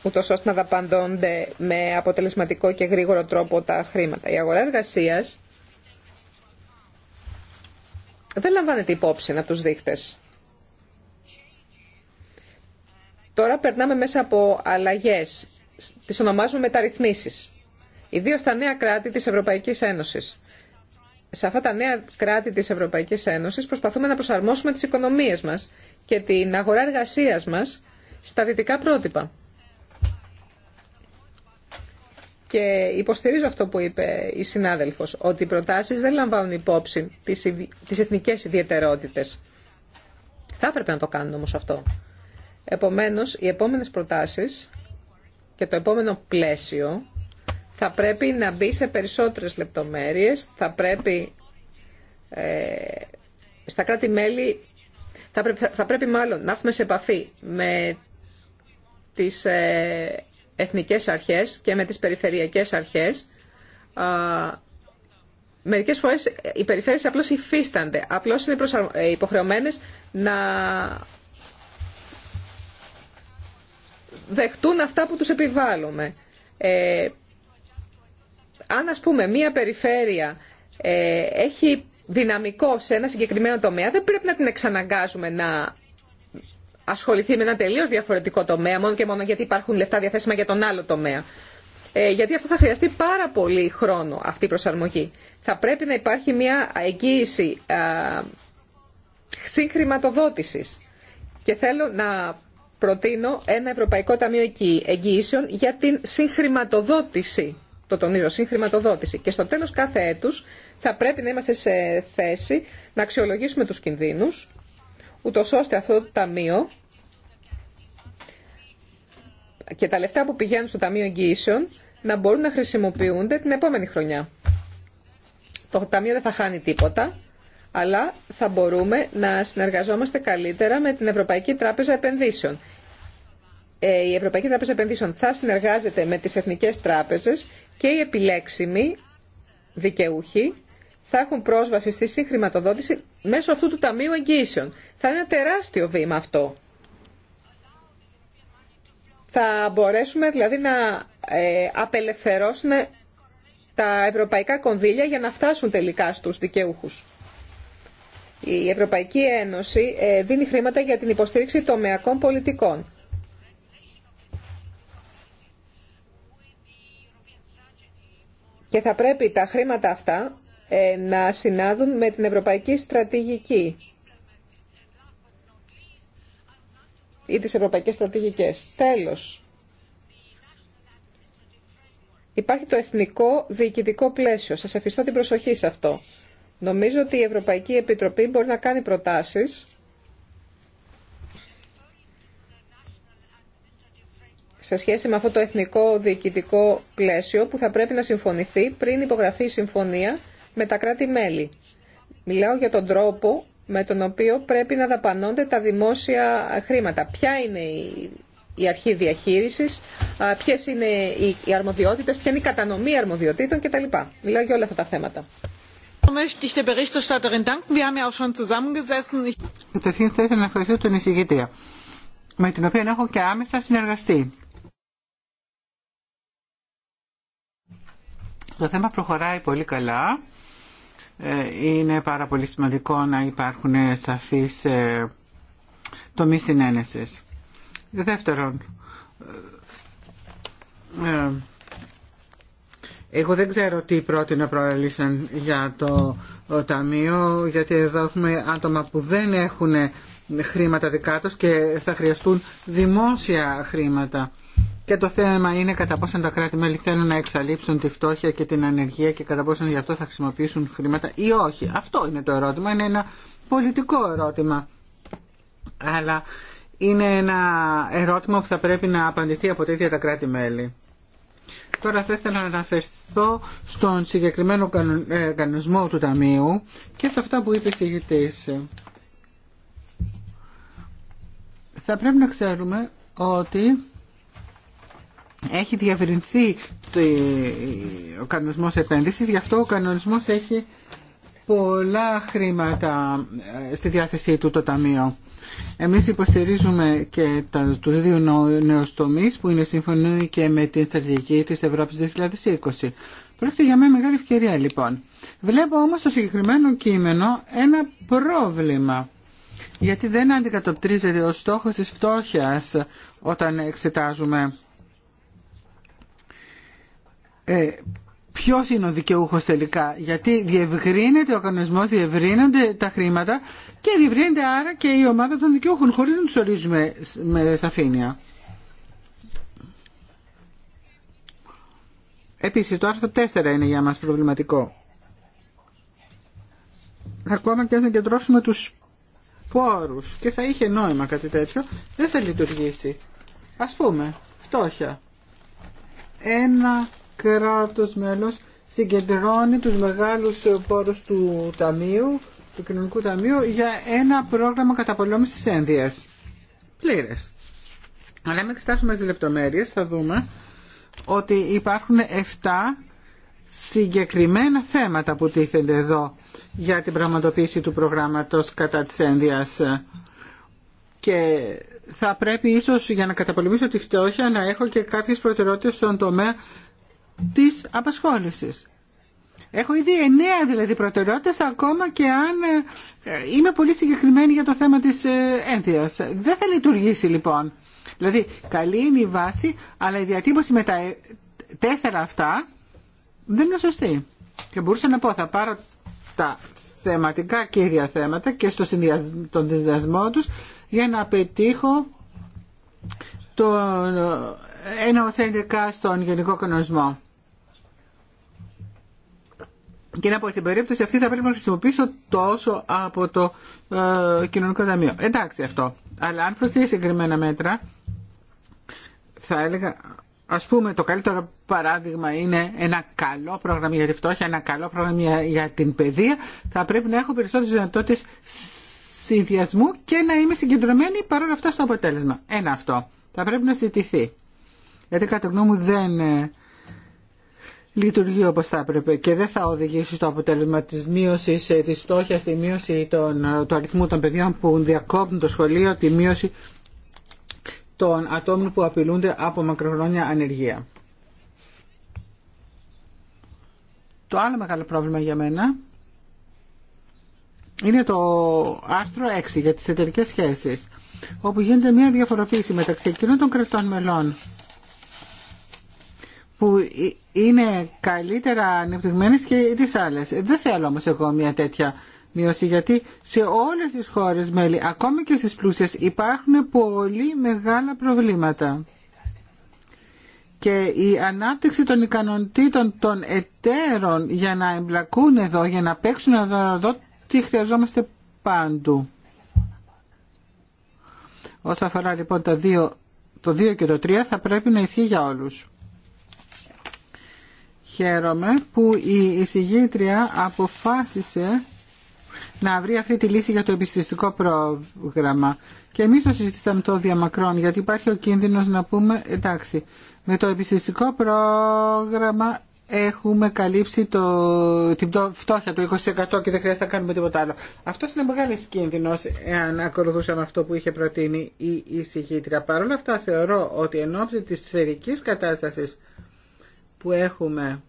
ούτως ώστε να δαπαντώνται με αποτελεσματικό και γρήγορο τρόπο τα χρήματα. Η αγορά εργασίας δεν λαμβάνεται υπόψη από τους δείχτες. Τώρα περνάμε μέσα από αλλαγές, τις ονομάζουμε μεταρρυθμίσεις, ιδίως στα νέα κράτη της Ευρωπαϊκής Ένωσης σε αυτά τα νέα κράτη της Ευρωπαϊκής Ένωσης προσπαθούμε να προσαρμόσουμε τις οικονομίες μας και την αγορά εργασίας μας στα δυτικά πρότυπα. Και υποστηρίζω αυτό που είπε η συνάδελφος, ότι οι προτάσεις δεν λαμβάνουν υπόψη τις εθνικές ιδιαιτερότητες. Θα έπρεπε να το κάνουν όμως αυτό. Επομένως, οι επόμενες προτάσεις και το επόμενο πλαίσιο θα πρέπει να μπει σε περισσότερες λεπτομέρειες, θα πρέπει ε, στα μελη θα, πρέπει, μάλλον να έρθουμε σε επαφή με τις ε, εθνικές αρχές και με τις περιφερειακές αρχές. Α, μερικές φορές οι περιφέρειες απλώς υφίστανται, απλώς είναι ε, υποχρεωμένες να δεχτούν αυτά που τους επιβάλλουμε. Ε, αν ας πούμε μία περιφέρεια ε, έχει δυναμικό σε ένα συγκεκριμένο τομέα, δεν πρέπει να την εξαναγκάζουμε να ασχοληθεί με ένα τελείως διαφορετικό τομέα, μόνο και μόνο γιατί υπάρχουν λεφτά διαθέσιμα για τον άλλο τομέα. Ε, γιατί αυτό θα χρειαστεί πάρα πολύ χρόνο, αυτή η προσαρμογή. Θα πρέπει να υπάρχει μια εγγύηση α, συγχρηματοδότησης. Και θέλω να προτείνω ένα Ευρωπαϊκό Ταμείο Εγγύησεων για την συγχρηματοδότηση το τονίζω, συγχρηματοδότηση. Και στο τέλος κάθε έτους θα πρέπει να είμαστε σε θέση να αξιολογήσουμε τους κινδύνους, ούτω ώστε αυτό το ταμείο και τα λεφτά που πηγαίνουν στο Ταμείο Εγγυήσεων να μπορούν να χρησιμοποιούνται την επόμενη χρονιά. Το Ταμείο δεν θα χάνει τίποτα, αλλά θα μπορούμε να συνεργαζόμαστε καλύτερα με την Ευρωπαϊκή Τράπεζα Επενδύσεων ε, η Ευρωπαϊκή Τράπεζα Επενδύσεων θα συνεργάζεται με τις εθνικές τράπεζες και οι επιλέξιμοι δικαιούχοι θα έχουν πρόσβαση στη συγχρηματοδότηση μέσω αυτού του Ταμείου Εγγύσεων. Θα είναι ένα τεράστιο βήμα αυτό. Θα μπορέσουμε δηλαδή να ε, απελευθερώσουμε τα ευρωπαϊκά κονδύλια για να φτάσουν τελικά στους δικαιούχους. Η Ευρωπαϊκή Ένωση ε, δίνει χρήματα για την υποστήριξη τομεακών πολιτικών. Και θα πρέπει τα χρήματα αυτά ε, να συνάδουν με την ευρωπαϊκή στρατηγική ή τις ευρωπαϊκές στρατηγικές. Τέλος, υπάρχει το εθνικό διοικητικό πλαίσιο. Σας ευχαριστώ την προσοχή σε αυτό. Νομίζω ότι η Ευρωπαϊκή Επιτροπή μπορεί να κάνει προτάσεις σε σχέση με αυτό το εθνικό διοικητικό πλαίσιο που θα πρέπει να συμφωνηθεί πριν υπογραφεί η συμφωνία με τα κράτη-μέλη. Μιλάω για τον τρόπο με τον οποίο πρέπει να δαπανώνται τα δημόσια χρήματα. Ποια είναι η αρχή διαχείρισης, ποιες είναι οι αρμοδιότητες, ποια είναι η κατανομή αρμοδιοτήτων κτλ. Μιλάω για όλα αυτά τα θέματα. Καταρχήν ήθελα να ευχαριστήσω τον εισηγητή, με την οποία έχω και άμεσα συνεργαστεί. Το θέμα προχωράει πολύ καλά. Ε, είναι πάρα πολύ σημαντικό να υπάρχουν σαφείς ε, τομείς συνένεσης. Δεύτερον, ε, εγώ δεν ξέρω τι πρότεινα προαλήσαν για το Ταμείο, γιατί εδώ έχουμε άτομα που δεν έχουν χρήματα δικά τους και θα χρειαστούν δημόσια χρήματα. Και το θέμα είναι κατά πόσον τα κράτη-μέλη θέλουν να εξαλείψουν τη φτώχεια και την ανεργία και κατά πόσον γι' αυτό θα χρησιμοποιήσουν χρήματα ή όχι. Αυτό είναι το ερώτημα. Είναι ένα πολιτικό ερώτημα. Αλλά είναι ένα ερώτημα που θα πρέπει να απαντηθεί από τέτοια τα κράτη-μέλη. Τώρα θα ήθελα να αναφερθώ στον συγκεκριμένο ε, κανονισμό του Ταμείου και σε αυτά που είπε η εξηγητής. Θα πρέπει να ξέρουμε ότι έχει διαβρινθεί ε, ο κανονισμός επένδυσης, γι' αυτό ο κανονισμός έχει πολλά χρήματα ε, στη διάθεσή του το Ταμείο. Εμείς υποστηρίζουμε και τα, τους δύο νέους τομείς που είναι συμφωνούν και με την στρατηγική της Ευρώπης 2020. Πρόκειται για μια μεγάλη ευκαιρία λοιπόν. Βλέπω όμως στο συγκεκριμένο κείμενο ένα πρόβλημα. Γιατί δεν αντικατοπτρίζεται ο στόχος της φτώχειας όταν εξετάζουμε ε, ποιος είναι ο δικαιούχο τελικά. Γιατί διευρύνεται ο κανονισμός, διευρύνονται τα χρήματα και διευρύνεται άρα και η ομάδα των δικαιούχων Χωρί να του ορίζουμε με σαφήνεια. Επίσης το άρθρο 4 είναι για μας προβληματικό. Ακόμα και αν κεντρώσουμε τους πόρους και θα είχε νόημα κάτι τέτοιο, δεν θα λειτουργήσει. Ας πούμε, φτώχεια. Ένα κράτος μέλος συγκεντρώνει τους μεγάλους πόρους του ταμείου, του κοινωνικού ταμείου, για ένα πρόγραμμα καταπολέμησης της ένδυας. Πλήρες. Αλλά με εξετάσουμε τις λεπτομέρειες θα δούμε ότι υπάρχουν 7 συγκεκριμένα θέματα που τίθενται εδώ για την πραγματοποίηση του προγράμματος κατά της ένδυας. Και θα πρέπει ίσως για να καταπολεμήσω τη φτώχεια να έχω και κάποιες προτεραιότητες στον τομέα της απασχόλησης. Έχω ήδη εννέα δηλαδή προτεραιότητες ακόμα και αν ε, είμαι πολύ συγκεκριμένη για το θέμα της ε, ένθειας. Δεν θα λειτουργήσει λοιπόν. Δηλαδή καλή είναι η βάση αλλά η διατύπωση με τα ε, τέσσερα αυτά δεν είναι σωστή. Και μπορούσα να πω θα πάρω τα θεματικά κύρια θέματα και στο τον συνδυασμό τους για να πετύχω το 1 ως 11 στον γενικό κανονισμό. Και να πω στην περίπτωση αυτή θα πρέπει να χρησιμοποιήσω τόσο από το ε, κοινωνικό ταμείο. Εντάξει αυτό. Αλλά αν προτείνει συγκεκριμένα μέτρα, θα έλεγα, α πούμε το καλύτερο παράδειγμα είναι ένα καλό πρόγραμμα για τη φτώχεια, ένα καλό πρόγραμμα για την παιδεία, θα πρέπει να έχω περισσότερε δυνατότητε συνδυασμού και να είμαι συγκεντρωμένη παρόλα αυτά στο αποτέλεσμα. Ένα αυτό. Θα πρέπει να συζητηθεί. Γιατί κατά γνώμη μου δεν ε, λειτουργεί όπως θα έπρεπε και δεν θα οδηγήσει στο αποτέλεσμα της μείωσης ε, της φτώχειας, τη μείωση των, ε, του αριθμού των παιδιών που διακόπτουν το σχολείο, τη μείωση των ατόμων που απειλούνται από μακροχρόνια ανεργία. Το άλλο μεγάλο πρόβλημα για μένα είναι το άρθρο 6 για τις εταιρικές σχέσεις, όπου γίνεται μια διαφοροποίηση μεταξύ εκείνων των κρατών μελών που είναι καλύτερα ανεπτυγμένε και τι άλλε. Ε, δεν θέλω όμω εγώ μια τέτοια μείωση γιατί σε όλε τι χώρε μέλη, ακόμη και στι πλούσιες, υπάρχουν πολύ μεγάλα προβλήματα. Και η ανάπτυξη των ικανοτήτων των εταίρων για να εμπλακούν εδώ, για να παίξουν εδώ, εδώ τι χρειαζόμαστε πάντου. Όσον αφορά λοιπόν τα δύο, το 2 και το 3 θα πρέπει να ισχύει για όλους. Χαίρομαι που η εισηγήτρια αποφάσισε να βρει αυτή τη λύση για το επιστηστικό πρόγραμμα. Και εμείς το συζητήσαμε το διαμακρόν, γιατί υπάρχει ο κίνδυνος να πούμε, εντάξει, με το επιστηστικό πρόγραμμα έχουμε καλύψει το, την φτώχεια του 20% και δεν χρειάζεται να κάνουμε τίποτα άλλο. Αυτό είναι μεγάλη κίνδυνο εάν ακολουθούσαμε αυτό που είχε προτείνει η εισηγήτρια. Παρ' όλα αυτά θεωρώ ότι εν ώψη της σφαιρικής κατάστασης που έχουμε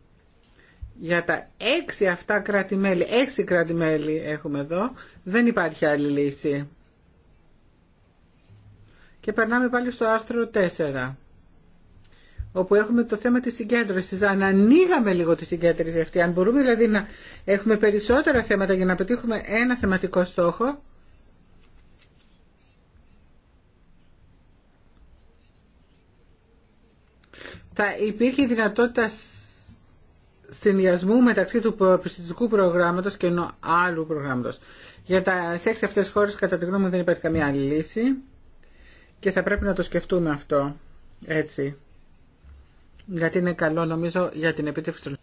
για τα έξι αυτά κράτη-μέλη, έξι έχουμε εδώ, δεν υπάρχει άλλη λύση. Και περνάμε πάλι στο άρθρο 4 όπου έχουμε το θέμα της συγκέντρωσης. Αν ανοίγαμε λίγο τη συγκέντρωση αυτή, αν μπορούμε δηλαδή να έχουμε περισσότερα θέματα για να πετύχουμε ένα θεματικό στόχο, θα υπήρχε δυνατότητα συνδυασμού μεταξύ του πιστιστικού προγράμματος και ενό άλλου προγράμματος. Για τα σε έξι αυτέ χώρες κατά τη γνώμη μου δεν υπάρχει καμία άλλη λύση και θα πρέπει να το σκεφτούμε αυτό έτσι. Γιατί είναι καλό νομίζω για την επίτευξη των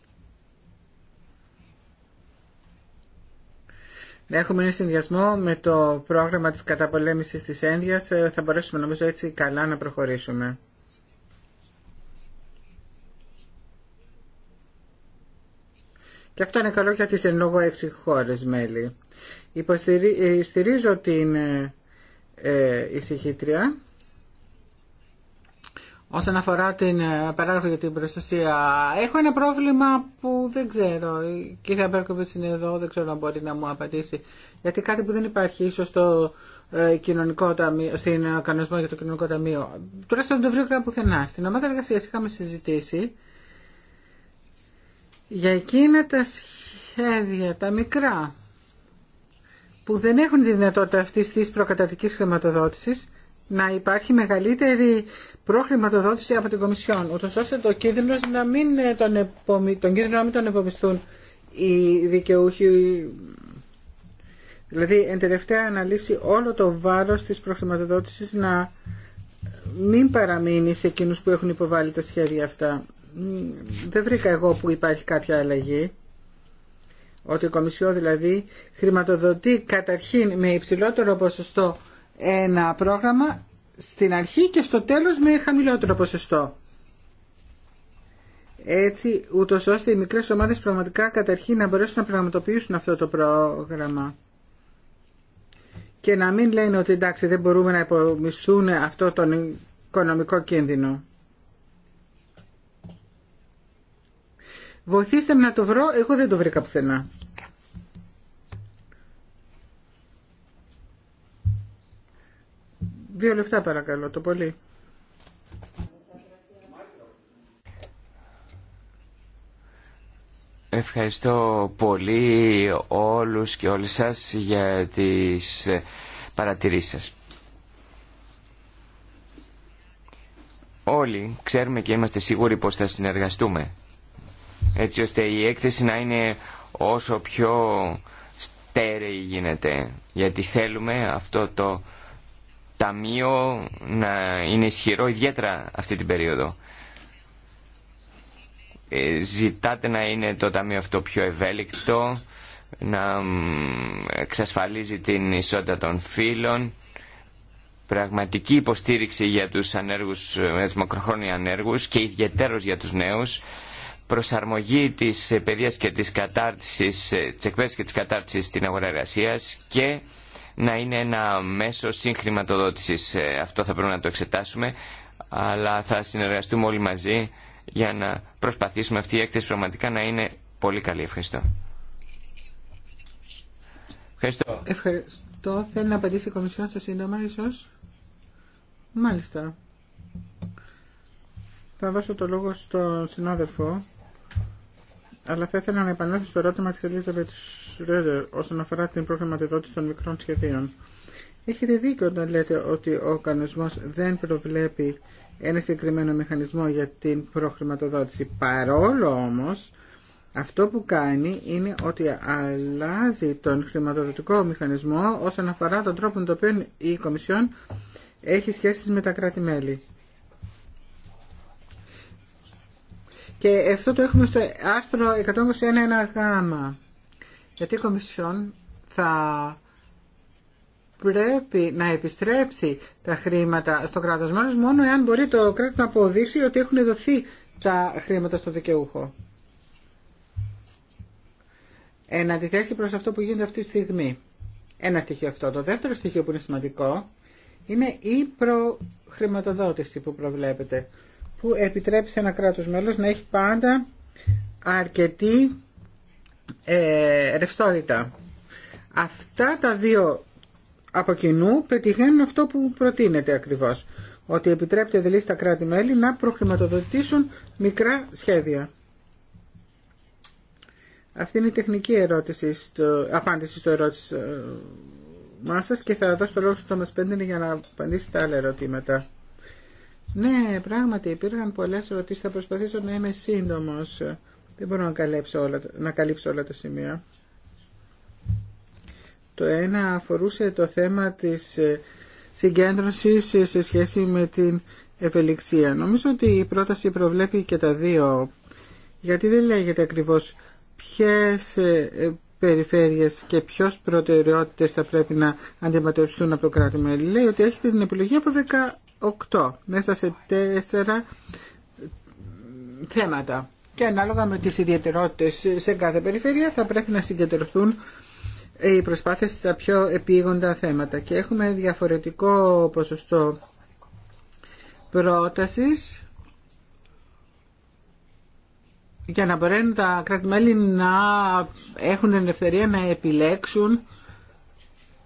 Έχουμε ένα συνδυασμό με το πρόγραμμα της καταπολέμησης της ένδυας. Ε, θα μπορέσουμε νομίζω έτσι καλά να προχωρήσουμε. Και αυτό είναι καλό γιατί τις λόγω έξι χώρες μέλη. Ε, στηρίζω την ε, ε ησυχήτρια όσον αφορά την ε, παράγραφη για την προστασία. Έχω ένα πρόβλημα που δεν ξέρω. Η κυρία Μπέρκοβιτς είναι εδώ, δεν ξέρω αν μπορεί να μου απαντήσει. Γιατί κάτι που δεν υπάρχει ίσως στο κοινωνικό ταμείο, στην κανονισμό για το κοινωνικό ταμείο. Τουλάχιστον δεν το βρήκα πουθενά. Στην ομάδα εργασία είχαμε συζητήσει για εκείνα τα σχέδια, τα μικρά, που δεν έχουν τη δυνατότητα αυτής της προκαταρτικής χρηματοδότησης, να υπάρχει μεγαλύτερη προχρηματοδότηση από την Κομισιόν, ούτω ώστε το κίνδυνο να μην ε, τον, τον κίνδυνο να μην τον επομιστούν οι δικαιούχοι. Δηλαδή, εν τελευταία αναλύση όλο το βάρο της προχρηματοδότηση να μην παραμείνει σε εκείνου που έχουν υποβάλει τα σχέδια αυτά δεν βρήκα εγώ που υπάρχει κάποια αλλαγή ότι η Κομισιό δηλαδή χρηματοδοτεί καταρχήν με υψηλότερο ποσοστό ένα πρόγραμμα στην αρχή και στο τέλος με χαμηλότερο ποσοστό. Έτσι ούτω ώστε οι μικρές ομάδες πραγματικά καταρχήν να μπορέσουν να πραγματοποιήσουν αυτό το πρόγραμμα. Και να μην λένε ότι εντάξει δεν μπορούμε να υπομισθούν αυτό τον οικονομικό κίνδυνο. Βοηθήστε με να το βρω, εγώ δεν το βρήκα πουθενά. Δύο λεφτά παρακαλώ, το πολύ. Ευχαριστώ πολύ όλους και όλες σας για τις παρατηρήσεις σας. Όλοι ξέρουμε και είμαστε σίγουροι πως θα συνεργαστούμε έτσι ώστε η έκθεση να είναι όσο πιο στέρεη γίνεται. Γιατί θέλουμε αυτό το ταμείο να είναι ισχυρό ιδιαίτερα αυτή την περίοδο. Ε, ζητάτε να είναι το ταμείο αυτό πιο ευέλικτο, να εξασφαλίζει την ισότητα των φύλων, πραγματική υποστήριξη για τους, ανέργους, για ανέργους και ιδιαίτερος για τους νέους προσαρμογή της παιδείας και της κατάρτισης, ε, εκπαίδευσης και της κατάρτισης στην αγορά εργασία και να είναι ένα μέσο συγχρηματοδότησης. Ε, αυτό θα πρέπει να το εξετάσουμε, αλλά θα συνεργαστούμε όλοι μαζί για να προσπαθήσουμε αυτή η έκθεση πραγματικά να είναι πολύ καλή. Ευχαριστώ. Ευχαριστώ. Ευχαριστώ. Θέλει να απαντήσει η Κομισιόν στο σύντομα, ίσως. Μάλιστα. Θα δώσω το λόγο στον συνάδελφο αλλά θα ήθελα να επανέλθω στο ερώτημα της Ελίζαβετ Σρέντερ όσον αφορά την προγραμματιδότηση των μικρών σχεδίων. Έχετε δίκιο όταν λέτε ότι ο κανονισμός δεν προβλέπει ένα συγκεκριμένο μηχανισμό για την προχρηματοδότηση. Παρόλο όμως, αυτό που κάνει είναι ότι αλλάζει τον χρηματοδοτικό μηχανισμό όσον αφορά τον τρόπο με τον οποίο η Κομισιόν έχει σχέσεις με τα κράτη-μέλη. Και αυτό το έχουμε στο άρθρο 121 γάμα. Γιατί η Κομισιόν θα πρέπει να επιστρέψει τα χρήματα στο κράτος μόνος μόνο εάν μπορεί το κράτος να αποδείξει ότι έχουν δοθεί τα χρήματα στο δικαιούχο. Εν αντιθέσει προς αυτό που γίνεται αυτή τη στιγμή. Ένα στοιχείο αυτό. Το δεύτερο στοιχείο που είναι σημαντικό είναι η προχρηματοδότηση που προβλέπεται που επιτρέπει σε ένα κράτος μέλος να έχει πάντα αρκετή ε, ρευστότητα. Αυτά τα δύο από κοινού πετυχαίνουν αυτό που προτείνεται ακριβώς. Ότι επιτρέπεται δηλαδή στα κράτη-μέλη να προχρηματοδοτήσουν μικρά σχέδια. Αυτή είναι η τεχνική ερώτηση στο, απάντηση στο ερώτημα σας και θα δώσω το λόγο στο Τόμας Πέντενη για να απαντήσει τα άλλα ερωτήματα. Ναι, πράγματι υπήρχαν πολλές ερωτήσει Θα προσπαθήσω να είμαι σύντομος. Δεν μπορώ να καλύψω όλα, να καλύψω όλα τα σημεία. Το ένα αφορούσε το θέμα της ε, συγκέντρωσης ε, σε σχέση με την ευελιξία. Νομίζω ότι η πρόταση προβλέπει και τα δύο, γιατί δεν λέγεται ακριβώς ποιες ε, περιφέρειες και ποιε προτεραιότητες θα πρέπει να αντιμετωπιστούν από το κράτημα. Λέει ότι έχετε την επιλογή από 10 8 μέσα σε τέσσερα θέματα. Και ανάλογα με τις ιδιαιτερότητες σε κάθε περιφέρεια θα πρέπει να συγκεντρωθούν οι προσπάθειες στα πιο επίγοντα θέματα. Και έχουμε διαφορετικό ποσοστό πρότασης για να μπορέσουν τα κράτη-μέλη να έχουν την ελευθερία να επιλέξουν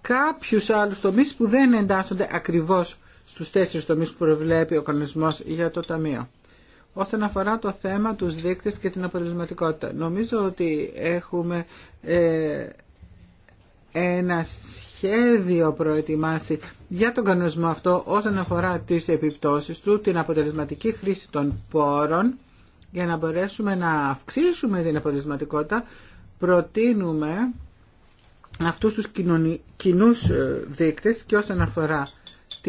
κάποιους άλλους τομείς που δεν εντάσσονται ακριβώς στους τέσσερις τομεί που προβλέπει ο κανονισμός για το Ταμείο. Όσον αφορά το θέμα, του δείκτες και την αποτελεσματικότητα. Νομίζω ότι έχουμε ε, ένα σχέδιο προετοιμάσει για τον κανονισμό αυτό όσον αφορά τις επιπτώσεις του, την αποτελεσματική χρήση των πόρων για να μπορέσουμε να αυξήσουμε την αποτελεσματικότητα προτείνουμε αυτούς τους κοινού ε, δείκτες και όσον αφορά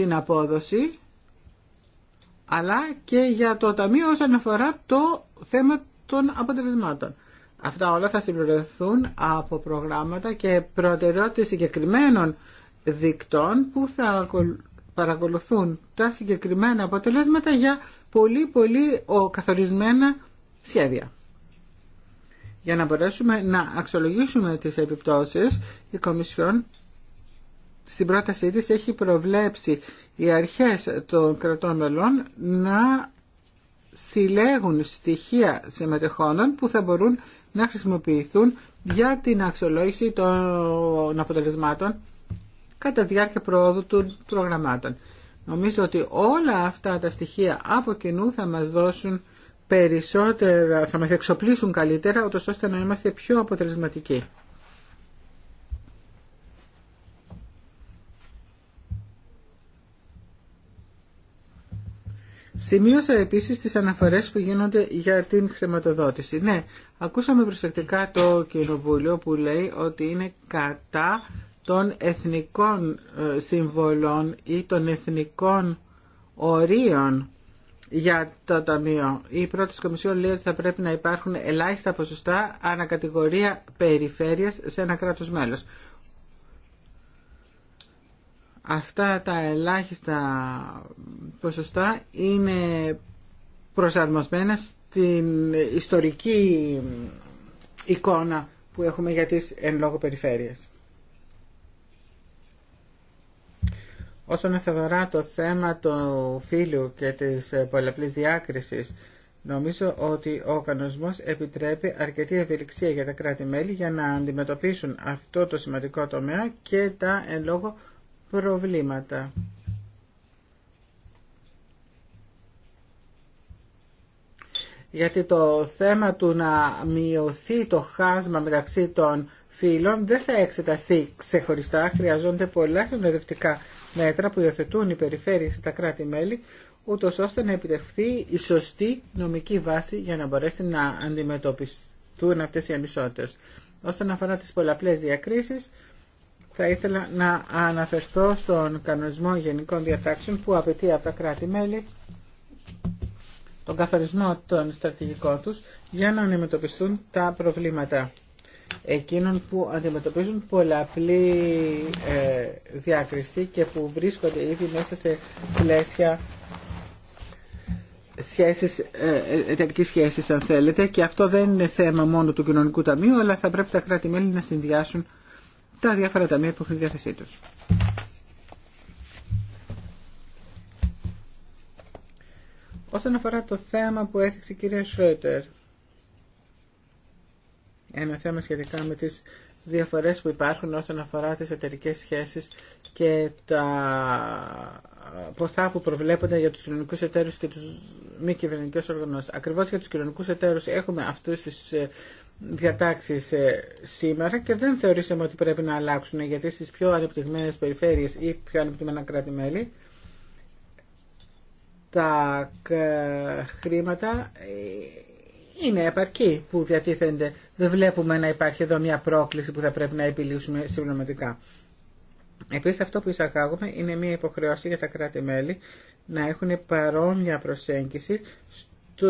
την απόδοση αλλά και για το Ταμείο όσον αφορά το θέμα των αποτελεσμάτων. Αυτά όλα θα συμπληρωθούν από προγράμματα και προτεραιότητες συγκεκριμένων δικτών που θα παρακολουθούν τα συγκεκριμένα αποτελέσματα για πολύ πολύ καθορισμένα σχέδια. Για να μπορέσουμε να αξιολογήσουμε τις επιπτώσεις, η Κομισιόν στην πρότασή της έχει προβλέψει οι αρχές των κρατών μελών να συλλέγουν στοιχεία συμμετεχόνων που θα μπορούν να χρησιμοποιηθούν για την αξιολόγηση των αποτελεσμάτων κατά διάρκεια προόδου των προγραμμάτων. Νομίζω ότι όλα αυτά τα στοιχεία από κοινού θα μας δώσουν περισσότερα, θα μας εξοπλίσουν καλύτερα, ώστε να είμαστε πιο αποτελεσματικοί. Σημείωσα επίσης τις αναφορές που γίνονται για την χρηματοδότηση. Ναι, ακούσαμε προσεκτικά το Κοινοβούλιο που λέει ότι είναι κατά των εθνικών ε, συμβολών ή των εθνικών ορίων για το Ταμείο. Η πρώτη Κομισιόν λέει ότι θα πρέπει να υπάρχουν ελάχιστα ποσοστά ανακατηγορία περιφέρειας σε ένα κράτος μέλος αυτά τα ελάχιστα ποσοστά είναι προσαρμοσμένα στην ιστορική εικόνα που έχουμε για τις εν λόγω περιφέρειες. Όσον αφορά το θέμα του φύλου και της πολλαπλής διάκρισης, νομίζω ότι ο κανονισμός επιτρέπει αρκετή ευελιξία για τα κράτη-μέλη για να αντιμετωπίσουν αυτό το σημαντικό τομέα και τα εν λόγω προβλήματα. Γιατί το θέμα του να μειωθεί το χάσμα μεταξύ των φίλων δεν θα εξεταστεί ξεχωριστά. Χρειαζόνται πολλά συνοδευτικά μέτρα που υιοθετούν οι περιφέρειες και τα κράτη-μέλη, ούτως ώστε να επιτευχθεί η σωστή νομική βάση για να μπορέσει να αντιμετωπιστούν αυτές οι ανισότητες. Όσον αφορά τις πολλαπλές διακρίσεις, θα ήθελα να αναφερθώ στον κανονισμό γενικών διατάξεων που απαιτεί από τα κράτη-μέλη τον καθορισμό των στρατηγικών τους για να αντιμετωπιστούν τα προβλήματα εκείνων που αντιμετωπίζουν πολλαπλή ε, διάκριση και που βρίσκονται ήδη μέσα σε πλαίσια σχέσεις, ε, ε, εταιρικής σχέσης αν θέλετε και αυτό δεν είναι θέμα μόνο του κοινωνικού ταμείου αλλά θα πρέπει τα κράτη-μέλη να συνδυάσουν τα διάφορα ταμεία που έχουν στη διάθεσή του. Όσον αφορά το θέμα που έθιξε η κυρία Σρότερ, ένα θέμα σχετικά με τις διαφορές που υπάρχουν όσον αφορά τις εταιρικέ σχέσεις και τα ποσά που προβλέπονται για τους κοινωνικούς εταίρους και τους μη κυβερνητικέ οργανώσεις. Ακριβώς για τους κοινωνικούς εταίρους έχουμε αυτούς τις ε, διατάξεις ε, σήμερα και δεν θεωρήσαμε ότι πρέπει να αλλάξουν γιατί στις πιο ανεπτυγμένες περιφέρειες ή πιο ανεπτυγμένα κράτη-μέλη τα ε, χρήματα ε, είναι επαρκή που διατίθενται. Δεν βλέπουμε να υπάρχει εδώ μια πρόκληση που θα πρέπει να επιλύσουμε συμπληρωματικά. Επίσης αυτό που εισαγάγουμε είναι μια υποχρεώση για τα κράτη-μέλη να έχουν παρόμοια προσέγγιση στο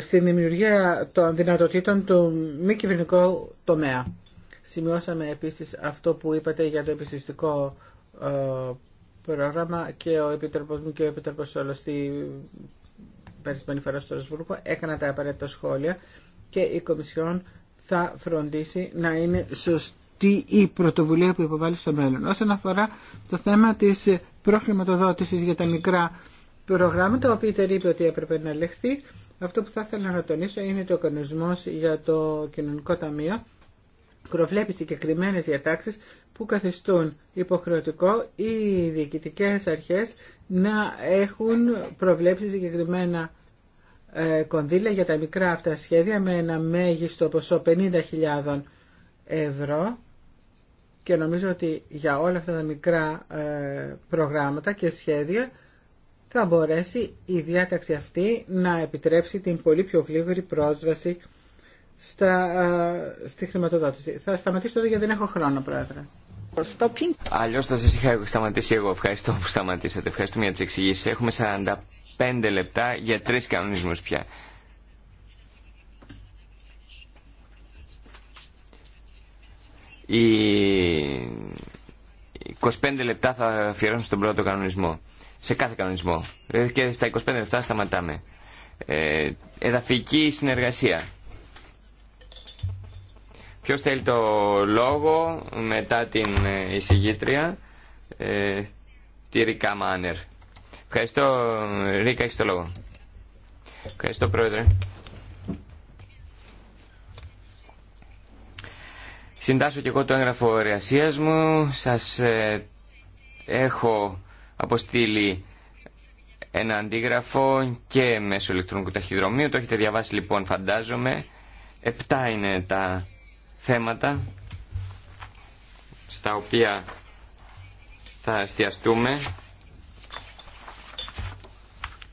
στη, ε, δημιουργία των δυνατοτήτων του μη κυβερνικού τομέα. Σημειώσαμε επίσης αυτό που είπατε για το επιστηστικό ε, πρόγραμμα και ο Επίτροπος μου και ο Επίτροπος Σολωστή περισσότερη φορά στο Ρασβούργο έκανα τα απαραίτητα σχόλια και η Κομισιόν θα φροντίσει να είναι σωστή η πρωτοβουλία που υποβάλλει στο μέλλον. Όσον αφορά το θέμα της προχρηματοδότησης για τα μικρά προγράμματα, τα οποία είπε ότι έπρεπε να ελεγχθεί. Αυτό που θα ήθελα να τονίσω είναι το κανονισμός για το κοινωνικό ταμείο. Προβλέπει συγκεκριμένε διατάξει που καθιστούν υποχρεωτικό οι διοικητικέ αρχέ να έχουν προβλέψει συγκεκριμένα ε, κονδύλια για τα μικρά αυτά σχέδια με ένα μέγιστο ποσό 50.000 ευρώ και νομίζω ότι για όλα αυτά τα μικρά ε, προγράμματα και σχέδια θα μπορέσει η διάταξη αυτή να επιτρέψει την πολύ πιο γλίγορη πρόσβαση στα, στη χρηματοδότηση. Θα σταματήσω εδώ γιατί δεν έχω χρόνο, Πρόεδρε. Αλλιώ θα σα είχα σταματήσει εγώ. Ευχαριστώ που σταματήσατε. Ευχαριστούμε για τι εξηγήσει. Έχουμε 45 λεπτά για τρει κανονισμού πια. Οι 25 λεπτά θα αφιερώσουν στον πρώτο κανονισμό σε κάθε κανονισμό. Ε, και στα 25 λεπτά σταματάμε. Ε, εδαφική συνεργασία. Ποιο θέλει το λόγο μετά την ε, εισηγήτρια, ε, τη Ρίκα Μάνερ. Ευχαριστώ, Ρίκα, έχει το λόγο. Ευχαριστώ, Πρόεδρε. Συντάσσω και εγώ το έγγραφο εργασία μου. Σας ε, έχω αποστείλει ένα αντίγραφο και μέσω ηλεκτρονικού ταχυδρομείου. Το έχετε διαβάσει λοιπόν φαντάζομαι. Επτά είναι τα θέματα στα οποία θα εστιαστούμε.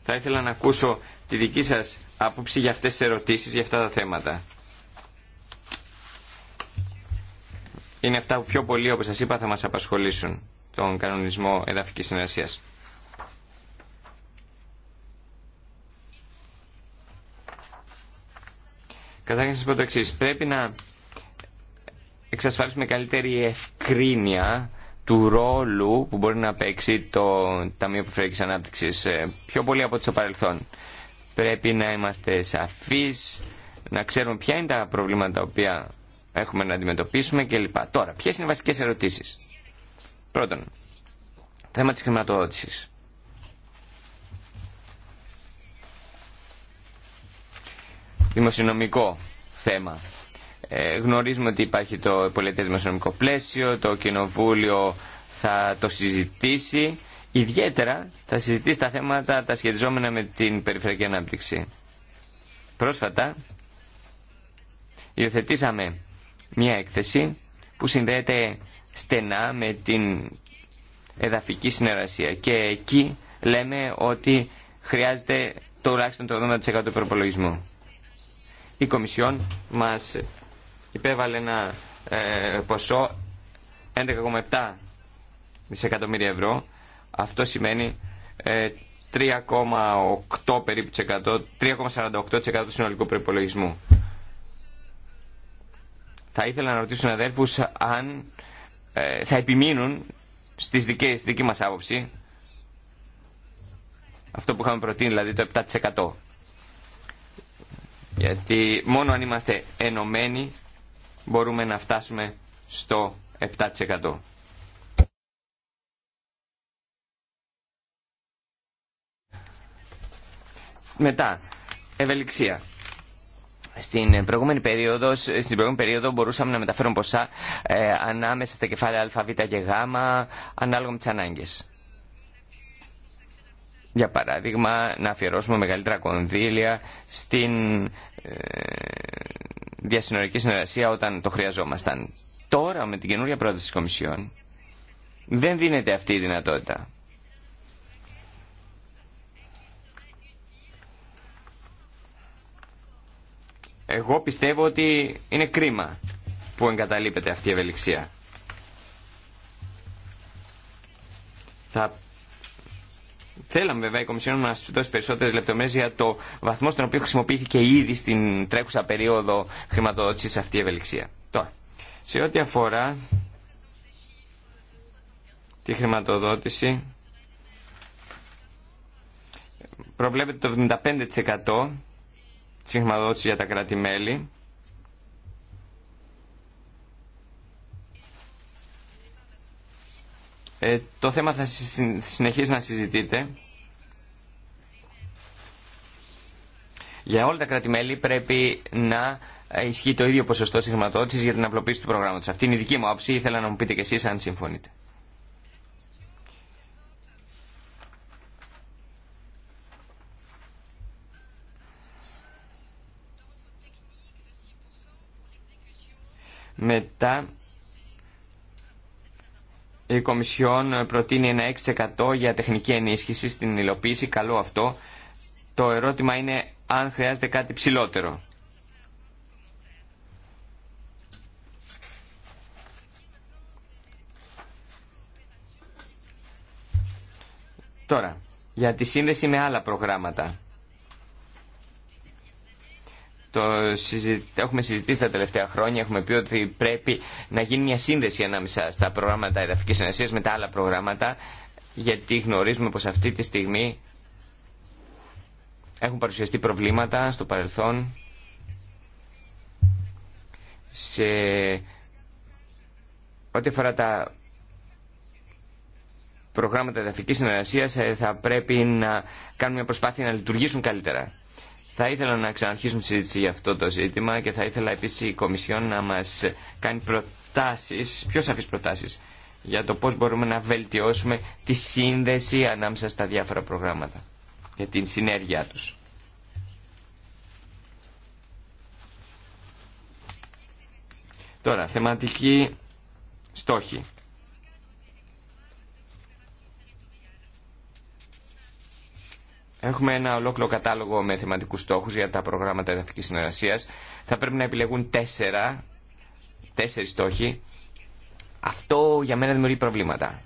Θα ήθελα να ακούσω τη δική σας άποψη για αυτές τις ερωτήσεις, για αυτά τα θέματα. Είναι αυτά που πιο πολύ, όπως σας είπα, θα μας απασχολήσουν τον κανονισμό εδαφικής συνεργασίας. Καταρχήν σας πω το εξής. Πρέπει να εξασφάλισουμε καλύτερη ευκρίνεια του ρόλου που μπορεί να παίξει το Ταμείο Προφερειακής Ανάπτυξης ε, πιο πολύ από το παρελθόν. Πρέπει να είμαστε σαφείς, να ξέρουμε ποια είναι τα προβλήματα τα οποία έχουμε να αντιμετωπίσουμε κλπ. Τώρα, ποιες είναι οι βασικές ερωτήσεις. Πρώτον, θέμα της χρηματοδότησης. Δημοσιονομικό θέμα. Ε, γνωρίζουμε ότι υπάρχει το πολιτές δημοσιονομικό πλαίσιο, το κοινοβούλιο θα το συζητήσει. Ιδιαίτερα θα συζητήσει τα θέματα τα σχετιζόμενα με την περιφερειακή ανάπτυξη. Πρόσφατα υιοθετήσαμε μια έκθεση που συνδέεται στενά με την εδαφική συνεργασία. Και εκεί λέμε ότι χρειάζεται τουλάχιστον το 80% του προπολογισμού. Η Κομισιόν μας υπέβαλε ένα ε, ποσό 11,7 δισεκατομμύρια ευρώ. Αυτό σημαίνει 3,8 ε, 3,48% του συνολικού προπολογισμού. Θα ήθελα να ρωτήσω αδέρφους αν ε, θα επιμείνουν στις δικές, στη δική μας άποψη αυτό που είχαμε προτείνει δηλαδή το 7% γιατί μόνο αν είμαστε ενωμένοι μπορούμε να φτάσουμε στο 7%. Μετά, ευελιξία. Στην προηγούμενη, περίοδο, στην προηγούμενη περίοδο μπορούσαμε να μεταφέρουμε ποσά ε, ανάμεσα στα κεφάλαια α, β και γ, ανάλογα με τι ανάγκε. Για παράδειγμα, να αφιερώσουμε μεγαλύτερα κονδύλια στην ε, διασυνορική συνεργασία όταν το χρειαζόμασταν. Τώρα, με την καινούργια πρόταση τη Κομισιόν, δεν δίνεται αυτή η δυνατότητα. Εγώ πιστεύω ότι είναι κρίμα που εγκαταλείπεται αυτή η ευελιξία. Θα Θέλαμε βέβαια η Κομισιόν να σα δώσει περισσότερε λεπτομέρειε για το βαθμό στον οποίο χρησιμοποιήθηκε ήδη στην τρέχουσα περίοδο χρηματοδότηση αυτή η ευελιξία. Τώρα, σε ό,τι αφορά τη χρηματοδότηση, προβλέπεται το 75% τη συγχρηματοδότηση για τα κράτη-μέλη. Ε, το θέμα θα συνεχίσει να συζητείτε. Για όλα τα κράτη-μέλη πρέπει να ισχύει το ίδιο ποσοστό συγχρηματοδότηση για την απλοποίηση του πρόγραμματος. Αυτή είναι η δική μου άποψη. Ήθελα να μου πείτε κι εσείς αν συμφωνείτε. Μετά η Κομισιόν προτείνει ένα 6% για τεχνική ενίσχυση στην υλοποίηση. Καλό αυτό. Το ερώτημα είναι αν χρειάζεται κάτι ψηλότερο. Τώρα, για τη σύνδεση με άλλα προγράμματα. Το έχουμε συζητήσει τα τελευταία χρόνια, έχουμε πει ότι πρέπει να γίνει μια σύνδεση ανάμεσα στα προγράμματα Εδαφική συνεργασία με τα άλλα προγράμματα, γιατί γνωρίζουμε πως αυτή τη στιγμή έχουν παρουσιαστεί προβλήματα στο παρελθόν σε ό,τι αφορά τα προγράμματα εδαφικής συνεργασίας ε, θα πρέπει να κάνουμε μια προσπάθεια να λειτουργήσουν καλύτερα. Θα ήθελα να ξαναρχίσουμε τη συζήτηση για αυτό το ζήτημα και θα ήθελα επίσης η Κομισιόν να μας κάνει προτάσει, πιο σαφεί προτάσεις, για το πώς μπορούμε να βελτιώσουμε τη σύνδεση ανάμεσα στα διάφορα προγράμματα και την συνέργειά τους. Τώρα, θεματική στόχη. Έχουμε ένα ολόκληρο κατάλογο με θεματικούς στόχους για τα προγράμματα εδαφικής συνεργασίας. Θα πρέπει να επιλεγούν τέσσερα, τέσσερις στόχοι. Αυτό για μένα δημιουργεί προβλήματα.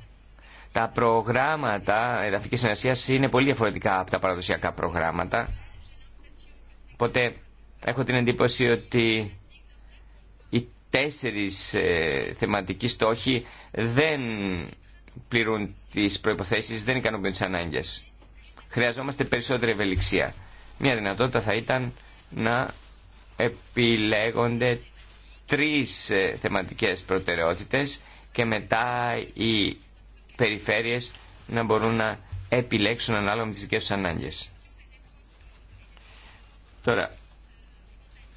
Τα προγράμματα εδαφικής συνεργασίας είναι πολύ διαφορετικά από τα παραδοσιακά προγράμματα. Οπότε έχω την εντύπωση ότι οι τέσσερις ε, θεματικοί στόχοι δεν πληρούν τις προϋποθέσεις, δεν ικανοποιούν τις ανάγκες. Χρειαζόμαστε περισσότερη ευελιξία. Μια δυνατότητα θα ήταν να επιλέγονται τρεις ε, θεματικές προτεραιότητες και μετά οι περιφέρειες να μπορούν να επιλέξουν ανάλογα με τις δικές τους ανάγκες. Τώρα,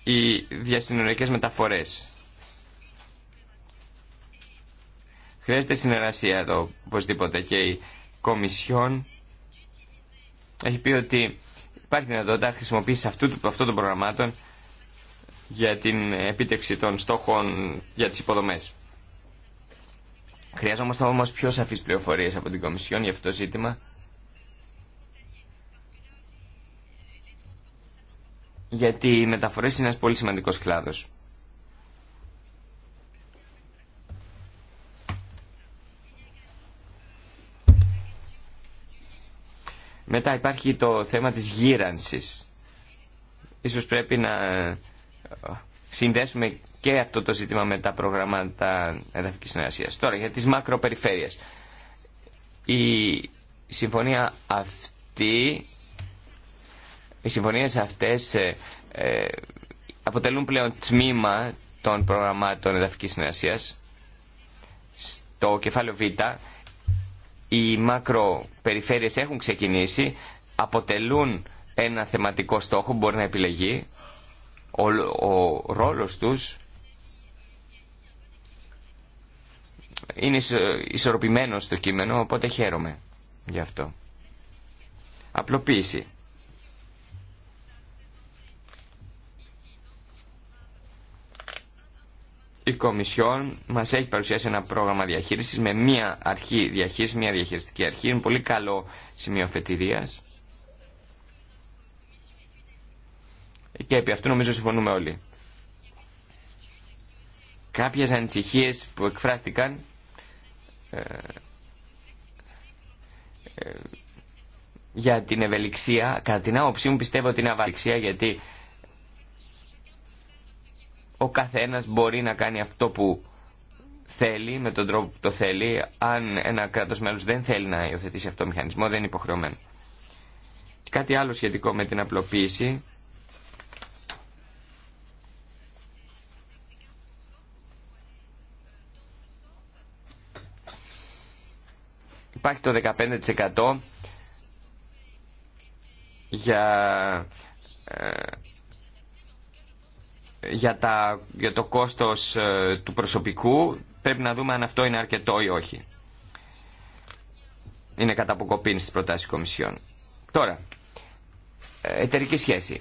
οι διασυνοριακές μεταφορές. Χρειάζεται συνεργασία εδώ οπωσδήποτε και η Κομισιόν έχει πει ότι υπάρχει δυνατότητα χρησιμοποίηση αυτού, αυτών των προγραμμάτων για την επίτευξη των στόχων για τις υποδομές. Χρειάζομαστε όμως πιο σαφείς πληροφορίες από την Κομισιόν για αυτό το ζήτημα. Γιατί οι μεταφορές είναι ένας πολύ σημαντικός κλάδος. Μετά υπάρχει το θέμα της γύρανσης. Ίσως πρέπει να ε, συνδέσουμε και αυτό το ζήτημα με τα προγράμματα εδαφικής συνεργασίας. Τώρα για τις μακροπεριφέρειες. Η συμφωνία αυτή, οι συμφωνίες αυτές ε, ε, αποτελούν πλέον τμήμα των προγραμμάτων εδαφικής συνεργασίας. Στο κεφάλαιο Β οι μακροπεριφέρειες έχουν ξεκινήσει, αποτελούν ένα θεματικό στόχο που μπορεί να επιλεγεί. Ο, ρόλος τους είναι ισορροπημένος στο κείμενο, οπότε χαίρομαι γι' αυτό. Απλοποίηση. η Κομισιόν μας έχει παρουσιάσει ένα πρόγραμμα διαχείρισης με μία αρχή διαχείριση μία διαχειριστική αρχή. Είναι πολύ καλό σημείο φετηρία. Και επί αυτού νομίζω συμφωνούμε όλοι. Κάποιες ανησυχίες που εκφράστηκαν ε, ε, για την ευελιξία, κατά την άποψή μου πιστεύω ότι είναι αβαλιξία γιατί ο καθένας μπορεί να κάνει αυτό που θέλει, με τον τρόπο που το θέλει. Αν ένα κράτος μέλος δεν θέλει να υιοθετήσει αυτό το μηχανισμό, δεν είναι υποχρεωμένο. κάτι άλλο σχετικό με την απλοποίηση. Υπάρχει το 15% για ε, για, τα, για το κόστος ε, του προσωπικού πρέπει να δούμε αν αυτό είναι αρκετό ή όχι. Είναι κατά αποκοπήν στις προτάσεις Κομισιόν. Τώρα, εταιρική σχέση.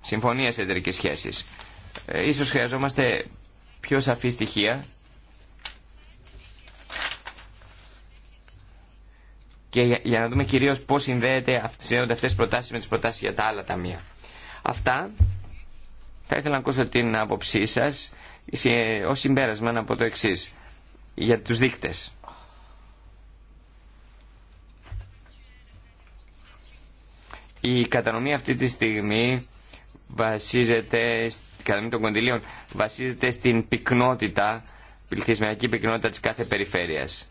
Συμφωνία σε εταιρική σχέση. Ε, ίσως χρειαζόμαστε πιο σαφή στοιχεία και για να δούμε κυρίως πώς συνδέεται, συνδέονται αυτές τις προτάσεις με τις προτάσεις για τα άλλα ταμεία. Αυτά θα ήθελα να ακούσω την άποψή σας ως συμπέρασμα από το εξής για τους δείκτες. Η κατανομή αυτή τη στιγμή βασίζεται, η των βασίζεται στην πυκνότητα, πληθυσμιακή πυκνότητα της κάθε περιφέρειας.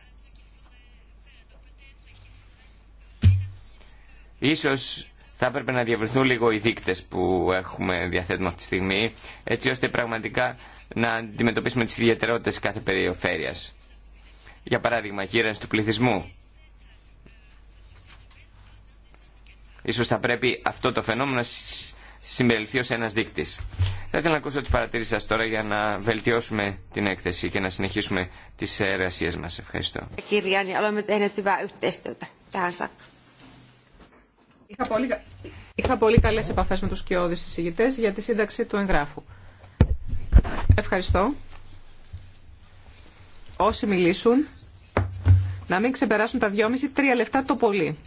Ίσως θα έπρεπε να διαβριθούν λίγο οι δείκτες που έχουμε διαθέτουμε αυτή τη στιγμή, έτσι ώστε πραγματικά να αντιμετωπίσουμε τις ιδιαιτερότητες κάθε περιοφέρειας. Για παράδειγμα, γύρανση του πληθυσμού. Ίσως θα πρέπει αυτό το φαινόμενο να συμπεριληφθεί ως ένας δείκτης. Θα ήθελα να ακούσω τις παρατηρήσεις σας τώρα για να βελτιώσουμε την έκθεση και να συνεχίσουμε τις εργασίες μας. Ευχαριστώ. Είχα πολύ, είχα πολύ καλές επαφές με τους κοιόδης εισηγητές για τη σύνταξη του εγγράφου. Ευχαριστώ. Όσοι μιλήσουν, να μην ξεπεράσουν τα 2,5-3 λεπτά το πολύ.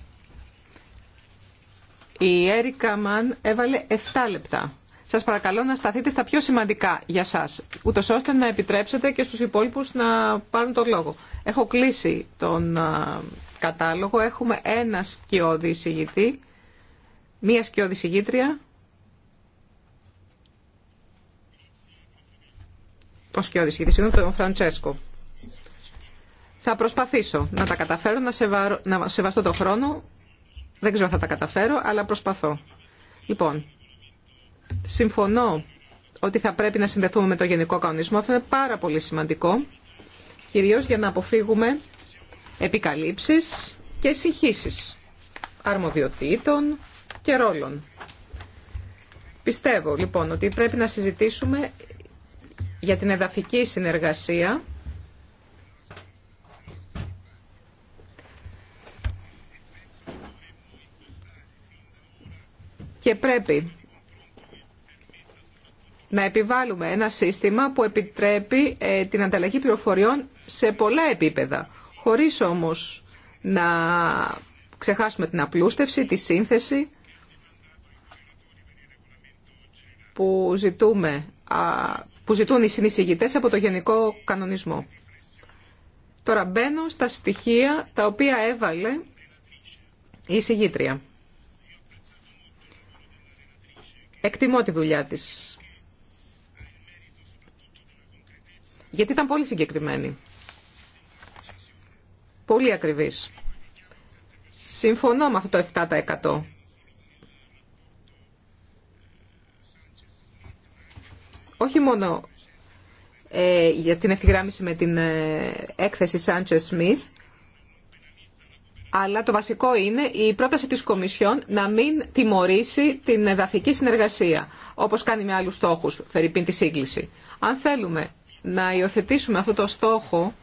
Η Έρικα Μαν έβαλε 7 λεπτά. Σας παρακαλώ να σταθείτε στα πιο σημαντικά για σας, ούτω ώστε να επιτρέψετε και στους υπόλοιπους να πάρουν τον λόγο. Έχω κλείσει τον κατάλογο, έχουμε ένα σκιώδη εισηγητή Μία σκιώδη συγγήτρια. Τον σκιώδη συγγήτρια, τον Φραντσέσκο. Θα προσπαθήσω να τα καταφέρω, να, σεβαστώ το χρόνο. Δεν ξέρω αν θα τα καταφέρω, αλλά προσπαθώ. Λοιπόν, συμφωνώ ότι θα πρέπει να συνδεθούμε με το γενικό κανονισμό. Αυτό είναι πάρα πολύ σημαντικό, κυρίως για να αποφύγουμε επικαλύψεις και συγχύσεις αρμοδιοτήτων, και ρόλων. Πιστεύω λοιπόν ότι πρέπει να συζητήσουμε για την εδαφική συνεργασία και πρέπει να επιβάλλουμε ένα σύστημα που επιτρέπει ε, την ανταλλαγή πληροφοριών σε πολλά επίπεδα, χωρίς όμως να ξεχάσουμε την απλούστευση, τη σύνθεση που, ζητούμε, που ζητούν οι συνεισηγητές από το Γενικό Κανονισμό. Τώρα μπαίνω στα στοιχεία τα οποία έβαλε η εισηγήτρια. Εκτιμώ τη δουλειά της. Γιατί ήταν πολύ συγκεκριμένη. Πολύ ακριβής. Συμφωνώ με αυτό το 7%. όχι μόνο ε, για την ευθυγράμμιση με την εκθεση Σάντσε Σμιθ, αλλά το βασικό είναι η πρόταση της Κομισιόν να μην τιμωρήσει την εδαφική συνεργασία, όπως κάνει με άλλους στόχους, φερειπίν τη σύγκληση. Αν θέλουμε να υιοθετήσουμε αυτό το στόχο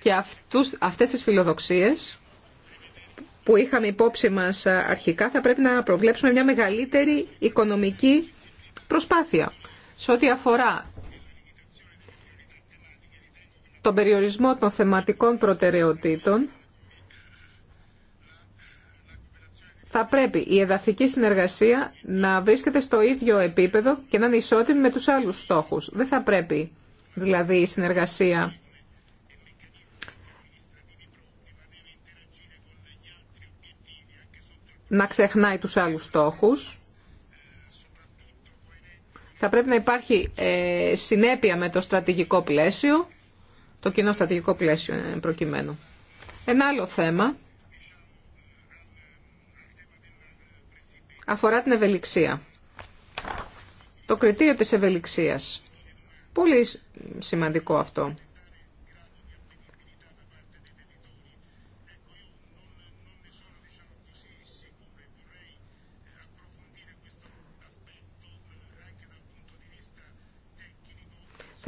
και αυτούς, αυτές τις φιλοδοξίες που είχαμε υπόψη μας αρχικά, θα πρέπει να προβλέψουμε μια μεγαλύτερη οικονομική προσπάθεια. Σε ό,τι αφορά τον περιορισμό των θεματικών προτεραιοτήτων, θα πρέπει η εδαφική συνεργασία να βρίσκεται στο ίδιο επίπεδο και να είναι ισότιμη με τους άλλους στόχους. Δεν θα πρέπει δηλαδή η συνεργασία να ξεχνάει τους άλλους στόχους. Θα πρέπει να υπάρχει ε, συνέπεια με το στρατηγικό πλαίσιο, το κοινό στρατηγικό πλαίσιο ε, προκειμένου. Ένα άλλο θέμα αφορά την ευελιξία. Το κριτήριο της ευελιξίας. Πολύ σημαντικό αυτό.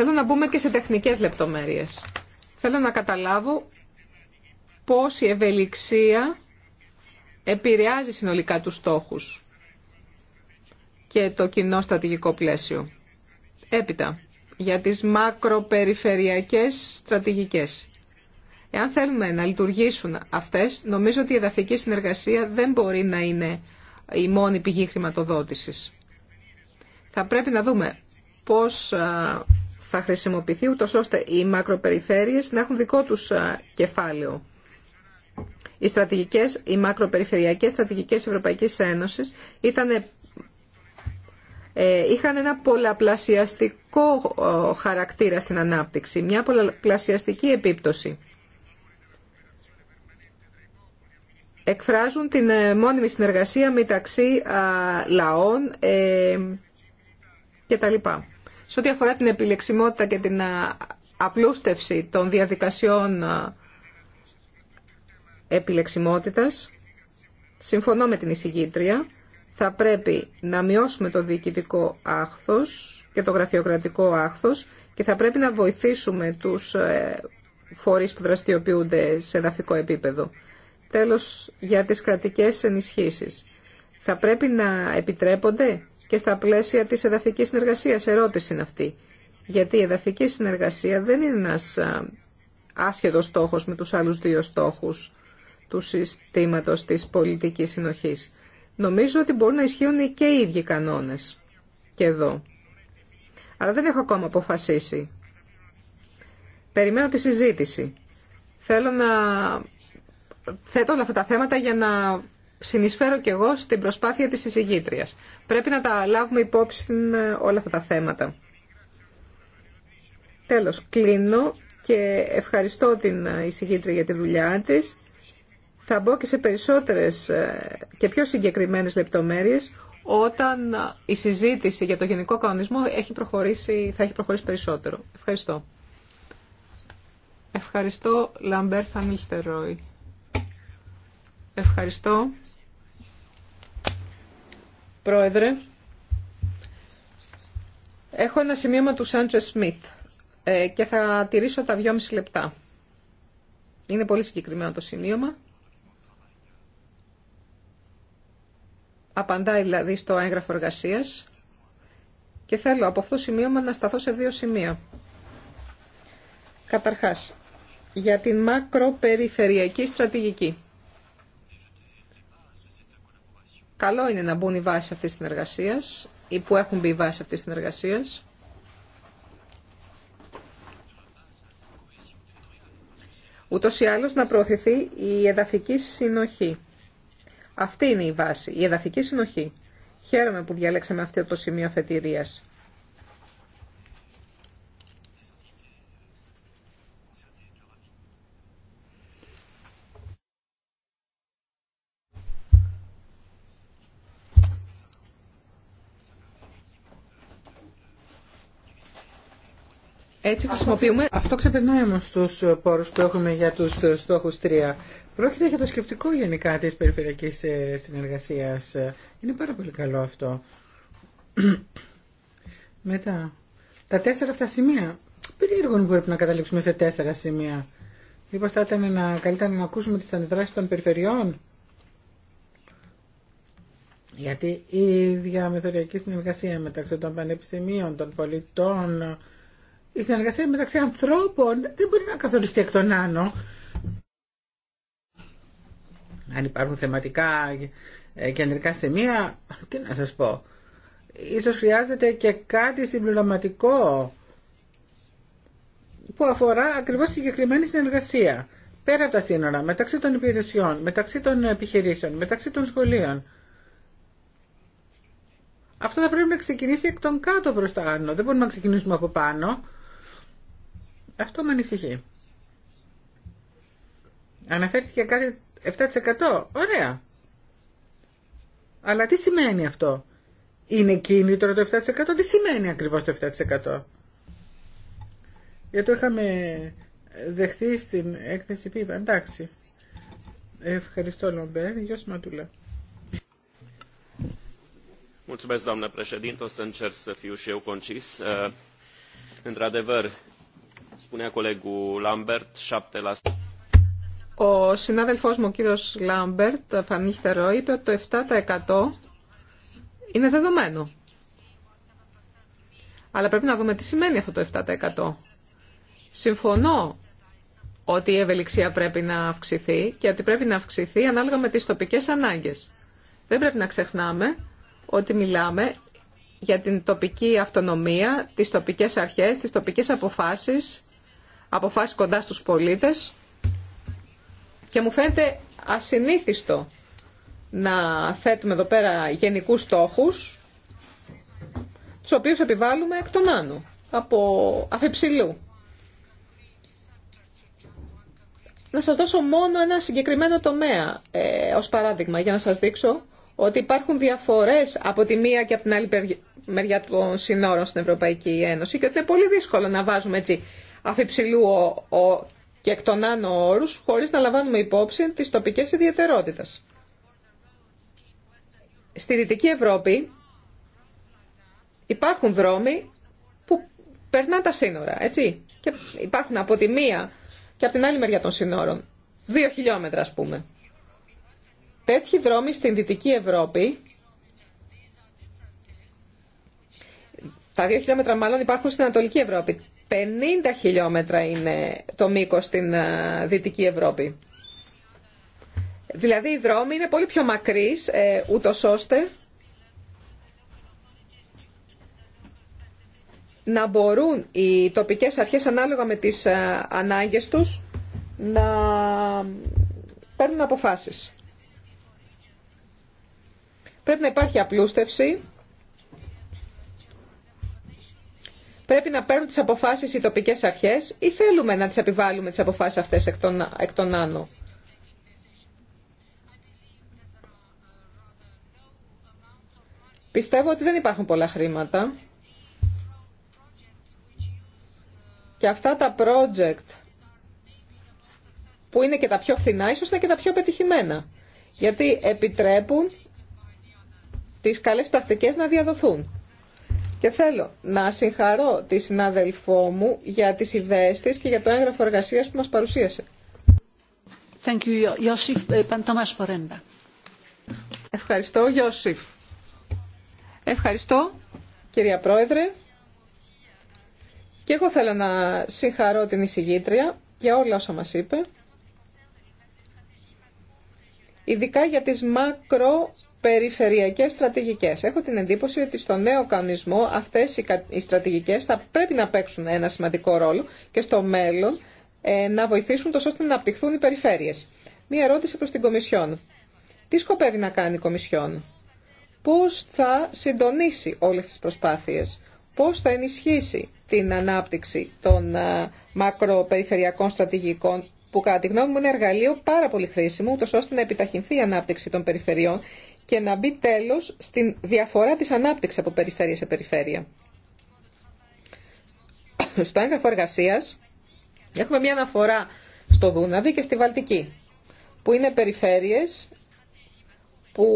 Θέλω να μπούμε και σε τεχνικές λεπτομέρειες. Θέλω να καταλάβω πώς η ευελιξία επηρεάζει συνολικά τους στόχους και το κοινό στρατηγικό πλαίσιο. Έπειτα, για τις μακροπεριφερειακές στρατηγικές. Εάν θέλουμε να λειτουργήσουν αυτές, νομίζω ότι η εδαφική συνεργασία δεν μπορεί να είναι η μόνη πηγή χρηματοδότησης. Θα πρέπει να δούμε πώς θα χρησιμοποιηθεί ούτως ώστε οι μακροπεριφέρειες να έχουν δικό τους κεφάλαιο. Οι, στρατηγικές, οι μακροπεριφερειακές στρατηγικές Ευρωπαϊκής Ένωσης ήταν, ε, είχαν ένα πολλαπλασιαστικό χαρακτήρα στην ανάπτυξη, μια πολλαπλασιαστική επίπτωση. εκφράζουν την ε, μόνιμη συνεργασία μεταξύ λαών ε, και τα λοιπά. Σε ό,τι αφορά την επιλεξιμότητα και την απλούστευση των διαδικασιών επιλεξιμότητας, συμφωνώ με την εισηγήτρια, θα πρέπει να μειώσουμε το διοικητικό άχθος και το γραφειοκρατικό άχθος και θα πρέπει να βοηθήσουμε τους ε, φορείς που δραστηριοποιούνται σε εδαφικό επίπεδο. Τέλος, για τις κρατικές ενισχύσεις θα πρέπει να επιτρέπονται και στα πλαίσια της εδαφικής συνεργασίας. Ερώτηση είναι αυτή. Γιατί η εδαφική συνεργασία δεν είναι ένας άσχετος στόχος με τους άλλους δύο στόχους του συστήματος της πολιτικής συνοχής. Νομίζω ότι μπορούν να ισχύουν και οι ίδιοι κανόνες και εδώ. Αλλά δεν έχω ακόμα αποφασίσει. Περιμένω τη συζήτηση. Θέλω να θέτω όλα αυτά τα θέματα για να συνεισφέρω κι εγώ στην προσπάθεια της εισηγήτριας. Πρέπει να τα λάβουμε υπόψη ε, όλα αυτά τα θέματα. Τέλος, κλείνω και ευχαριστώ την ε, εισηγήτρια για τη δουλειά της. Θα μπω και σε περισσότερες ε, και πιο συγκεκριμένες λεπτομέρειες όταν η συζήτηση για το γενικό κανονισμό έχει προχωρήσει, θα έχει προχωρήσει περισσότερο. Ευχαριστώ. Ευχαριστώ, Λαμπέρ Φανίστερ Ευχαριστώ. Πρόεδρε. Έχω ένα σημείωμα του Σάντζε Σμιτ ε, και θα τηρήσω τα δυόμιση λεπτά. Είναι πολύ συγκεκριμένο το σημείωμα. Απαντάει δηλαδή στο έγγραφο εργασία και θέλω από αυτό το σημείωμα να σταθώ σε δύο σημεία. Καταρχάς, για την μακροπεριφερειακή στρατηγική. Καλό είναι να μπουν οι βάσεις αυτής της συνεργασίας ή που έχουν μπει οι βάσεις αυτής της συνεργασίας. Ούτως ή άλλως να προωθηθεί η εδαφική συνοχή. Αυτή είναι η βάση, η εδαφική συνοχή. Χαίρομαι που διάλεξαμε αυτό το σημείο αφετηρίας. Έτσι χρησιμοποιούμε. Αυτό ξεπερνάει όμω του πόρου που έχουμε για του στόχου 3. Πρόκειται για το σκεπτικό γενικά τη περιφερειακή ε, συνεργασία. Είναι πάρα πολύ καλό αυτό. [clears throat] Μετά. Τα τέσσερα αυτά σημεία. Περίεργο που πρέπει να καταλήξουμε σε τέσσερα σημεία. Μήπω θα ήταν να, καλύτερα να ακούσουμε τι αντιδράσει των περιφερειών. Γιατί η διαμεθοριακή συνεργασία μεταξύ των πανεπιστημίων, των πολιτών, η συνεργασία μεταξύ ανθρώπων δεν μπορεί να καθοριστεί εκ των άνω. Αν υπάρχουν θεματικά ε, κεντρικά σημεία, τι να σας πω. Ίσως χρειάζεται και κάτι συμπληρωματικό που αφορά ακριβώς συγκεκριμένη συνεργασία. Πέρα από τα σύνορα, μεταξύ των υπηρεσιών, μεταξύ των επιχειρήσεων, μεταξύ των σχολείων. Αυτό θα πρέπει να ξεκινήσει εκ των κάτω προς τα άνω. Δεν μπορούμε να ξεκινήσουμε από πάνω. Αυτό με ανησυχεί. Αναφέρθηκε κάτι 7%. Ωραία. Αλλά τι σημαίνει αυτό. Είναι κίνητρο το 7%. Τι σημαίνει ακριβώς το 7%. Γιατί το είχαμε δεχθεί στην έκθεση πίπα. Εντάξει. Ευχαριστώ Λομπέρ. Γεια Ματούλα. Mulțumesc, doamnă președinte. O să încerc ε, ο συνάδελφός μου, ο κύριος Λάμπερτ, Φανίστερο, είπε ότι το 7% είναι δεδομένο. Αλλά πρέπει να δούμε τι σημαίνει αυτό το 7%. Συμφωνώ ότι η ευελιξία πρέπει να αυξηθεί και ότι πρέπει να αυξηθεί ανάλογα με τις τοπικές ανάγκες. Δεν πρέπει να ξεχνάμε ότι μιλάμε για την τοπική αυτονομία, τις τοπικές αρχές, τις τοπικές αποφάσεις αποφάσεις κοντά στους πολίτες και μου φαίνεται ασυνήθιστο να θέτουμε εδώ πέρα γενικούς στόχους τους οποίους επιβάλλουμε εκ των άνω, από αφιψηλού. Να σας δώσω μόνο ένα συγκεκριμένο τομέα ε, ως παράδειγμα για να σας δείξω ότι υπάρχουν διαφορές από τη μία και από την άλλη μεριά των συνόρων στην Ευρωπαϊκή Ένωση και ότι είναι πολύ δύσκολο να βάζουμε έτσι αφιψηλού ο, ο, και εκ των άνω όρους, χωρίς να λαμβάνουμε υπόψη τις τοπικές ιδιαιτερότητες. Στη Δυτική Ευρώπη υπάρχουν δρόμοι που περνάνε τα σύνορα, έτσι. Και υπάρχουν από τη μία και από την άλλη μεριά των σύνορων. Δύο χιλιόμετρα, ας πούμε. Τέτοιοι δρόμοι στην Δυτική Ευρώπη Τα δύο χιλιόμετρα μάλλον υπάρχουν στην Ανατολική Ευρώπη. 50 χιλιόμετρα είναι το μήκος στην ε, Δυτική Ευρώπη. Δηλαδή οι δρόμοι είναι πολύ πιο μακρύς, ε, ούτως ώστε να μπορούν οι τοπικές αρχές ανάλογα με τις ε, ανάγκες τους να παίρνουν αποφάσεις. Πρέπει να υπάρχει απλούστευση πρέπει να παίρνουν τις αποφάσεις οι τοπικές αρχές ή θέλουμε να τις επιβάλλουμε τις αποφάσεις αυτές εκ των, άνω. Πιστεύω ότι δεν υπάρχουν πολλά χρήματα και αυτά τα project που είναι και τα πιο φθηνά, ίσως είναι και τα πιο πετυχημένα, γιατί επιτρέπουν τις καλές πρακτικές να διαδοθούν. Και θέλω να συγχαρώ τη συνάδελφό μου για τις ιδέες της και για το έγγραφο εργασίας που μας παρουσίασε. Thank you, ε, Ευχαριστώ, Ιώσιφ. Ευχαριστώ, κυρία Πρόεδρε. Και εγώ θέλω να συγχαρώ την εισηγήτρια για όλα όσα μας είπε. Ειδικά για τις μακρο περιφερειακές στρατηγικές. Έχω την εντύπωση ότι στο νέο κανονισμό αυτές οι στρατηγικές θα πρέπει να παίξουν ένα σημαντικό ρόλο και στο μέλλον ε, να βοηθήσουν τόσο ώστε να απτυχθούν οι περιφέρειες. Μία ερώτηση προς την Κομισιόν. Τι σκοπεύει να κάνει η Κομισιόν. Πώς θα συντονίσει όλες τις προσπάθειες. Πώς θα ενισχύσει την ανάπτυξη των ε, μακροπεριφερειακών στρατηγικών που κατά τη γνώμη μου είναι εργαλείο πάρα πολύ χρήσιμο, ούτως ώστε να επιταχυνθεί η ανάπτυξη των περιφερειών και να μπει τέλος στην διαφορά της ανάπτυξης από περιφέρεια σε περιφέρεια. Στο έγγραφο εργασία έχουμε μια αναφορά στο Δούναβι και στη Βαλτική, που είναι περιφέρειες που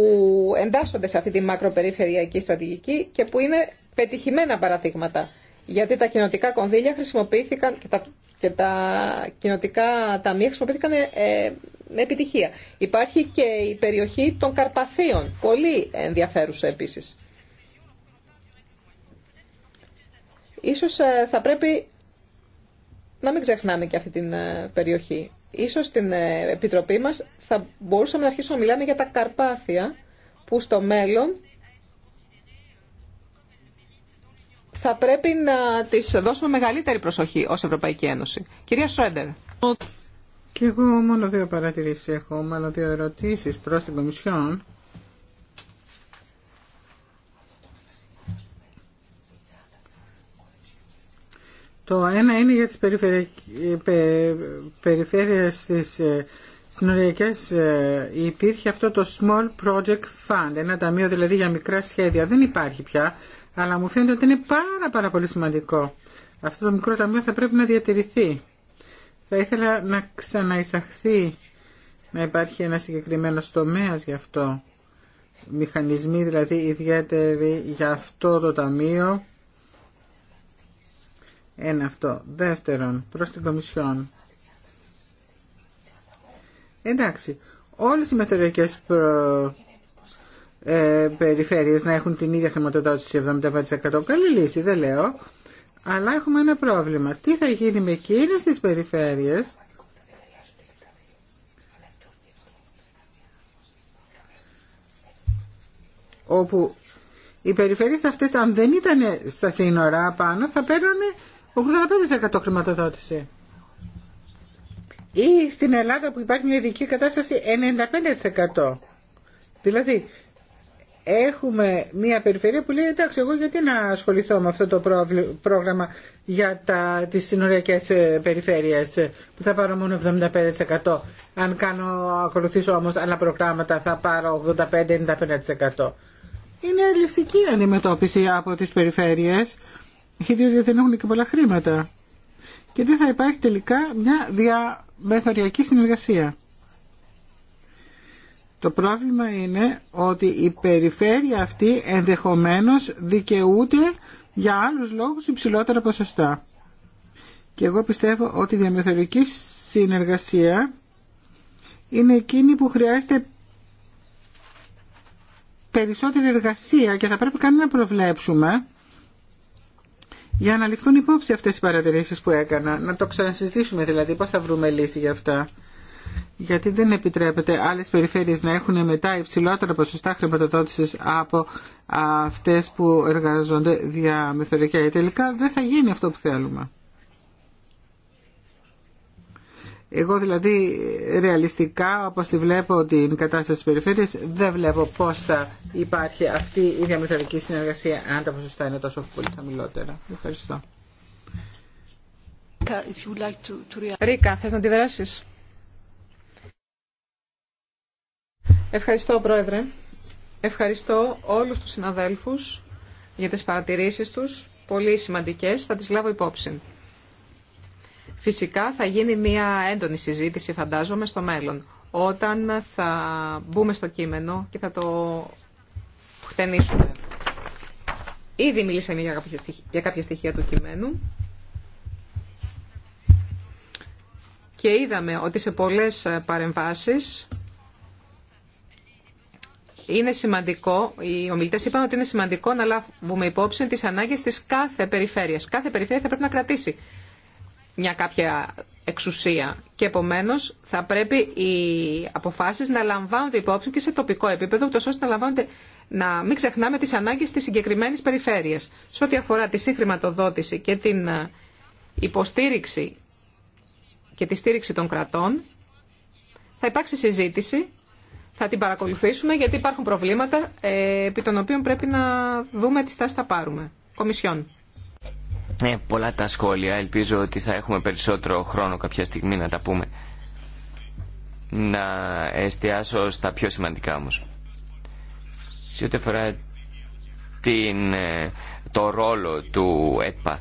εντάσσονται σε αυτή τη μακροπεριφερειακή στρατηγική και που είναι πετυχημένα παραδείγματα. Γιατί τα κοινοτικά κονδύλια χρησιμοποιήθηκαν και τα, τα κοινοτικά ταμεία χρησιμοποιήθηκαν ε, επιτυχία. Υπάρχει και η περιοχή των Καρπαθίων, πολύ ενδιαφέρουσα επίσης. Ίσως ε, θα πρέπει να μην ξεχνάμε και αυτή την ε, περιοχή. Ίσως στην ε, Επιτροπή μας θα μπορούσαμε να αρχίσουμε να μιλάμε για τα Καρπάθια που στο μέλλον θα πρέπει να τις δώσουμε μεγαλύτερη προσοχή ως Ευρωπαϊκή Ένωση. Κυρία Σρέντερ. Και εγώ μόνο δύο παρατηρήσεις έχω, μόνο δύο ερωτήσεις προς την Κομισιόν. Το ένα είναι για τις περιφέρειες της ε, η ε, υπήρχε αυτό το Small Project Fund, ένα ταμείο δηλαδή για μικρά σχέδια. Δεν υπάρχει πια, αλλά μου φαίνεται ότι είναι πάρα πάρα πολύ σημαντικό. Αυτό το μικρό ταμείο θα πρέπει να διατηρηθεί. Θα ήθελα να ξαναεισαχθεί να υπάρχει ένα συγκεκριμένο τομέα γι' αυτό. Μηχανισμοί δηλαδή ιδιαίτεροι για αυτό το ταμείο. Ένα αυτό. Δεύτερον, προς την Κομισιόν. Εντάξει, όλες οι μεθοριακές προ... Ε, περιφέρειες να έχουν την ίδια χρηματοδότηση 75%. Καλή λύση, δεν λέω. Αλλά έχουμε ένα πρόβλημα. Τι θα γίνει με εκείνες τις περιφέρειες όπου οι περιφέρειες αυτές αν δεν ήταν στα σύνορα πάνω θα παίρνανε 85% χρηματοδότηση. Ή στην Ελλάδα που υπάρχει μια ειδική κατάσταση 95%. Δηλαδή έχουμε μια περιφερεια που λέει εντάξει εγώ γιατί να ασχοληθώ με αυτό το πρόγραμμα για τα, τις συνοριακές ε, περιφέρειες ε, που θα πάρω μόνο 75% αν κάνω, ακολουθήσω όμως άλλα προγράμματα θα πάρω 85-95% είναι ληστική αντιμετώπιση από τις περιφέρειες ιδίω γιατί δεν έχουν και πολλά χρήματα και δεν θα υπάρχει τελικά μια διαμεθοριακή συνεργασία το πρόβλημα είναι ότι η περιφέρεια αυτή ενδεχομένως δικαιούται για άλλους λόγους υψηλότερα ποσοστά. Και εγώ πιστεύω ότι η διαμεθορική συνεργασία είναι εκείνη που χρειάζεται περισσότερη εργασία και θα πρέπει καν να προβλέψουμε για να ληφθούν υπόψη αυτές οι παρατηρήσεις που έκανα. Να το ξανασυζητήσουμε δηλαδή πώς θα βρούμε λύση για αυτά γιατί δεν επιτρέπεται άλλες περιφέρειες να έχουν μετά υψηλότερα ποσοστά χρηματοδότησης από αυτές που εργάζονται διαμεθοριακά. Ε, τελικά δεν θα γίνει αυτό που θέλουμε. Εγώ δηλαδή ρεαλιστικά όπως τη βλέπω την κατάσταση της περιφέρειας δεν βλέπω πώς θα υπάρχει αυτή η διαμεθορική συνεργασία αν τα ποσοστά είναι τόσο πολύ χαμηλότερα. Ευχαριστώ. Ρίκα, θες να αντιδράσεις? Ευχαριστώ, Πρόεδρε. Ευχαριστώ όλους τους συναδέλφους για τις παρατηρήσεις τους, πολύ σημαντικές, θα τις λάβω υπόψη. Φυσικά θα γίνει μια έντονη συζήτηση, φαντάζομαι, στο μέλλον, όταν θα μπούμε στο κείμενο και θα το χτενίσουμε. Ήδη μιλήσαμε για κάποια, στοιχεία, για του κειμένου και είδαμε ότι σε πολλές παρεμβάσεις είναι σημαντικό, οι ομιλητέ είπαν ότι είναι σημαντικό να λάβουμε υπόψη τι ανάγκε τη κάθε περιφέρεια. Κάθε περιφέρεια θα πρέπει να κρατήσει μια κάποια εξουσία και επομένω θα πρέπει οι αποφάσει να λαμβάνονται υπόψη και σε τοπικό επίπεδο, ούτω ώστε να, λαμβάνονται, να μην ξεχνάμε τι ανάγκε της συγκεκριμένη περιφέρεια. Σε ό,τι αφορά τη συγχρηματοδότηση και την ε, υποστήριξη και τη στήριξη των κρατών, θα υπάρξει συζήτηση θα την παρακολουθήσουμε γιατί υπάρχουν προβλήματα ε, επί των οποίων πρέπει να δούμε τι στάση θα πάρουμε. Κομισιόν. Ε, πολλά τα σχόλια. Ελπίζω ότι θα έχουμε περισσότερο χρόνο κάποια στιγμή να τα πούμε. Να εστιάσω στα πιο σημαντικά όμως. Σε ό,τι αφορά την, ε, το ρόλο του ΕΠΑ.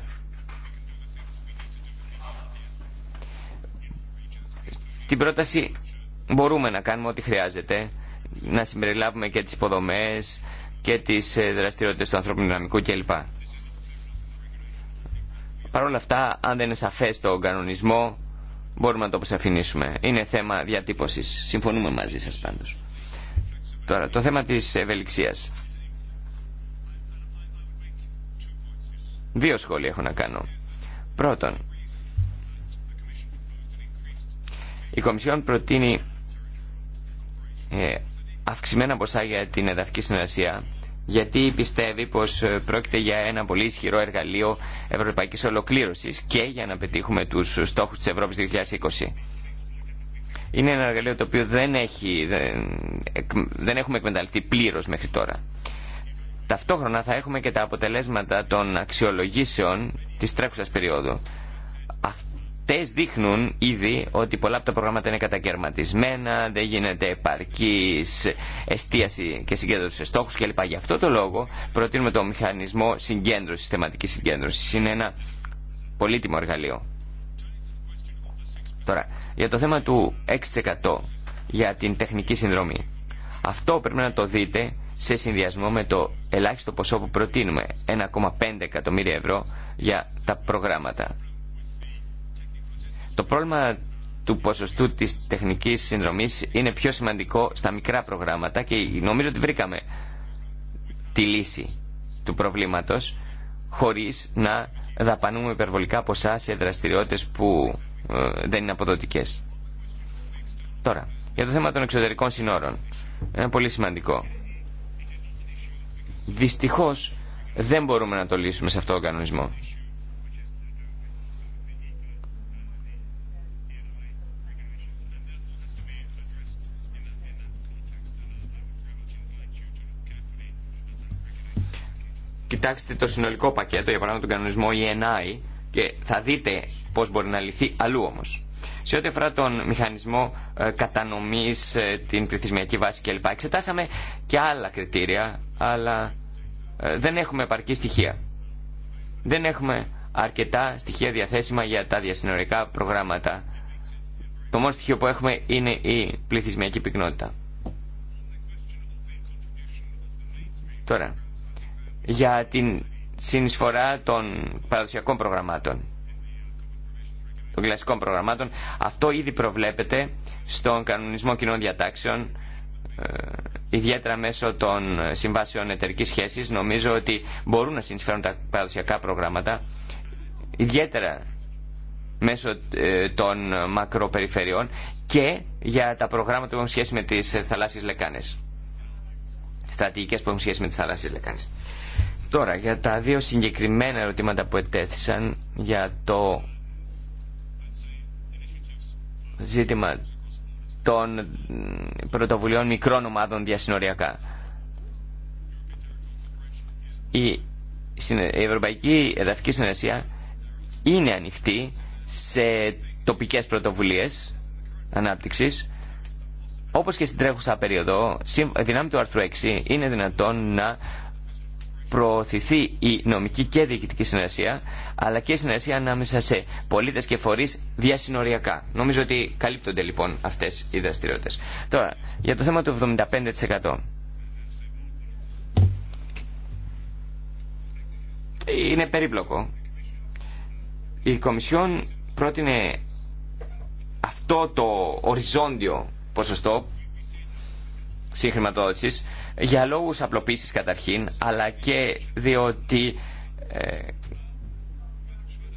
Την πρόταση μπορούμε να κάνουμε ό,τι χρειάζεται, να συμπεριλάβουμε και τις υποδομές και τις ε, δραστηριότητες του ανθρώπινου δυναμικού κλπ. Παρ' όλα αυτά, αν δεν είναι σαφές το κανονισμό, μπορούμε να το αποσαφηνίσουμε. Είναι θέμα διατύπωσης. Συμφωνούμε μαζί σας πάντως. Τώρα, το θέμα της ευελιξίας. Δύο σχόλια έχω να κάνω. Πρώτον, η Κομισιόν προτείνει ε, αυξημένα ποσά για την εδαφική συνεργασία γιατί πιστεύει πως ε, πρόκειται για ένα πολύ ισχυρό εργαλείο ευρωπαϊκής ολοκλήρωσης και για να πετύχουμε τους στόχους της Ευρώπης 2020. Είναι ένα εργαλείο το οποίο δεν, έχει, δεν, δεν έχουμε εκμεταλλευτεί πλήρως μέχρι τώρα. Ταυτόχρονα θα έχουμε και τα αποτελέσματα των αξιολογήσεων της τρέχουσας περίοδου. Τες δείχνουν ήδη ότι πολλά από τα προγράμματα είναι κατακαιρματισμένα, δεν γίνεται επαρκής εστίαση και συγκέντρωση σε στόχους κλπ. Γι' αυτό το λόγο προτείνουμε το μηχανισμό συγκέντρωση, θεματική συγκέντρωση. Είναι ένα πολύτιμο εργαλείο. Τώρα, για το θέμα του 6% για την τεχνική συνδρομή. Αυτό πρέπει να το δείτε σε συνδυασμό με το ελάχιστο ποσό που προτείνουμε, 1,5 εκατομμύρια ευρώ για τα προγράμματα. Το πρόβλημα του ποσοστού της τεχνική συνδρομής είναι πιο σημαντικό στα μικρά προγράμματα και νομίζω ότι βρήκαμε τη λύση του προβλήματος χωρίς να δαπανούμε υπερβολικά ποσά σε δραστηριότητες που ε, δεν είναι αποδοτικές. Τώρα, για το θέμα των εξωτερικών συνόρων. Είναι πολύ σημαντικό. Δυστυχώ, δεν μπορούμε να το λύσουμε σε αυτόν τον κανονισμό. κοιτάξετε το συνολικό πακέτο, για παράδειγμα τον κανονισμό ENI, και θα δείτε πώς μπορεί να λυθεί αλλού όμως. Σε ό,τι αφορά τον μηχανισμό ε, κατανομής, ε, την πληθυσμιακή βάση κλπ. Εξετάσαμε και άλλα κριτήρια, αλλά ε, δεν έχουμε επαρκή στοιχεία. Δεν έχουμε αρκετά στοιχεία διαθέσιμα για τα διασυνορικά προγράμματα. Το μόνο στοιχείο που έχουμε είναι η πληθυσμιακή πυκνότητα. Τώρα, για την συνεισφορά των παραδοσιακών προγραμμάτων, των κλασικών προγραμμάτων. Αυτό ήδη προβλέπεται στον κανονισμό κοινών διατάξεων, ε, ιδιαίτερα μέσω των συμβάσεων εταιρικής σχέσης. Νομίζω ότι μπορούν να συνεισφέρουν τα παραδοσιακά προγράμματα, ιδιαίτερα μέσω ε, των μακροπεριφερειών και για τα προγράμματα που έχουν σχέση με τις θαλάσσιες λεκάνες. Στρατηγικές που έχουν σχέση με τις θαλάσσιες λεκάνες. Τώρα, για τα δύο συγκεκριμένα ερωτήματα που ετέθησαν για το ζήτημα των πρωτοβουλειών μικρών ομάδων διασυνοριακά. Η Ευρωπαϊκή Εδαφική Συνεργασία είναι ανοιχτή σε τοπικές πρωτοβουλίες ανάπτυξης όπως και στην τρέχουσα περίοδο δυνάμει του άρθρου 6 είναι δυνατόν να προωθηθεί η νομική και διοικητική συνεργασία, αλλά και η συνεργασία ανάμεσα σε πολίτε και φορεί διασυνοριακά. Νομίζω ότι καλύπτονται λοιπόν αυτέ οι δραστηριότητε. Τώρα, για το θέμα του 75%. Είναι περίπλοκο. Η Κομισιόν πρότεινε αυτό το οριζόντιο ποσοστό συγχρηματοδότησης για λόγους απλοποίησης καταρχήν αλλά και διότι ε,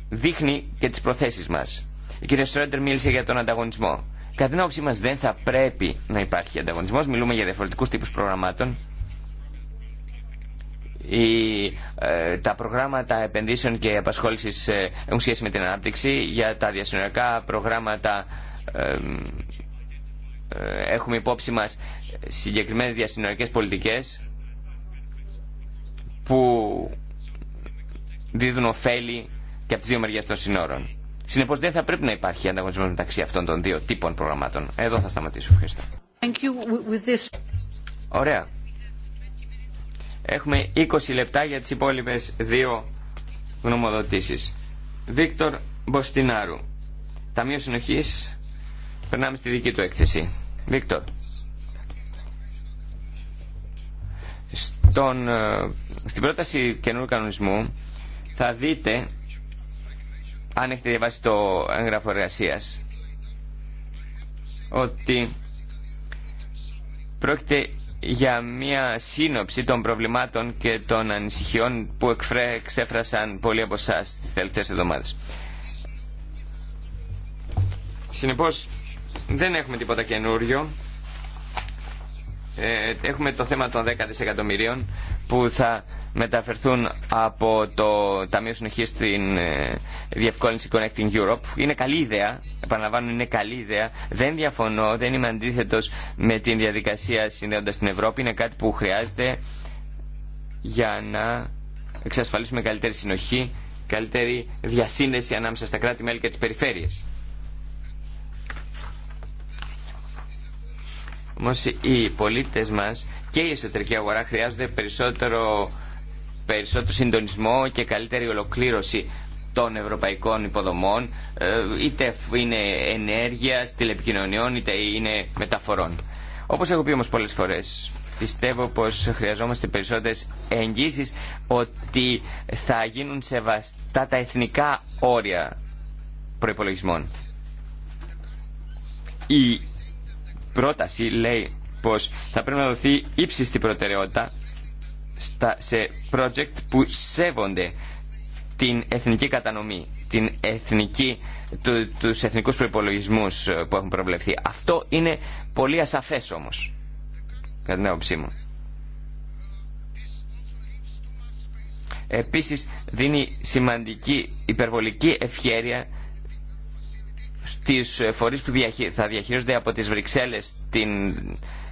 δείχνει και τις προθέσεις μας. Η κυρία Στρέντερ μίλησε για τον ανταγωνισμό. Κατά την άποψή μας δεν θα πρέπει να υπάρχει ανταγωνισμός. Μιλούμε για διαφορετικούς τύπους προγραμμάτων. Η, ε, τα προγράμματα επενδύσεων και απασχόλησης ε, έχουν σχέση με την ανάπτυξη. Για τα διασυνοριακά προγράμματα ε, έχουμε υπόψη μας συγκεκριμένες διασυνορικές πολιτικές που δίδουν ωφέλη και από τις δύο μεριές των συνόρων. Συνεπώς δεν θα πρέπει να υπάρχει ανταγωνισμός μεταξύ αυτών των δύο τύπων προγραμμάτων. Εδώ θα σταματήσω. Ευχαριστώ. Ωραία. Έχουμε 20 λεπτά για τις υπόλοιπες δύο γνωμοδοτήσεις. Βίκτορ Μποστινάρου. Ταμείο Συνοχής. Περνάμε στη δική του έκθεση. Βίκτορ. τον, ε, στην πρόταση καινούργου κανονισμού θα δείτε αν έχετε διαβάσει το έγγραφο εργασία, ότι πρόκειται για μια σύνοψη των προβλημάτων και των ανησυχιών που εξέφρασαν πολλοί από εσά τις τελευταίες εβδομάδες. Συνεπώ, δεν έχουμε τίποτα καινούριο. Ε, έχουμε το θέμα των 10 δισεκατομμυρίων που θα μεταφερθούν από το Ταμείο Συνοχής στην ε, διευκόλυνση Connecting Europe. Είναι καλή ιδέα, επαναλαμβάνω είναι καλή ιδέα. Δεν διαφωνώ, δεν είμαι αντίθετος με την διαδικασία συνδέοντας την Ευρώπη. Είναι κάτι που χρειάζεται για να εξασφαλίσουμε καλύτερη συνοχή, καλύτερη διασύνδεση ανάμεσα στα κράτη-μέλη και τις περιφέρειες. Όμω, οι πολίτες μας και η εσωτερική αγορά χρειάζονται περισσότερο, περισσότερο συντονισμό και καλύτερη ολοκλήρωση των ευρωπαϊκών υποδομών, ε, είτε είναι ενέργειας, τηλεπικοινωνιών, είτε είναι μεταφορών. Όπως έχω πει όμω πολλέ φορές, πιστεύω πως χρειαζόμαστε περισσότερες εγγύσει ότι θα γίνουν σεβαστά τα εθνικά όρια προπολογισμών πρόταση λέει πως θα πρέπει να δοθεί ύψιστη προτεραιότητα στα, σε project που σέβονται την εθνική κατανομή, την εθνική, του, τους εθνικούς προϋπολογισμούς ε, που έχουν προβλεφθεί. Αυτό είναι πολύ ασαφές όμως, κατά την άποψή μου. Επίσης δίνει σημαντική υπερβολική ευχέρεια στις ε, φορείς που θα διαχειρίζονται από τις Βρυξέλλες την,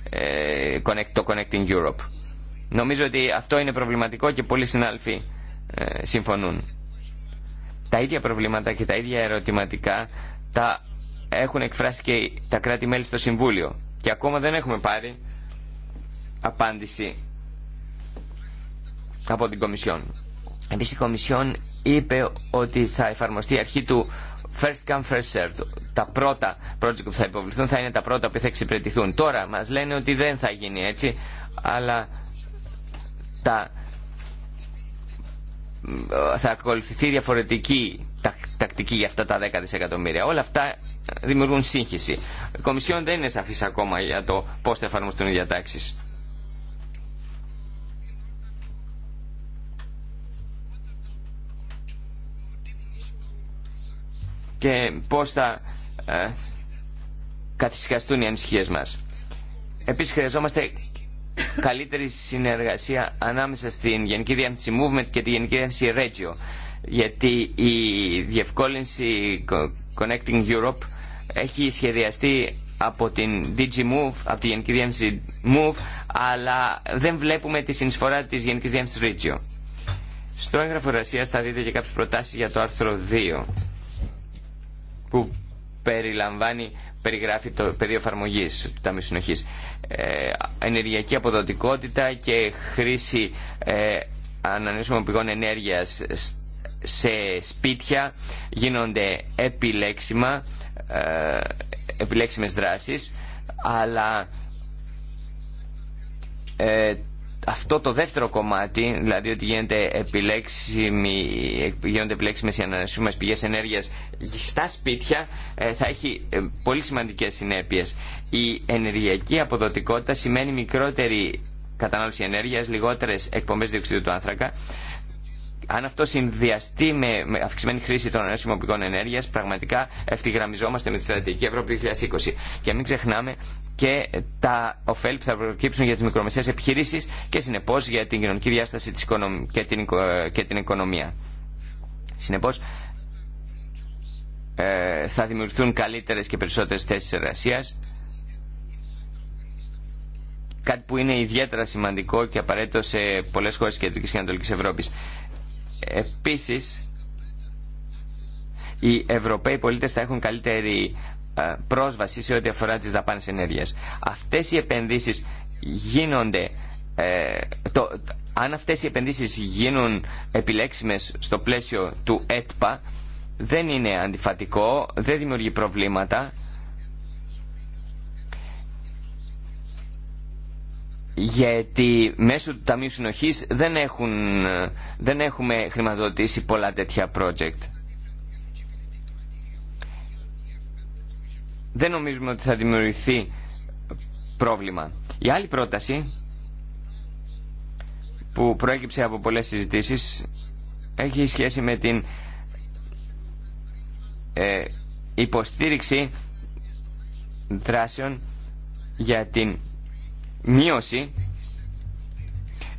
ε, το Connecting Europe. Νομίζω ότι αυτό είναι προβληματικό και πολλοί συνάλφοι ε, συμφωνούν. Τα ίδια προβλήματα και τα ίδια ερωτηματικά τα έχουν εκφράσει και τα κράτη-μέλη στο Συμβούλιο και ακόμα δεν έχουμε πάρει απάντηση από την Κομισιόν. Επίσης η Κομισιόν είπε ότι θα εφαρμοστεί η αρχή του First come, first served. Τα πρώτα project που θα υποβληθούν θα είναι τα πρώτα που θα εξυπηρετηθούν. Τώρα μας λένε ότι δεν θα γίνει έτσι, αλλά θα ακολουθηθεί διαφορετική τακτική για αυτά τα 10 δισεκατομμύρια. Όλα αυτά δημιουργούν σύγχυση. Η Κομισιόν δεν είναι σαφής ακόμα για το πώς θα εφαρμοστούν οι διατάξεις. και πώς θα ε, καθυσυχαστούν οι ανησυχίες μας. Επίσης χρειαζόμαστε καλύτερη συνεργασία ανάμεσα στην Γενική Διεύθυνση Movement και τη Γενική Διεύθυνση Regio γιατί η διευκόλυνση Connecting Europe έχει σχεδιαστεί από την DG Move, από τη Γενική Διεύθυνση Move, αλλά δεν βλέπουμε τη συνεισφορά της Γενικής Διεύθυνσης Regio. Στο έγγραφο εργασία θα δείτε και κάποιες προτάσεις για το άρθρο 2 που περιλαμβάνει, περιγράφει το πεδίο εφαρμογή του Ταμείου Συνοχή. Ε, ενεργειακή αποδοτικότητα και χρήση ε, ανανεώσιμων πηγών ενέργεια σε σπίτια γίνονται επιλέξιμα, ε, επιλέξιμες δράσεις, αλλά ε, αυτό το δεύτερο κομμάτι, δηλαδή ότι γίνεται επιλέξιμη, γίνονται επιλέξιμες οι ανανεώσιμες πηγές ενέργειας στα σπίτια, ε, θα έχει ε, πολύ σημαντικές συνέπειες. Η ενεργειακή αποδοτικότητα σημαίνει μικρότερη κατανάλωση ενέργειας, λιγότερες εκπομπές διοξιδίου του άνθρακα αν αυτό συνδυαστεί με αυξημένη χρήση των ενώσιμων πηγών ενέργεια, πραγματικά ευθυγραμμιζόμαστε με τη στρατηγική Ευρώπη 2020. Και μην ξεχνάμε και τα ωφέλη που θα προκύψουν για τι μικρομεσαίες επιχειρήσει και συνεπώ για την κοινωνική διάσταση της οικονομ... και, την... και την οικονομία. Συνεπώ, ε, θα δημιουργηθούν καλύτερε και περισσότερε θέσει εργασία. Κάτι που είναι ιδιαίτερα σημαντικό και απαραίτητο σε πολλέ χώρε τη Κεντρική και Ανατολική Ευρώπη. Επίσης, οι Ευρωπαίοι πολίτες θα έχουν καλύτερη ε, πρόσβαση σε ό,τι αφορά τις δαπάνες ενέργειας. Αυτές οι επενδύσεις γίνονται... Ε, αν αυτές οι επενδύσεις γίνουν επιλέξιμες στο πλαίσιο του ΕΤΠΑ, δεν είναι αντιφατικό, δεν δημιουργεί προβλήματα γιατί μέσω του Ταμείου Συνοχής δεν, έχουν, δεν έχουμε χρηματοδοτήσει πολλά τέτοια project. Δεν νομίζουμε ότι θα δημιουργηθεί πρόβλημα. Η άλλη πρόταση που προέκυψε από πολλές συζητήσεις έχει σχέση με την ε, υποστήριξη δράσεων για την μείωση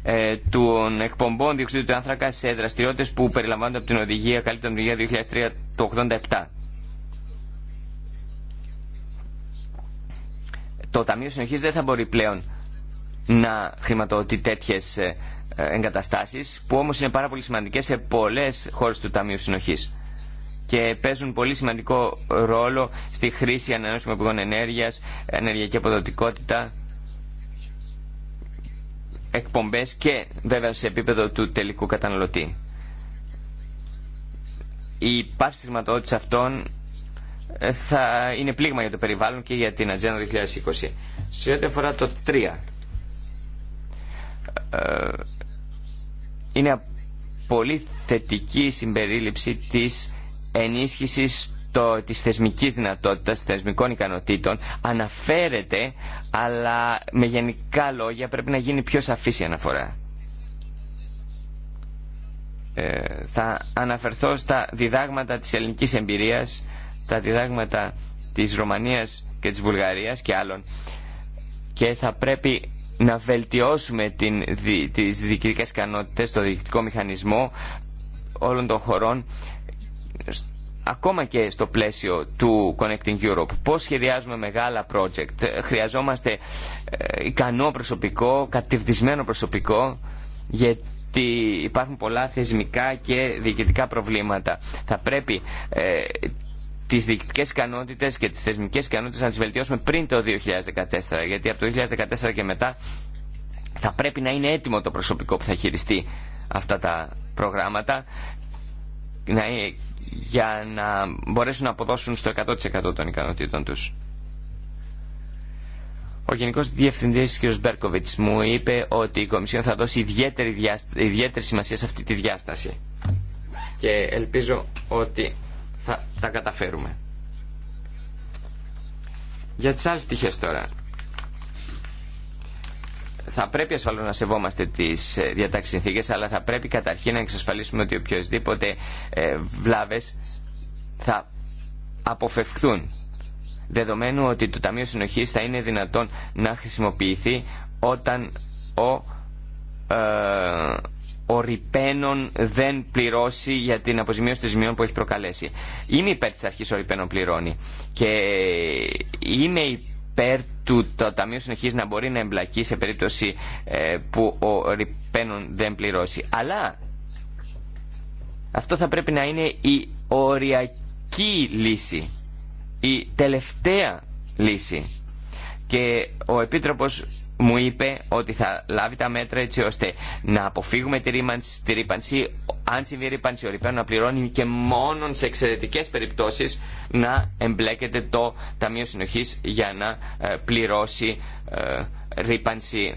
ε, των εκπομπών διοξιδίου του άνθρακα σε δραστηριότητε που περιλαμβάνονται από την οδηγία, καλύπτων την οδηγία 2003 το 87. Το Ταμείο Συνοχής δεν θα μπορεί πλέον να χρηματοδοτεί τέτοιες ε, εγκαταστάσεις που όμως είναι πάρα πολύ σημαντικές σε πολλές χώρες του Ταμείου Συνοχής και παίζουν πολύ σημαντικό ρόλο στη χρήση ανανεώσιμων πηγών ενέργειας, ενεργειακή αποδοτικότητα εκπομπές και βέβαια σε επίπεδο του τελικού καταναλωτή. Η υπάρξη χρηματοδότηση αυτών ε, θα είναι πλήγμα για το περιβάλλον και για την Ατζέντα 2020. Σε ό,τι αφορά το 3, ε, είναι πολύ θετική η συμπερίληψη της ενίσχυσης το, της θεσμικής δυνατότητας, θεσμικών ικανοτήτων αναφέρεται, αλλά με γενικά λόγια πρέπει να γίνει πιο σαφής η αναφορά. Ε, θα αναφερθώ στα διδάγματα της ελληνικής εμπειρίας, τα διδάγματα της Ρωμανίας και της Βουλγαρίας και άλλων και θα πρέπει να βελτιώσουμε την, τις διοικητικές ικανότητες, το διοικητικό μηχανισμό όλων των χωρών ακόμα και στο πλαίσιο του Connecting Europe. Πώς σχεδιάζουμε μεγάλα project. Χρειαζόμαστε ε, ικανό προσωπικό, κατηρτισμένο προσωπικό, γιατί υπάρχουν πολλά θεσμικά και διοικητικά προβλήματα. Θα πρέπει ε, τις διοικητικές ικανότητες και τις θεσμικές ικανότητες να τις βελτιώσουμε πριν το 2014, γιατί από το 2014 και μετά θα πρέπει να είναι έτοιμο το προσωπικό που θα χειριστεί αυτά τα προγράμματα να, για να μπορέσουν να αποδώσουν στο 100% των ικανοτήτων τους. Ο Γενικό Διευθυντή κ. Μπέρκοβιτ μου είπε ότι η Κομισιόν θα δώσει ιδιαίτερη, διάστα... σημασία σε αυτή τη διάσταση. Και ελπίζω ότι θα τα καταφέρουμε. Για τι άλλε τώρα θα πρέπει ασφαλώ να σεβόμαστε τι ε, διατάξει συνθήκε, αλλά θα πρέπει καταρχήν να εξασφαλίσουμε ότι οποιοδήποτε ε, βλάβε θα αποφευχθούν. Δεδομένου ότι το Ταμείο Συνοχή θα είναι δυνατόν να χρησιμοποιηθεί όταν ο, ε, ο Ριπένον δεν πληρώσει για την αποζημίωση των ζημιών που έχει προκαλέσει. Είμαι υπέρ τη αρχή ο Ριπένον πληρώνει και είμαι υπέρ υπέρ του το Ταμείο Συνοχής να μπορεί να εμπλακεί σε περίπτωση ε, που ο Ριπένων δεν πληρώσει. Αλλά αυτό θα πρέπει να είναι η οριακή λύση, η τελευταία λύση. Και ο Επίτροπος μου είπε ότι θα λάβει τα μέτρα έτσι ώστε να αποφύγουμε τη, ρήμανση, τη ρήπανση, αν συμβεί ρήπανση ο να πληρώνει και μόνο σε εξαιρετικέ περιπτώσει να εμπλέκεται το Ταμείο Συνοχής για να ε, πληρώσει ε, ρήπανση,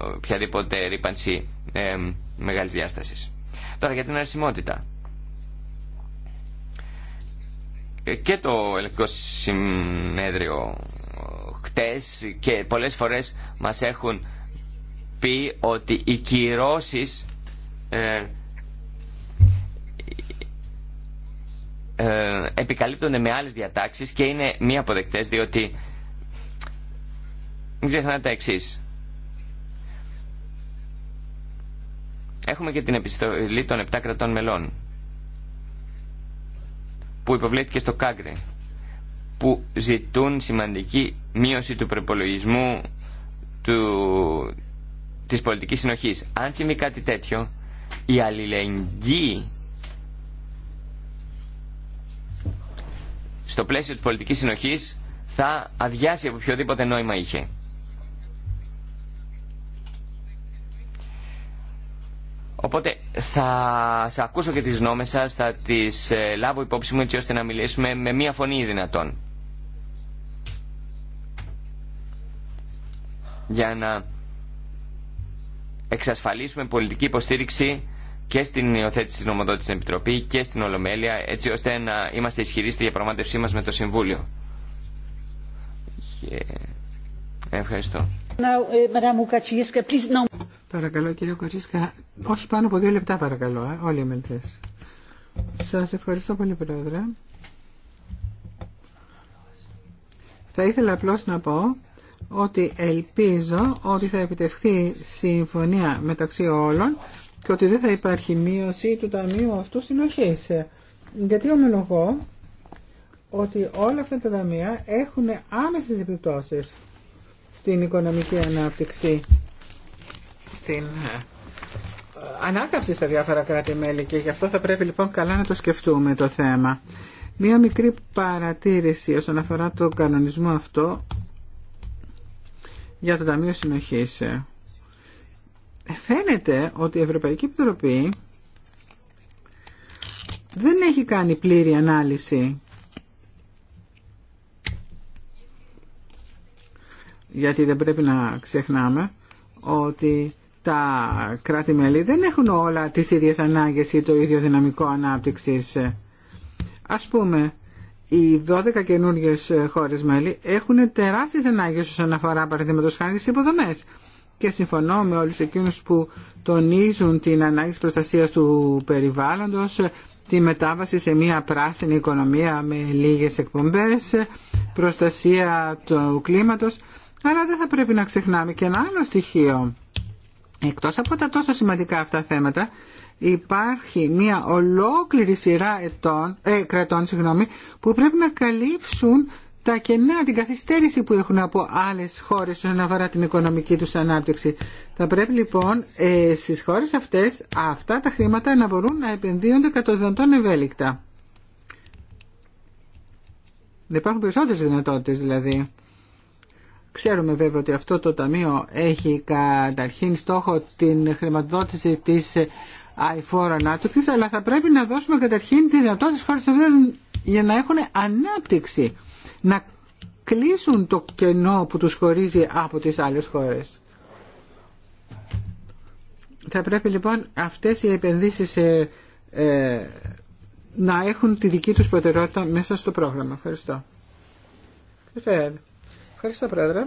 οποιαδήποτε ρήπανση ε, μεγάλη διάσταση. Τώρα για την αρσιμότητα. και το Ελεκτικό Συνέδριο ε, χτες και πολλές φορές μας έχουν πει ότι οι κυρώσεις ε, ε, επικαλύπτονται με άλλες διατάξεις και είναι μη αποδεκτές διότι μην ξεχνάτε τα εξής. Έχουμε και την επιστολή των 7 κρατών μελών που και στο Κάγκρε που ζητούν σημαντική μείωση του προπολογισμού του, της πολιτικής συνοχής. Αν συμβεί κάτι τέτοιο, η αλληλεγγύη στο πλαίσιο της πολιτικής συνοχής θα αδειάσει από οποιοδήποτε νόημα είχε. Οπότε θα σε ακούσω και τις γνώμες σας, θα τις ε, λάβω υπόψη μου έτσι ώστε να μιλήσουμε με μία φωνή δυνατόν. Για να εξασφαλίσουμε πολιτική υποστήριξη και στην υιοθέτηση της νομοδότησης στην Επιτροπή και στην Ολομέλεια έτσι ώστε να είμαστε ισχυροί στη διαπραγμάτευσή μας με το Συμβούλιο. Yeah. Ε, ευχαριστώ. Now, uh, Παρακαλώ κύριε Κοτσίσκα, όχι πάνω από δύο λεπτά παρακαλώ, ε, όλοι οι μελτές. Σας ευχαριστώ πολύ πρόεδρε. Θα ήθελα απλώς να πω ότι ελπίζω ότι θα επιτευχθεί συμφωνία μεταξύ όλων και ότι δεν θα υπάρχει μείωση του ταμείου αυτού συνοχής. Γιατί ομολογώ ότι όλα αυτά τα ταμεία έχουν άμεσες επιπτώσεις στην οικονομική ανάπτυξη την ε, ανάκαμψη στα διάφορα κράτη-μέλη και γι' αυτό θα πρέπει λοιπόν καλά να το σκεφτούμε το θέμα. Μία μικρή παρατήρηση όσον αφορά το κανονισμό αυτό για το Ταμείο Συνοχής. Ε, φαίνεται ότι η Ευρωπαϊκή Επιτροπή δεν έχει κάνει πλήρη ανάλυση γιατί δεν πρέπει να ξεχνάμε ότι τα κράτη-μέλη δεν έχουν όλα τις ίδιες ανάγκες ή το ίδιο δυναμικό ανάπτυξης. Ας πούμε, οι 12 καινούριε χώρες μέλη έχουν τεράστιες ανάγκες όσον αφορά παραδείγματος χάρη στις υποδομές. Και συμφωνώ με όλους εκείνους που τονίζουν την ανάγκη της προστασίας του περιβάλλοντος, τη μετάβαση σε μια πράσινη οικονομία με λίγες εκπομπές, προστασία του κλίματος, αλλά δεν θα πρέπει να ξεχνάμε και ένα άλλο στοιχείο Εκτός από τα τόσο σημαντικά αυτά θέματα, υπάρχει μια ολόκληρη σειρά ετών, ε, κρατών συγγνώμη, που πρέπει να καλύψουν τα κενά, την καθυστέρηση που έχουν από άλλες χώρες όσον αφορά την οικονομική τους ανάπτυξη. Θα πρέπει λοιπόν ε, στις χώρες αυτές αυτά τα χρήματα να μπορούν να επενδύονται κατά δυνατόν ευέλικτα. Δεν υπάρχουν περισσότερες δυνατότητες δηλαδή. Ξέρουμε βέβαια ότι αυτό το ταμείο έχει καταρχήν στόχο την χρηματοδότηση της αηφόρου ανάπτυξη, αλλά θα πρέπει να δώσουμε καταρχήν τη δυνατότητα στις χώρες για να έχουν ανάπτυξη, να κλείσουν το κενό που τους χωρίζει από τις άλλες χώρες. Θα πρέπει λοιπόν αυτές οι επενδύσεις ε, ε, να έχουν τη δική τους προτεραιότητα μέσα στο πρόγραμμα. Ευχαριστώ. Ευχαριστώ. Ευχαριστώ, Πρόεδρε.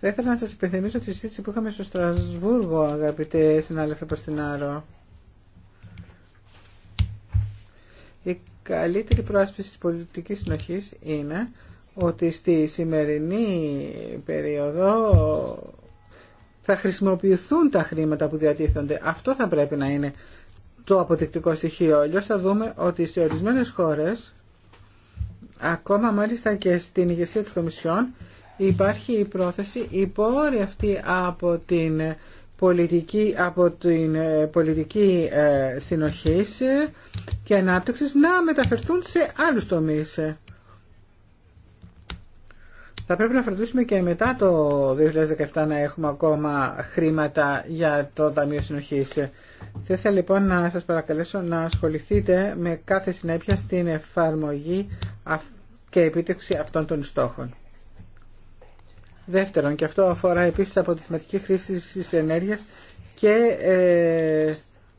Θα ήθελα να σας υπενθυμίσω τη συζήτηση που είχαμε στο Στρασβούργο, αγαπητέ συνάδελφε Παστινάρο. Η καλύτερη προάσπιση της πολιτικής συνοχής είναι ότι στη σημερινή περίοδο θα χρησιμοποιηθούν τα χρήματα που διατίθενται. Αυτό θα πρέπει να είναι το αποδεικτικό στοιχείο. Αλλιώ θα δούμε ότι σε ορισμένες χώρες Ακόμα μάλιστα και στην ηγεσία της Κομισιόν υπάρχει η πρόθεση οι αυτή από την πολιτική, από την ε, πολιτική ε, συνοχής και ανάπτυξης να μεταφερθούν σε άλλους τομείς θα πρέπει να φροντίσουμε και μετά το 2017 να έχουμε ακόμα χρήματα για το Ταμείο Συνοχής. Θα ήθελα λοιπόν να σας παρακαλέσω να ασχοληθείτε με κάθε συνέπεια στην εφαρμογή και επίτευξη αυτών των στόχων. Δεύτερον, και αυτό αφορά επίσης από τη θεματική χρήση της ενέργειας και ε,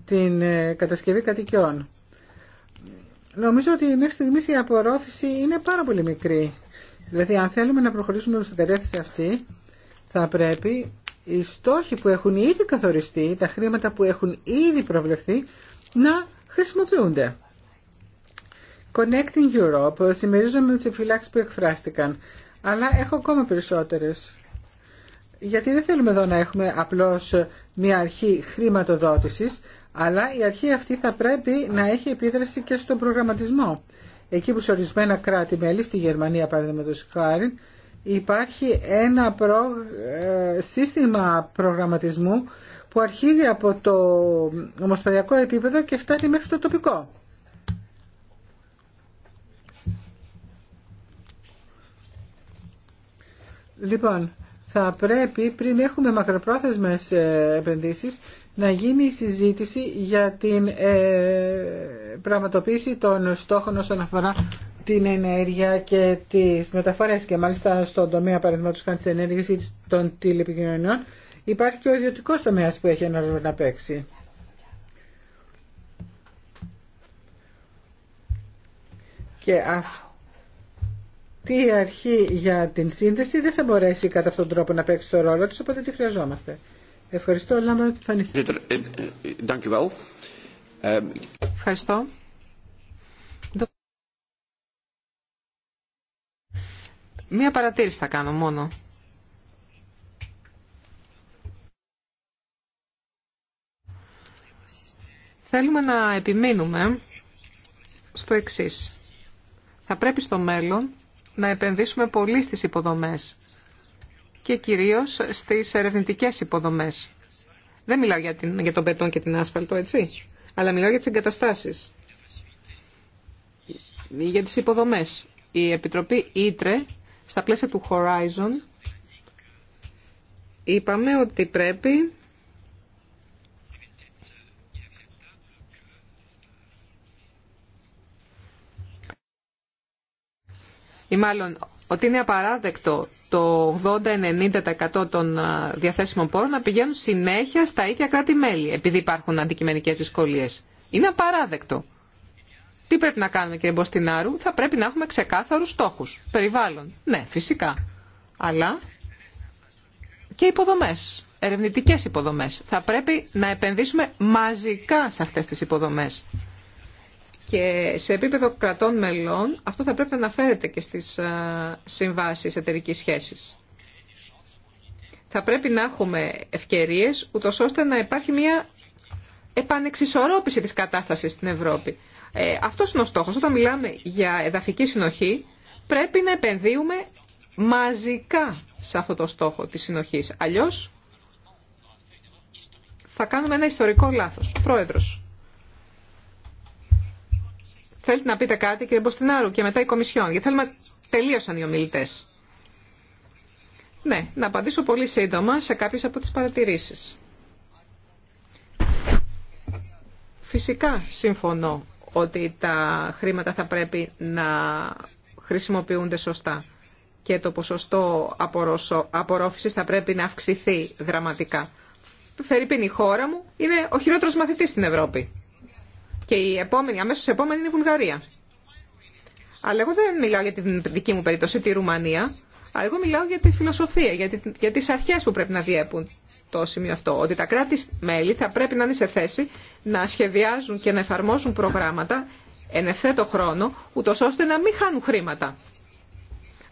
την ε, κατασκευή κατοικιών. Νομίζω ότι μέχρι στιγμής η απορρόφηση είναι πάρα πολύ μικρή Δηλαδή αν θέλουμε να προχωρήσουμε στην κατεύθυνση αυτή θα πρέπει οι στόχοι που έχουν ήδη καθοριστεί, τα χρήματα που έχουν ήδη προβλεφθεί να χρησιμοποιούνται. Connecting Europe, συμμερίζομαι τις επιφυλάξεις που εκφράστηκαν, αλλά έχω ακόμα περισσότερες. Γιατί δεν θέλουμε εδώ να έχουμε απλώς μια αρχή χρηματοδότησης, αλλά η αρχή αυτή θα πρέπει να έχει επίδραση και στον προγραμματισμό εκεί που σε ορισμένα κράτη-μέλη, στη Γερμανία παραδείγματος χάρη, υπάρχει ένα ε, σύστημα προγραμματισμού που αρχίζει από το ομοσπονδιακό επίπεδο και φτάνει μέχρι το τοπικό. Λοιπόν, θα πρέπει πριν έχουμε μακροπρόθεσμες ε, επενδύσεις να γίνει η συζήτηση για την ε, πραγματοποίηση των στόχων όσον αφορά την ενέργεια και τις μεταφορές και μάλιστα στον τομέα παραδείγματος χάνης της ενέργειας ή των τηλεπικοινωνιών υπάρχει και ο ιδιωτικός τομέας που έχει ένα ρόλο να παίξει. Και αυτή η αρχή για την σύνδεση δεν θα μπορέσει κατά αυτόν τον τρόπο να παίξει το ρόλο της, οπότε τη χρειαζόμαστε. Ευχαριστώ, Ευχαριστώ. Μία παρατήρηση θα κάνω μόνο. Θέλουμε να επιμείνουμε στο εξής. Θα πρέπει στο μέλλον να επενδύσουμε πολύ στις υποδομές και κυρίως στις ερευνητικές υποδομές. Δεν μιλάω για, την, για τον πετόν και την άσφαλτο, έτσι, αλλά μιλάω για τις εγκαταστάσεις, για τις υποδομές. Η Επιτροπή Ήτρε, στα πλαίσια του Horizon, είπαμε ότι πρέπει ή μάλλον ότι είναι απαράδεκτο το 80-90% των διαθέσιμων πόρων να πηγαίνουν συνέχεια στα ίδια κράτη-μέλη επειδή υπάρχουν αντικειμενικές δυσκολίες. Είναι απαράδεκτο. Τι πρέπει να κάνουμε κύριε Μποστινάρου, θα πρέπει να έχουμε ξεκάθαρους στόχους. Περιβάλλον, ναι φυσικά, αλλά και υποδομές, ερευνητικές υποδομές. Θα πρέπει να επενδύσουμε μαζικά σε αυτές τις υποδομές. Και σε επίπεδο κρατών μελών αυτό θα πρέπει να αναφέρεται και στις συμβάσεις εταιρικής σχέσης. Θα πρέπει να έχουμε ευκαιρίες ούτω ώστε να υπάρχει μια επανεξισορρόπηση της κατάστασης στην Ευρώπη. Ε, αυτός είναι ο στόχος. Όταν μιλάμε για εδαφική συνοχή πρέπει να επενδύουμε μαζικά σε αυτό το στόχο της συνοχής. Αλλιώς θα κάνουμε ένα ιστορικό λάθος. Πρόεδρος. Θέλετε να πείτε κάτι, κύριε Μποστινάρου, και μετά η Κομισιόν, γιατί θέλουμε τελείωσαν οι ομιλητέ. Ναι, να απαντήσω πολύ σύντομα σε κάποιε από τις παρατηρήσεις. Φυσικά συμφωνώ ότι τα χρήματα θα πρέπει να χρησιμοποιούνται σωστά και το ποσοστό απορρόφησης θα πρέπει να αυξηθεί δραματικά. Φερρυπίν η χώρα μου είναι ο χειρότερος μαθητής στην Ευρώπη και η επόμενη, αμέσως επόμενη είναι η Βουλγαρία. Αλλά εγώ δεν μιλάω για την δική μου περίπτωση, τη Ρουμανία. Αλλά εγώ μιλάω για τη φιλοσοφία, για, τη, για τις αρχές που πρέπει να διέπουν το σημείο αυτό. Ότι τα κράτη-μέλη θα πρέπει να είναι σε θέση να σχεδιάζουν και να εφαρμόσουν προγράμματα εν ευθέτω χρόνο, ούτως ώστε να μην χάνουν χρήματα.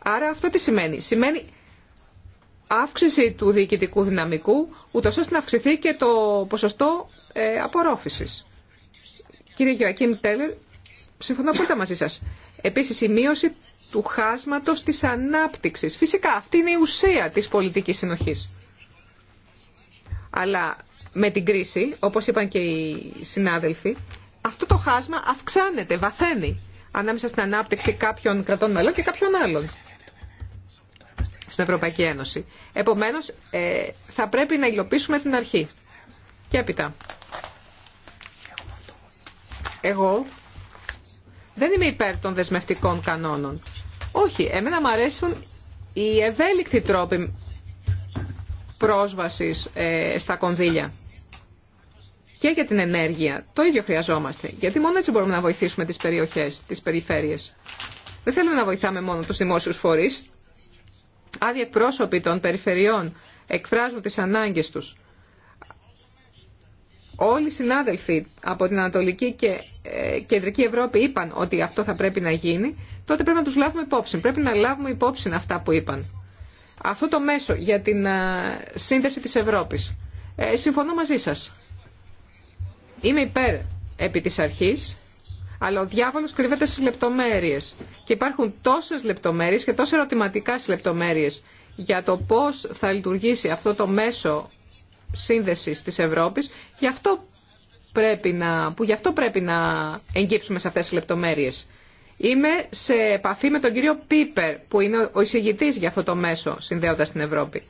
Άρα αυτό τι σημαίνει. Σημαίνει αύξηση του διοικητικού δυναμικού, ούτως ώστε να αυξηθεί και το ποσοστό ε, απορρόφησης. Κύριε Γιωακίν Τέλερ, συμφωνώ πολύ μαζί σας. Επίσης η μείωση του χάσματος της ανάπτυξης. Φυσικά αυτή είναι η ουσία της πολιτικής συνοχής. Αλλά με την κρίση, όπως είπαν και οι συνάδελφοι, αυτό το χάσμα αυξάνεται, βαθαίνει ανάμεσα στην ανάπτυξη κάποιων κρατών μελών και κάποιων άλλων στην Ευρωπαϊκή Ένωση. Επομένως, ε, θα πρέπει να υλοποιήσουμε την αρχή. Και έπειτα, εγώ δεν είμαι υπέρ των δεσμευτικών κανόνων. Όχι, εμένα μου αρέσουν οι ευέλικτοι τρόποι πρόσβασης ε, στα κονδύλια και για την ενέργεια. Το ίδιο χρειαζόμαστε. Γιατί μόνο έτσι μπορούμε να βοηθήσουμε τις περιοχές, τις περιφέρειες. Δεν θέλουμε να βοηθάμε μόνο τους δημόσιους φορείς. Άδειοι εκπρόσωποι των περιφερειών εκφράζουν τις ανάγκες τους όλοι οι συνάδελφοι από την Ανατολική και ε, Κεντρική Ευρώπη είπαν ότι αυτό θα πρέπει να γίνει, τότε πρέπει να τους λάβουμε υπόψη. Πρέπει να λάβουμε υπόψη αυτά που είπαν. Αυτό το μέσο για την ε, σύνδεση της Ευρώπης. Ε, συμφωνώ μαζί σας. Είμαι υπέρ επί της αρχής, αλλά ο διάβολος κρύβεται στις λεπτομέρειες. Και υπάρχουν τόσες λεπτομέρειες και τόσα ερωτηματικά στις λεπτομέρειες για το πώς θα λειτουργήσει αυτό το μέσο σύνδεσης της Ευρώπης, γι αυτό πρέπει να, που γι' αυτό πρέπει να εγγύψουμε σε αυτές τις λεπτομέρειες. Είμαι σε επαφή με τον κύριο Πίπερ, που είναι ο εισηγητής για αυτό το μέσο, συνδέοντας την Ευρώπη.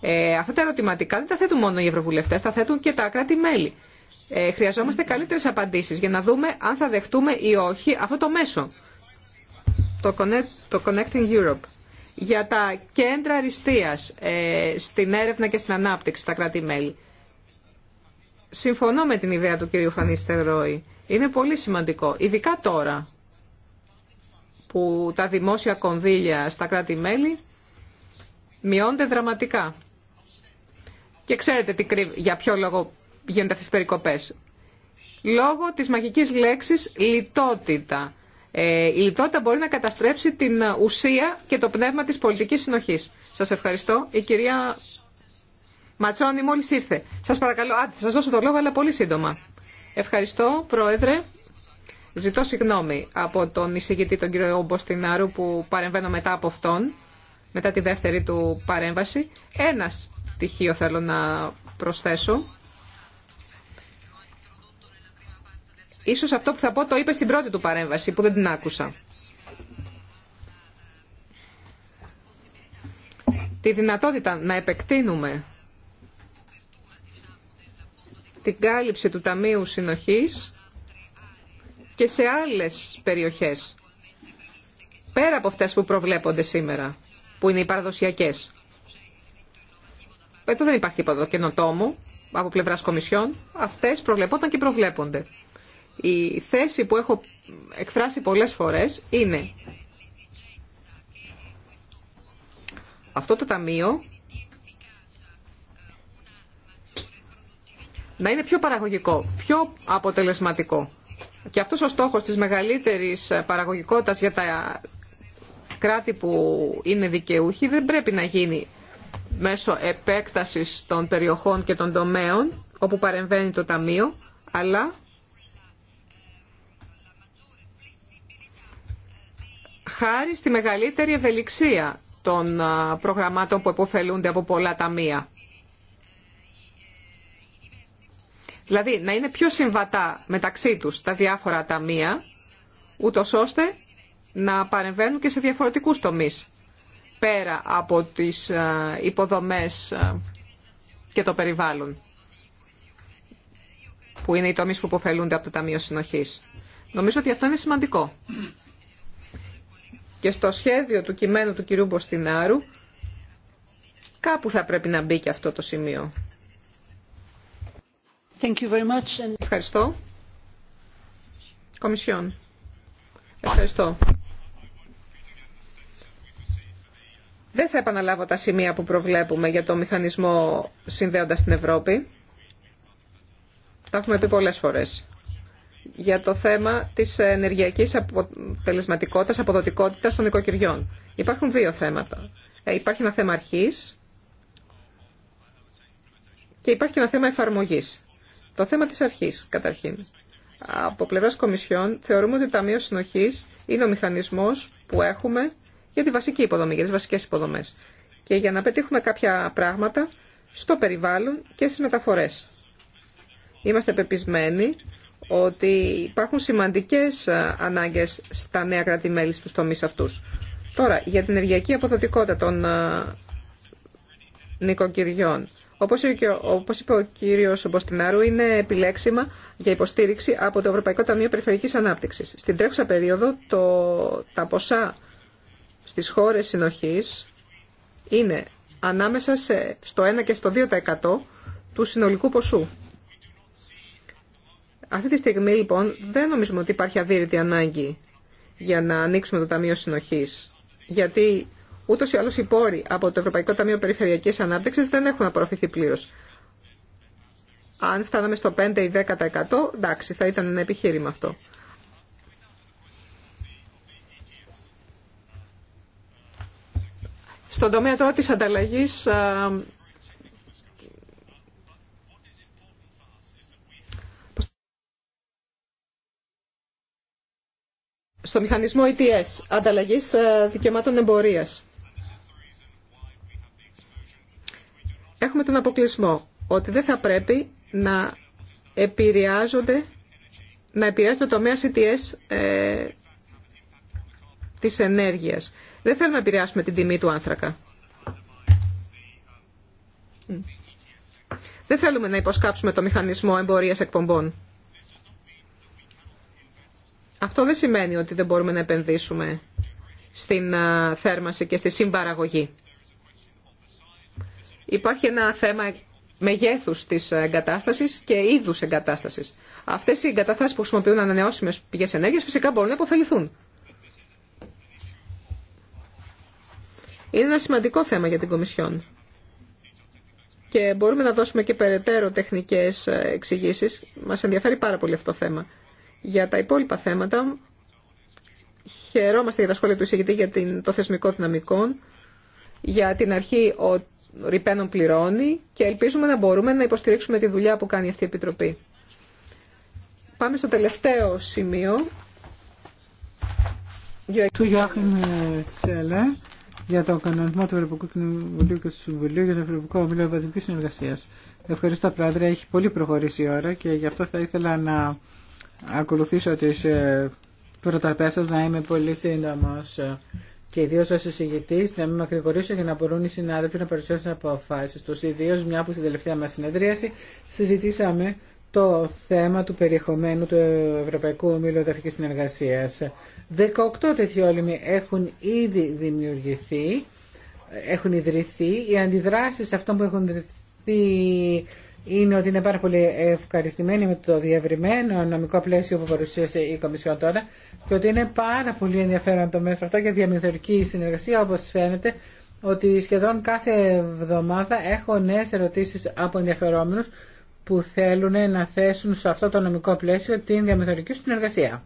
Ε, αυτά τα ερωτηματικά δεν τα θέτουν μόνο οι ευρωβουλευτές, τα θέτουν και τα κράτη-μέλη. Ε, χρειαζόμαστε καλύτερες απαντήσεις για να δούμε αν θα δεχτούμε ή όχι αυτό το μέσο, το, Connect, το Connecting Europe για τα κέντρα αριστείας ε, στην έρευνα και στην ανάπτυξη στα κράτη-μέλη. Συμφωνώ με την ιδέα του κ. Ρόη. Είναι πολύ σημαντικό, ειδικά τώρα που τα δημόσια κονδύλια στα κράτη-μέλη μειώνται δραματικά. Και ξέρετε τι για ποιο λόγο γίνονται αυτές τις περικοπές. Λόγω της μαγικής λέξης λιτότητα ε, η λιτότητα μπορεί να καταστρέψει την ουσία και το πνεύμα της πολιτικής συνοχής. Σας ευχαριστώ. Η κυρία Ματσόνη μόλις ήρθε. Σας παρακαλώ, άντε, σας δώσω το λόγο, αλλά πολύ σύντομα. Ευχαριστώ, Πρόεδρε. Ζητώ συγγνώμη από τον εισηγητή, τον κύριο Μποστινάρου, που παρεμβαίνω μετά από αυτόν, μετά τη δεύτερη του παρέμβαση. Ένα στοιχείο θέλω να προσθέσω Ίσως αυτό που θα πω το είπε στην πρώτη του παρέμβαση που δεν την άκουσα. Τη δυνατότητα να επεκτείνουμε την κάλυψη του Ταμείου Συνοχής και σε άλλες περιοχές, πέρα από αυτές που προβλέπονται σήμερα, που είναι οι παραδοσιακές. Εδώ δεν υπάρχει τίποτα καινοτόμου από πλευράς Κομισιόν. Αυτές προβλεπόταν και προβλέπονται. Η θέση που έχω εκφράσει πολλές φορές είναι αυτό το ταμείο να είναι πιο παραγωγικό, πιο αποτελεσματικό. Και αυτός ο στόχος της μεγαλύτερης παραγωγικότητας για τα κράτη που είναι δικαιούχοι δεν πρέπει να γίνει μέσω επέκτασης των περιοχών και των τομέων όπου παρεμβαίνει το Ταμείο, αλλά χάρη στη μεγαλύτερη ευελιξία των προγραμμάτων που επωφελούνται από πολλά ταμεία. Δηλαδή να είναι πιο συμβατά μεταξύ τους τα διάφορα ταμεία, ούτως ώστε να παρεμβαίνουν και σε διαφορετικούς τομείς, πέρα από τις υποδομές και το περιβάλλον, που είναι οι τομείς που υποφελούνται από το Ταμείο Συνοχής. Νομίζω ότι αυτό είναι σημαντικό και στο σχέδιο του κειμένου του κυρίου Μποστινάρου κάπου θα πρέπει να μπει και αυτό το σημείο. Thank you very much. Ευχαριστώ. Κομισιόν. Ευχαριστώ. Δεν θα επαναλάβω τα σημεία που προβλέπουμε για το μηχανισμό συνδέοντας την Ευρώπη. Τα έχουμε πει πολλές φορές για το θέμα της ενεργειακής αποτελεσματικότητας, αποδοτικότητας των οικοκυριών. Υπάρχουν δύο θέματα. Ε, υπάρχει ένα θέμα αρχής και υπάρχει και ένα θέμα εφαρμογής. Το θέμα της αρχής, καταρχήν. Από πλευράς Κομισιόν θεωρούμε ότι το Ταμείο Συνοχής είναι ο μηχανισμός που έχουμε για τη βασική υποδομή, για τις βασικές υποδομές. Και για να πετύχουμε κάποια πράγματα στο περιβάλλον και στις μεταφορές. Είμαστε πεπισμένοι ότι υπάρχουν σημαντικές ανάγκες στα νέα κράτη-μέλη στους τομείς αυτούς. Τώρα, για την ενεργειακή αποδοτικότητα των νοικοκυριών. Όπως είπε ο κύριος Μποστινάρου, είναι επιλέξιμα για υποστήριξη από το Ευρωπαϊκό Ταμείο Περιφερειακής Ανάπτυξης. Στην τρέχουσα περίοδο, το, τα ποσά στις χώρες συνοχής είναι ανάμεσα σε, στο 1 και στο 2% του συνολικού ποσού. Αυτή τη στιγμή λοιπόν δεν νομίζουμε ότι υπάρχει αδύρυτη ανάγκη για να ανοίξουμε το Ταμείο Συνοχής. Γιατί ούτω ή άλλω οι πόροι από το Ευρωπαϊκό Ταμείο Περιφερειακής Ανάπτυξης δεν έχουν απορροφηθεί πλήρω. Αν φτάναμε στο 5 ή 10% εντάξει θα ήταν ένα επιχείρημα αυτό. Στον τομέα τώρα της ανταλλαγής στο μηχανισμό ETS, ε ανταλλαγής ε, δικαιωμάτων εμπορίας. Έχουμε τον αποκλεισμό ότι δεν θα πρέπει να επηρεάζονται να επηρεάζει το τομέα CTS ε, ε, της ενέργειας. Δεν θέλουμε να επηρεάσουμε την τιμή του άνθρακα. Mm. Δεν θέλουμε να υποσκάψουμε το μηχανισμό εμπορίας εκπομπών. Αυτό δεν σημαίνει ότι δεν μπορούμε να επενδύσουμε στην θέρμαση και στη συμπαραγωγή. Υπάρχει ένα θέμα μεγέθους της εγκατάστασης και είδους εγκατάστασης. Αυτές οι εγκαταστάσεις που χρησιμοποιούν ανανεώσιμες πηγές ενέργειας φυσικά μπορούν να αποφεληθούν. Είναι ένα σημαντικό θέμα για την Κομισιόν. Και μπορούμε να δώσουμε και περαιτέρω τεχνικές ε, εξηγήσεις. Μας ενδιαφέρει πάρα πολύ αυτό το θέμα. Για τα υπόλοιπα θέματα, χαιρόμαστε για τα σχόλια του εισηγητή για την, το θεσμικό δυναμικό, για την αρχή ο Ριπένον πληρώνει και ελπίζουμε να μπορούμε να υποστηρίξουμε τη δουλειά που κάνει αυτή η Επιτροπή. Πάμε στο τελευταίο σημείο. Του Γιώχημ Ξέλε για το κανονισμό του Ευρωπαϊκού Κοινοβουλίου και του Συμβουλίου για το Ευρωπαϊκό Ομιλίο Ευρωπαϊκής Συνεργασία. Ευχαριστώ, Πρόεδρε. Έχει πολύ προχωρήσει η ώρα και γι' αυτό θα ήθελα να ακολουθήσω τις ε, προτραπές σας να είμαι πολύ σύντομος ε, και ιδίω ως εισηγητής να μην μακρηγορήσω για να μπορούν οι συνάδελφοι να παρουσιάσουν αποφάσει του. Ιδίω μια που στην τελευταία μα συνεδρίαση συζητήσαμε το θέμα του περιεχομένου του Ευρωπαϊκού Ομίλου Συνεργασίας. Συνεργασία. 18 τέτοιοι όλυμοι έχουν ήδη δημιουργηθεί, έχουν ιδρυθεί. Οι αντιδράσεις αυτών που έχουν ιδρυθεί είναι ότι είναι πάρα πολύ ευχαριστημένοι με το διευρυμένο νομικό πλαίσιο που παρουσίασε η Κομισιόν τώρα και ότι είναι πάρα πολύ ενδιαφέρον το μέσο αυτό για διαμεθορική συνεργασία όπως φαίνεται ότι σχεδόν κάθε εβδομάδα έχω νέες ερωτήσεις από ενδιαφερόμενους που θέλουν να θέσουν σε αυτό το νομικό πλαίσιο την διαμεθορική συνεργασία.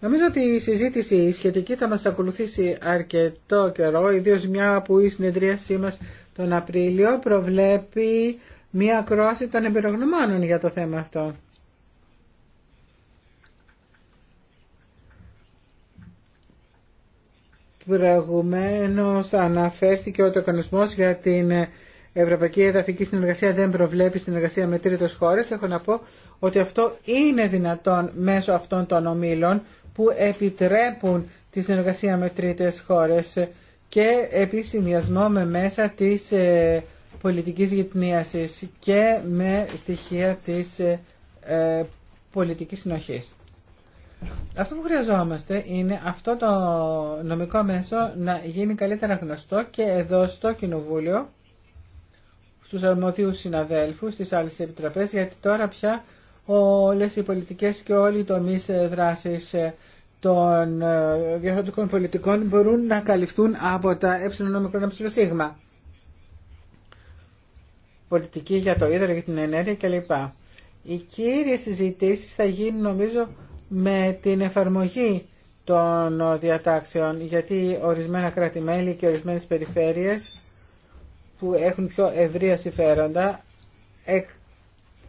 Νομίζω ότι η συζήτηση σχετική θα μας ακολουθήσει αρκετό καιρό, ιδίως μια που η συνεδρίασή μας τον Απρίλιο προβλέπει μία κρόση των εμπειρογνωμάνων για το θέμα αυτό. Προηγουμένως αναφέρθηκε ότι ο οικονομισμός για την Ευρωπαϊκή Εδαφική Συνεργασία δεν προβλέπει συνεργασία με τρίτες χώρες. Έχω να πω ότι αυτό είναι δυνατόν μέσω αυτών των ομίλων που επιτρέπουν τη συνεργασία με τρίτες χώρες και επίσης συνδυασμό με μέσα της ε, πολιτικής γυτνίασης και με στοιχεία της ε, ε, πολιτικής συνοχής. Αυτό που χρειαζόμαστε είναι αυτό το νομικό μέσο να γίνει καλύτερα γνωστό και εδώ στο Κοινοβούλιο, στους αρμοδίους συναδέλφους, στις άλλες επιτραπές, γιατί τώρα πια όλες οι πολιτικές και όλοι οι τομείς δράσης των ε, διαχωριστικών πολιτικών μπορούν να καλυφθούν από τα ΕΕΣ. Πολιτική για το ίδρυμα για την ενέργεια κλπ. Οι κύριε συζητήσει θα γίνουν νομίζω με την εφαρμογή των διατάξεων γιατί ορισμένα κράτη-μέλη και ορισμένες περιφέρειες που έχουν πιο ευρία συμφέροντα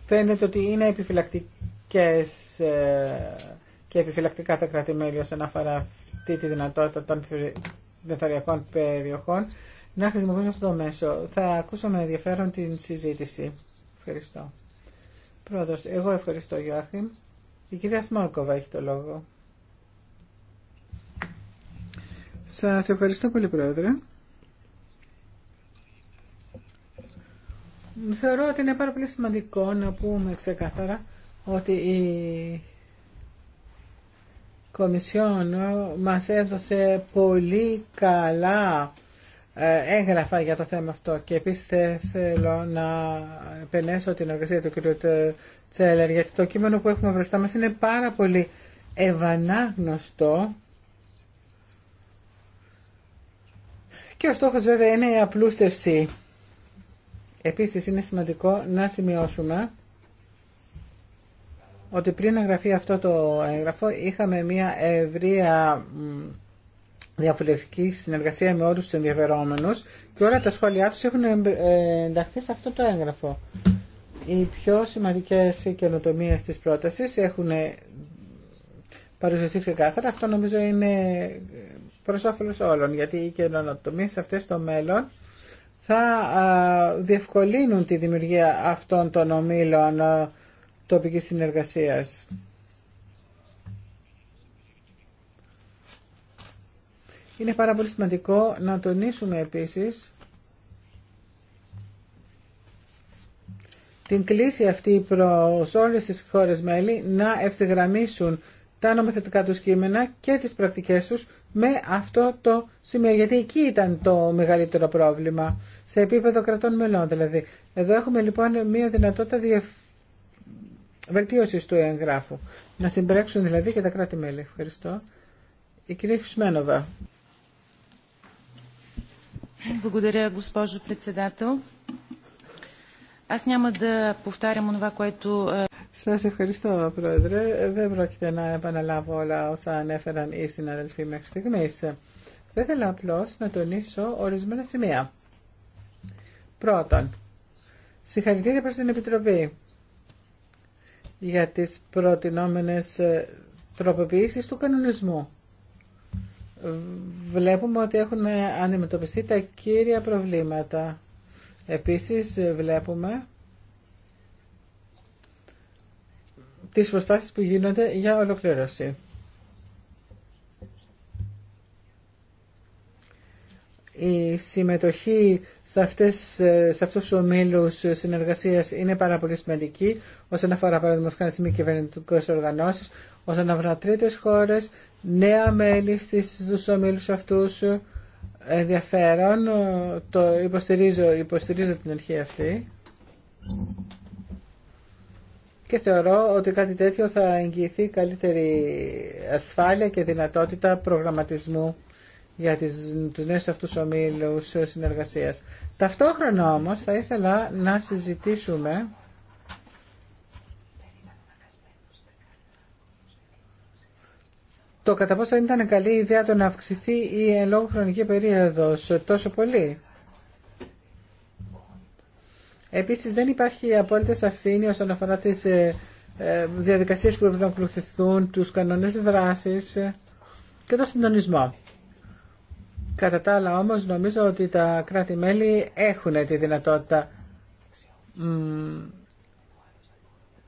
φαίνεται ότι είναι επιφυλακτικές ε, και επιφυλακτικά τα κράτη-μέλη όσον αφορά αυτή τη δυνατότητα των μεθοριακών περιοχών να χρησιμοποιούν αυτό το μέσο. Θα ακούσω με ενδιαφέρον την συζήτηση. Ευχαριστώ. Πρόεδρο, εγώ ευχαριστώ Γιώργη. Η κυρία Σμόλκοβα έχει το λόγο. Σας ευχαριστώ πολύ Πρόεδρε. Θεωρώ ότι είναι πάρα πολύ σημαντικό να πούμε ξεκάθαρα ότι η Κομισιόν μας έδωσε πολύ καλά ε, έγγραφα για το θέμα αυτό και επίσης θέλω να επενέσω την εργασία του κ. Τσέλερ γιατί το κείμενο που έχουμε μπροστά μας είναι πάρα πολύ ευανάγνωστο και ο στόχος βέβαια είναι η απλούστευση. Επίσης είναι σημαντικό να σημειώσουμε ότι πριν εγγραφεί αυτό το έγγραφο είχαμε μια ευρεία διαφορετική συνεργασία με όλους τους ενδιαφερόμενους και όλα τα σχόλιά τους έχουν ε, ενταχθεί σε αυτό το έγγραφο. Οι πιο σημαντικές καινοτομίες της πρότασης έχουν ε, παρουσιαστεί ξεκάθαρα. Αυτό νομίζω είναι προς όφελος όλων, γιατί οι καινοτομίες αυτές στο μέλλον θα διευκολύνουν τη δημιουργία αυτών των ομίλων τοπικής συνεργασίας. Είναι πάρα πολύ σημαντικό να τονίσουμε επίσης την κλίση αυτή προς όλες τις χώρες μέλη να ευθυγραμμίσουν τα νομοθετικά τους κείμενα και τις πρακτικές τους με αυτό το σημείο. Γιατί εκεί ήταν το μεγαλύτερο πρόβλημα, σε επίπεδο κρατών μελών δηλαδή. Εδώ έχουμε λοιπόν μια δυνατότητα Βελτίωση του εγγράφου. Να συμπρέξουν δηλαδή και τα κράτη-μέλη. Ευχαριστώ. Η κυρία Χρυσμένοβα. Σα ευχαριστώ, Πρόεδρε. Δεν πρόκειται να επαναλάβω όλα όσα ανέφεραν οι συναδελφοί μέχρι στιγμή. Θα ήθελα απλώ να τονίσω ορισμένα σημεία. Πρώτον, συγχαρητήρια προ την Επιτροπή για τις προτινόμενες ε, τροποποιήσεις του κανονισμού. Βλέπουμε ότι έχουν αντιμετωπιστεί τα κύρια προβλήματα. Επίσης βλέπουμε τις προσπάσεις που γίνονται για ολοκλήρωση. Η συμμετοχή σε, αυτές, ε, σε αυτούς τους ομίλους συνεργασίας είναι πάρα πολύ σημαντική όσον αφορά παραδείγματος χάρη μη κυβερνητικές οργανώσεις, όσον αφορά τρίτες χώρες, νέα μέλη στους ομίλους αυτούς ενδιαφέρον, το υποστηρίζω, υποστηρίζω την αρχή αυτή και θεωρώ ότι κάτι τέτοιο θα εγγυηθεί καλύτερη ασφάλεια και δυνατότητα προγραμματισμού για τις, τους νέους αυτούς ομίλους συνεργασίας. Ταυτόχρονα όμως θα ήθελα να συζητήσουμε το κατά πόσο ήταν καλή ιδέα το να αυξηθεί η εν λόγω χρονική περίοδος τόσο πολύ. Επίσης δεν υπάρχει απόλυτη σαφήνεια όσον αφορά τις ε, ε, διαδικασίες που πρέπει να ακολουθηθούν, τους κανόνες δράσης και το συντονισμό. Κατά τα άλλα όμως νομίζω ότι τα κράτη-μέλη έχουν τη δυνατότητα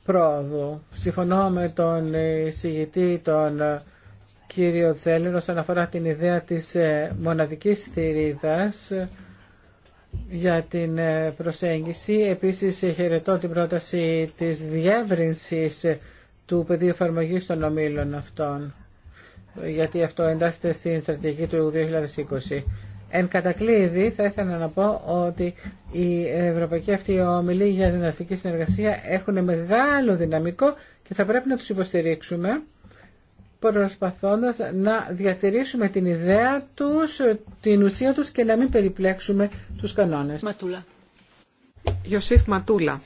πρόοδου. Συμφωνώ με τον συγητή τον κύριο Τσέλερ όσον αφορά την ιδέα της ε, μοναδικής θηρίδας ε, για την ε, προσέγγιση. Επίσης χαιρετώ την πρόταση της διεύρυνσης του πεδίου εφαρμογή των ομίλων αυτών γιατί αυτό εντάσσεται στην στρατηγική του 2020. Εν κατακλείδη θα ήθελα να πω ότι οι ευρωπαϊκοί αυτοί ομιλοί για την αρφική συνεργασία έχουν μεγάλο δυναμικό και θα πρέπει να τους υποστηρίξουμε προσπαθώντας να διατηρήσουμε την ιδέα τους, την ουσία τους και να μην περιπλέξουμε τους κανόνες. Ματούλα. Ιωσήφ Ματούλα.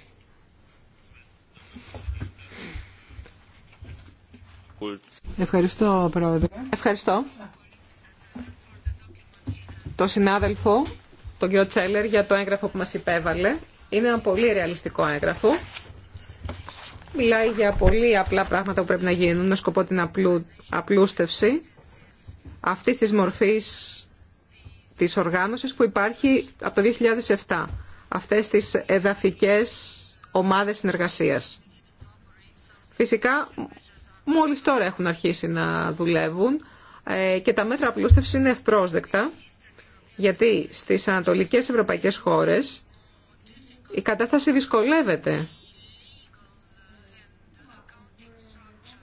Ευχαριστώ, Πρόεδρε. Ευχαριστώ. Το συνάδελφο, τον κύριο Τσέλερ, για το έγγραφο που μας υπέβαλε. Είναι ένα πολύ ρεαλιστικό έγγραφο. Μιλάει για πολύ απλά πράγματα που πρέπει να γίνουν με σκοπό την απλού, απλούστευση αυτής της μορφής της οργάνωσης που υπάρχει από το 2007. Αυτές τις εδαφικές ομάδες συνεργασίας. Φυσικά μόλις τώρα έχουν αρχίσει να δουλεύουν ε, και τα μέτρα απλούστευσης είναι ευπρόσδεκτα, γιατί στις ανατολικές ευρωπαϊκές χώρες η κατάσταση δυσκολεύεται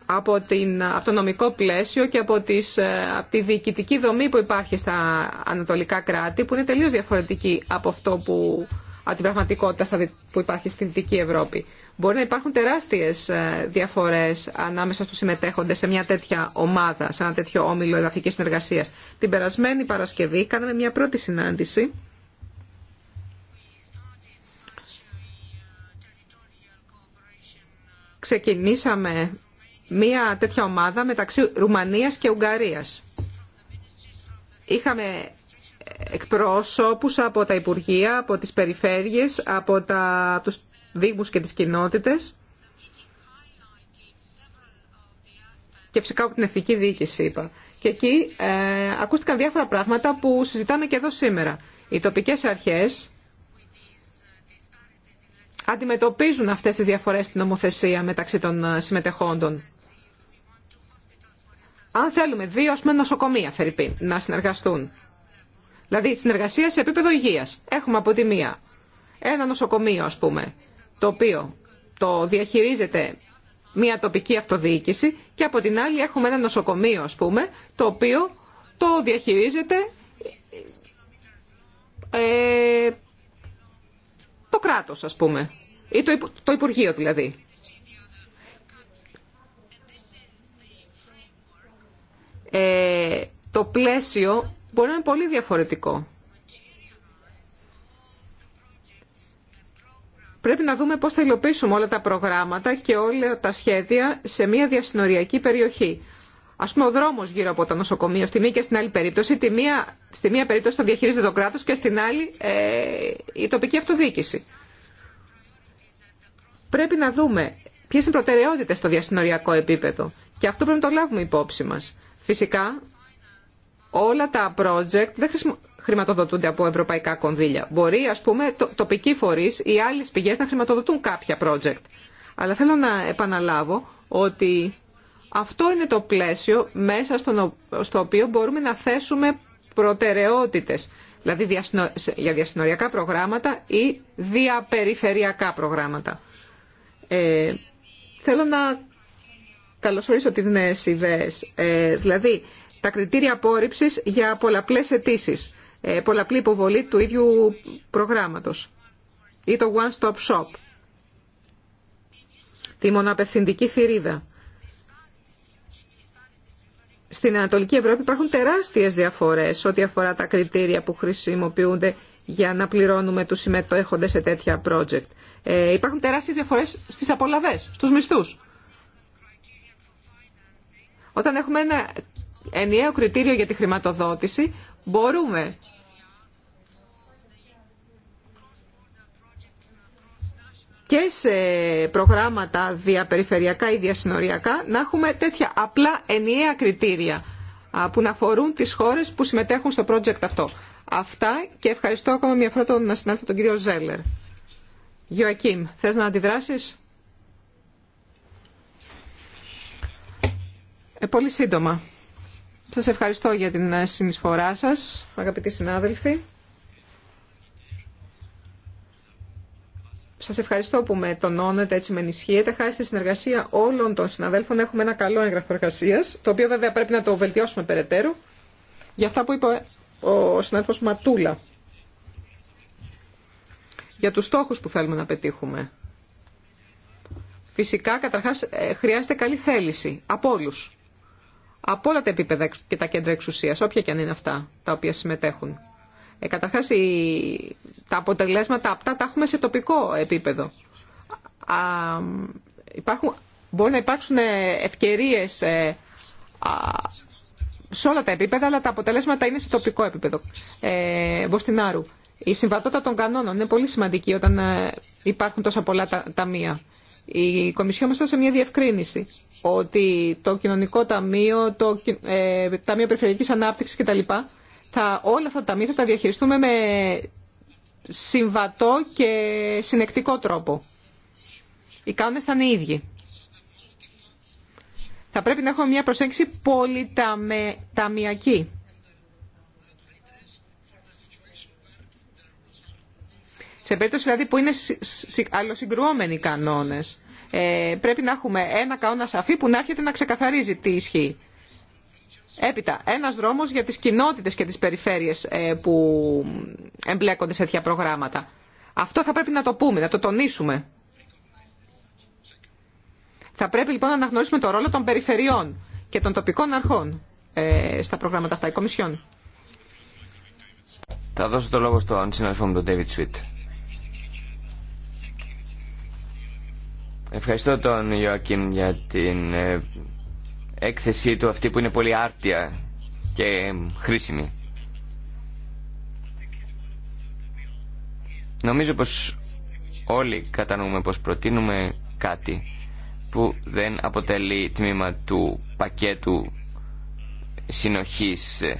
από, την, από το νομικό πλαίσιο και από, τις, ε, τη διοικητική δομή που υπάρχει στα ανατολικά κράτη, που είναι τελείως διαφορετική από αυτό που από την πραγματικότητα που υπάρχει στη Δυτική Ευρώπη. Μπορεί να υπάρχουν τεράστιε διαφορέ ανάμεσα στους συμμετέχοντες σε μια τέτοια ομάδα, σε ένα τέτοιο όμιλο εδάφική συνεργασία. Την περασμένη Παρασκευή κάναμε μια πρώτη συνάντηση ξεκινήσαμε μία τέτοια ομάδα μεταξύ Ρουμανίας και Ουγγαρίας. Είχαμε εκπρόσωπους από τα Υπουργεία, από τις περιφέρειες, από, τα, δήμους και τις κοινότητες και φυσικά από την εθνική διοίκηση είπα. Και εκεί ε, ακούστηκαν διάφορα πράγματα που συζητάμε και εδώ σήμερα. Οι τοπικές αρχές αντιμετωπίζουν αυτές τις διαφορές στην νομοθεσία μεταξύ των ε, συμμετεχόντων. Αν θέλουμε δύο ας πούμε, νοσοκομεία να συνεργαστούν, δηλαδή συνεργασία σε επίπεδο υγείας, έχουμε από τη μία ένα νοσοκομείο ας πούμε, το οποίο το διαχειρίζεται μια τοπική αυτοδιοίκηση και από την άλλη έχουμε ένα νοσοκομείο, ας πούμε, το οποίο το διαχειρίζεται ε, το κράτος, ας πούμε, ή το, το Υπουργείο δηλαδή. Ε, το πλαίσιο μπορεί να είναι πολύ διαφορετικό. Πρέπει να δούμε πώς θα υλοποιήσουμε όλα τα προγράμματα και όλα τα σχέδια σε μια διασυνοριακή περιοχή. Α πούμε, ο δρόμο γύρω από το νοσοκομείο, στη μία και στην άλλη περίπτωση, τη μία, στη μία περίπτωση το διαχειρίζεται το κράτο και στην άλλη ε, η τοπική αυτοδιοίκηση. Πρέπει να δούμε ποιε είναι προτεραιότητε στο διασυνοριακό επίπεδο. Και αυτό πρέπει να το λάβουμε υπόψη μα. Φυσικά, όλα τα project δεν, χρησιμο χρηματοδοτούνται από ευρωπαϊκά κονδύλια. Μπορεί, ας πούμε, το, τοπικοί φορείς ή άλλες πηγές να χρηματοδοτούν κάποια project. Αλλά θέλω να επαναλάβω ότι αυτό είναι το πλαίσιο μέσα στο οποίο μπορούμε να θέσουμε προτεραιότητες, δηλαδή για διασυνοριακά προγράμματα ή διαπεριφερειακά προγράμματα. Ε, θέλω να καλωσορίσω τις νέες ιδέες, ε, δηλαδή τα κριτήρια απόρριψης για πολλαπλές αιτήσει. Ε, πολλαπλή υποβολή του ίδιου προγράμματος ή το One Stop Shop, τη μοναπευθυντική θηρίδα. Στην Ανατολική Ευρώπη υπάρχουν τεράστιες διαφορές ό,τι αφορά τα κριτήρια που χρησιμοποιούνται για να πληρώνουμε τους συμμετέχοντες σε τέτοια project. Ε, υπάρχουν τεράστιες διαφορές στις απολαβές, στους μισθούς. Όταν έχουμε ένα ενιαίο κριτήριο για τη χρηματοδότηση, Μπορούμε και σε προγράμματα διαπεριφερειακά ή διασυνοριακά να έχουμε τέτοια απλά ενιαία κριτήρια που να αφορούν τις χώρες που συμμετέχουν στο project αυτό. Αυτά και ευχαριστώ ακόμα μια φορά τον συνάδελφο τον κύριο Ζέλλερ. Γιωακίμ, θες να αντιδράσεις? Ε, πολύ σύντομα. Σας ευχαριστώ για την ε, συνεισφορά σας, αγαπητοί συνάδελφοι. Σας ευχαριστώ που με τονώνετε, έτσι με ενισχύετε. Χάρη στη συνεργασία όλων των συναδέλφων έχουμε ένα καλό έγγραφο εργασία, το οποίο βέβαια πρέπει να το βελτιώσουμε περαιτέρω, για αυτά που είπε ο συνάδελφος Ματούλα, για τους στόχους που θέλουμε να πετύχουμε. Φυσικά, καταρχάς, ε, χρειάζεται καλή θέληση από όλου από όλα τα επίπεδα και τα κέντρα εξουσίας, όποια και αν είναι αυτά τα οποία συμμετέχουν. Ε, τα αποτελέσματα αυτά τα έχουμε σε τοπικό επίπεδο. υπάρχουν, μπορεί να υπάρξουν ε, ευκαιρίες ε, σε όλα τα επίπεδα, αλλά τα αποτελέσματα είναι σε τοπικό επίπεδο. Ε, Μποστινάρου, η συμβατότητα των κανόνων είναι πολύ σημαντική όταν ε, υπάρχουν τόσα πολλά ταμεία. Η Κομισιόν μας μια διευκρίνηση ότι το Κοινωνικό Ταμείο, το ε, Ταμείο Περιφερειακής Ανάπτυξης κτλ. Θα, όλα αυτά τα ταμεία θα τα διαχειριστούμε με συμβατό και συνεκτικό τρόπο. Οι κάνονες θα είναι οι ίδιοι. Θα πρέπει να έχουμε μια προσέγγιση πολυταμιακή. Σε περίπτωση δηλαδή που είναι αλλοσυγκρουόμενοι οι κανόνες, ε, πρέπει να έχουμε ένα κανόνα σαφή που να έρχεται να ξεκαθαρίζει τι ισχύει. Έπειτα, ένα δρόμο για τι κοινότητε και τις περιφέρειες ε, που εμπλέκονται σε τέτοια προγράμματα. Αυτό θα πρέπει να το πούμε, να το τονίσουμε. Θα πρέπει λοιπόν να αναγνωρίσουμε το ρόλο των περιφερειών και των τοπικών αρχών ε, στα προγράμματα αυτά, η Κομισιόν. Θα δώσω το λόγο στον συναδελφό μου, τον David Sweet. Ευχαριστώ τον Ιωάκιμ για την ε, έκθεσή του αυτή που είναι πολύ άρτια και ε, χρήσιμη. Νομίζω πως όλοι κατανοούμε πως προτείνουμε κάτι που δεν αποτελεί τμήμα του πακέτου συνοχής, ε,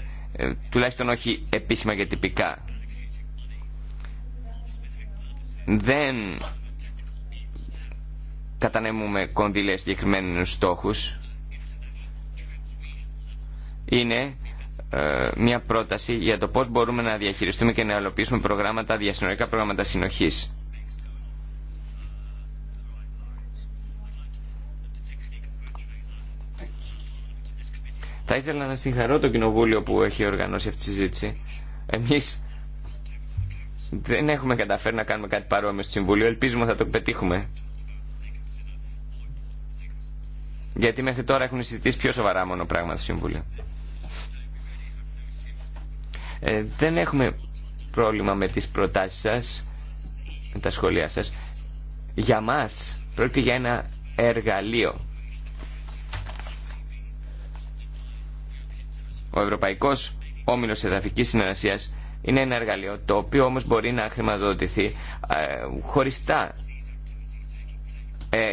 τουλάχιστον όχι επίσημα και τυπικά. Δεν κατανέμουμε κονδύλια συγκεκριμένους στόχους είναι ε, μια πρόταση για το πώς μπορούμε να διαχειριστούμε και να ελοπίσουμε προγράμματα, διασυνορικά προγράμματα συνοχής. Θα ήθελα να συγχαρώ το κοινοβούλιο που έχει οργανώσει αυτή τη συζήτηση. Εμείς δεν έχουμε καταφέρει να κάνουμε κάτι παρόμοιο στο Συμβούλιο. Ελπίζουμε θα το πετύχουμε. Γιατί μέχρι τώρα έχουν συζητήσει πιο σοβαρά μόνο πράγματα συμβουλια. Ε, δεν έχουμε πρόβλημα με τις προτάσεις σας, με τα σχόλιά σας. Για μας πρόκειται για ένα εργαλείο. Ο Ευρωπαϊκός Όμιλος Εδαφικής Συνεργασίας είναι ένα εργαλείο το οποίο όμως μπορεί να χρηματοδοτηθεί ε, χωριστά ε,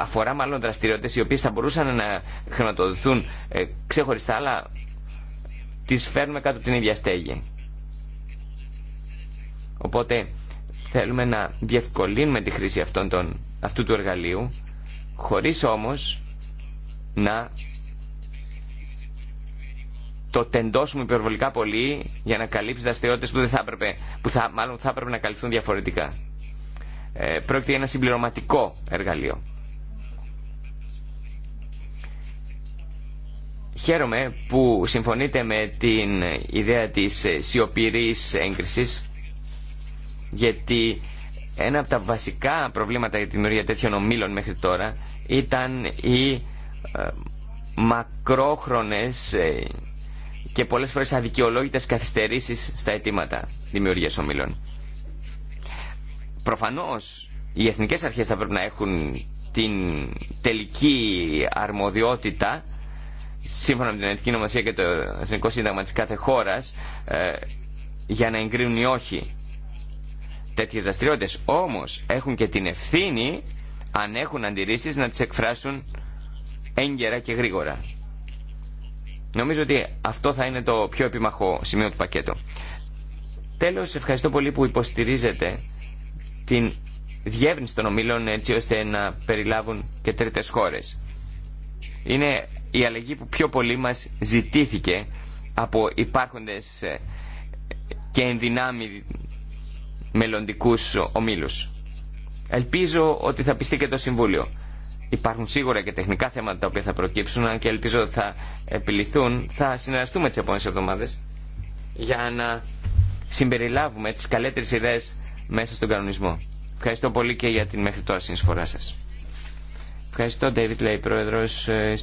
αφορά μάλλον δραστηριότητε, οι οποίες θα μπορούσαν να χρηματοδοτηθούν ε, ξεχωριστά αλλά τις φέρνουμε κάτω από την ίδια στέγη. Οπότε θέλουμε να διευκολύνουμε τη χρήση αυτών των, αυτού του εργαλείου χωρίς όμως να το τεντώσουμε υπερβολικά πολύ για να καλύψει δραστηριότητε που, θα που θα, μάλλον θα έπρεπε να καλυφθούν διαφορετικά. Ε, πρόκειται για ένα συμπληρωματικό εργαλείο. Χαίρομαι που συμφωνείτε με την ιδέα της σιωπηρής έγκρισης γιατί ένα από τα βασικά προβλήματα για τη δημιουργία τέτοιων ομήλων μέχρι τώρα ήταν οι ε, μακρόχρονες ε, και πολλές φορές αδικαιολόγητες καθυστερήσεις στα αιτήματα δημιουργίας ομίλων. Προφανώς οι εθνικές αρχές θα πρέπει να έχουν την τελική αρμοδιότητα σύμφωνα με την εθνική Νομοσία και το Εθνικό Σύνταγμα της κάθε χώρας ε, για να εγκρίνουν ή όχι τέτοιες δραστηριότητε. Όμως έχουν και την ευθύνη αν έχουν αντιρρήσεις να τις εκφράσουν έγκαιρα και γρήγορα. Νομίζω ότι αυτό θα είναι το πιο επιμαχό σημείο του πακέτου. Τέλος, ευχαριστώ πολύ που υποστηρίζετε την διεύρυνση των ομίλων έτσι ώστε να περιλάβουν και τρίτες χώρες. Είναι η αλλαγή που πιο πολύ μας ζητήθηκε από υπάρχοντες ε, και ενδυνάμει μελλοντικούς ομίλους. Ελπίζω ότι θα πιστεί και το Συμβούλιο. Υπάρχουν σίγουρα και τεχνικά θέματα τα οποία θα προκύψουν, και ελπίζω ότι θα επιληθούν. Θα συνεργαστούμε τις επόμενες εβδομάδες για να συμπεριλάβουμε τις καλύτερες ιδέες μέσα στον κανονισμό. Ευχαριστώ πολύ και για την μέχρι τώρα συνεισφορά σας. Ευχαριστώ, David, λέει πρόεδρος. Ε,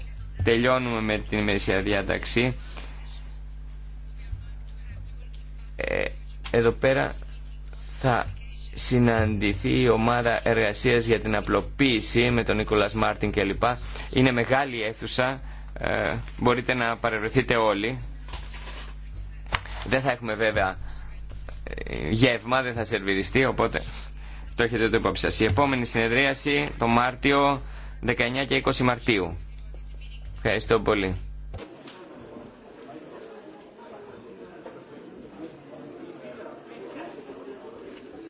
τελειώνουμε με την ημερησία διάταξη. Ε, εδώ πέρα θα συναντηθεί η ομάδα εργασίας για την απλοποίηση με τον Νίκολας Μάρτιν κλπ. Είναι μεγάλη αίθουσα, ε, μπορείτε να παρευρεθείτε όλοι. Δεν θα έχουμε βέβαια γεύμα, δεν θα σερβιριστεί, οπότε το έχετε το υπόψη σας. Η επόμενη συνεδρίαση το Μάρτιο 19 και 20 Μαρτίου. Ευχαριστώ πολύ.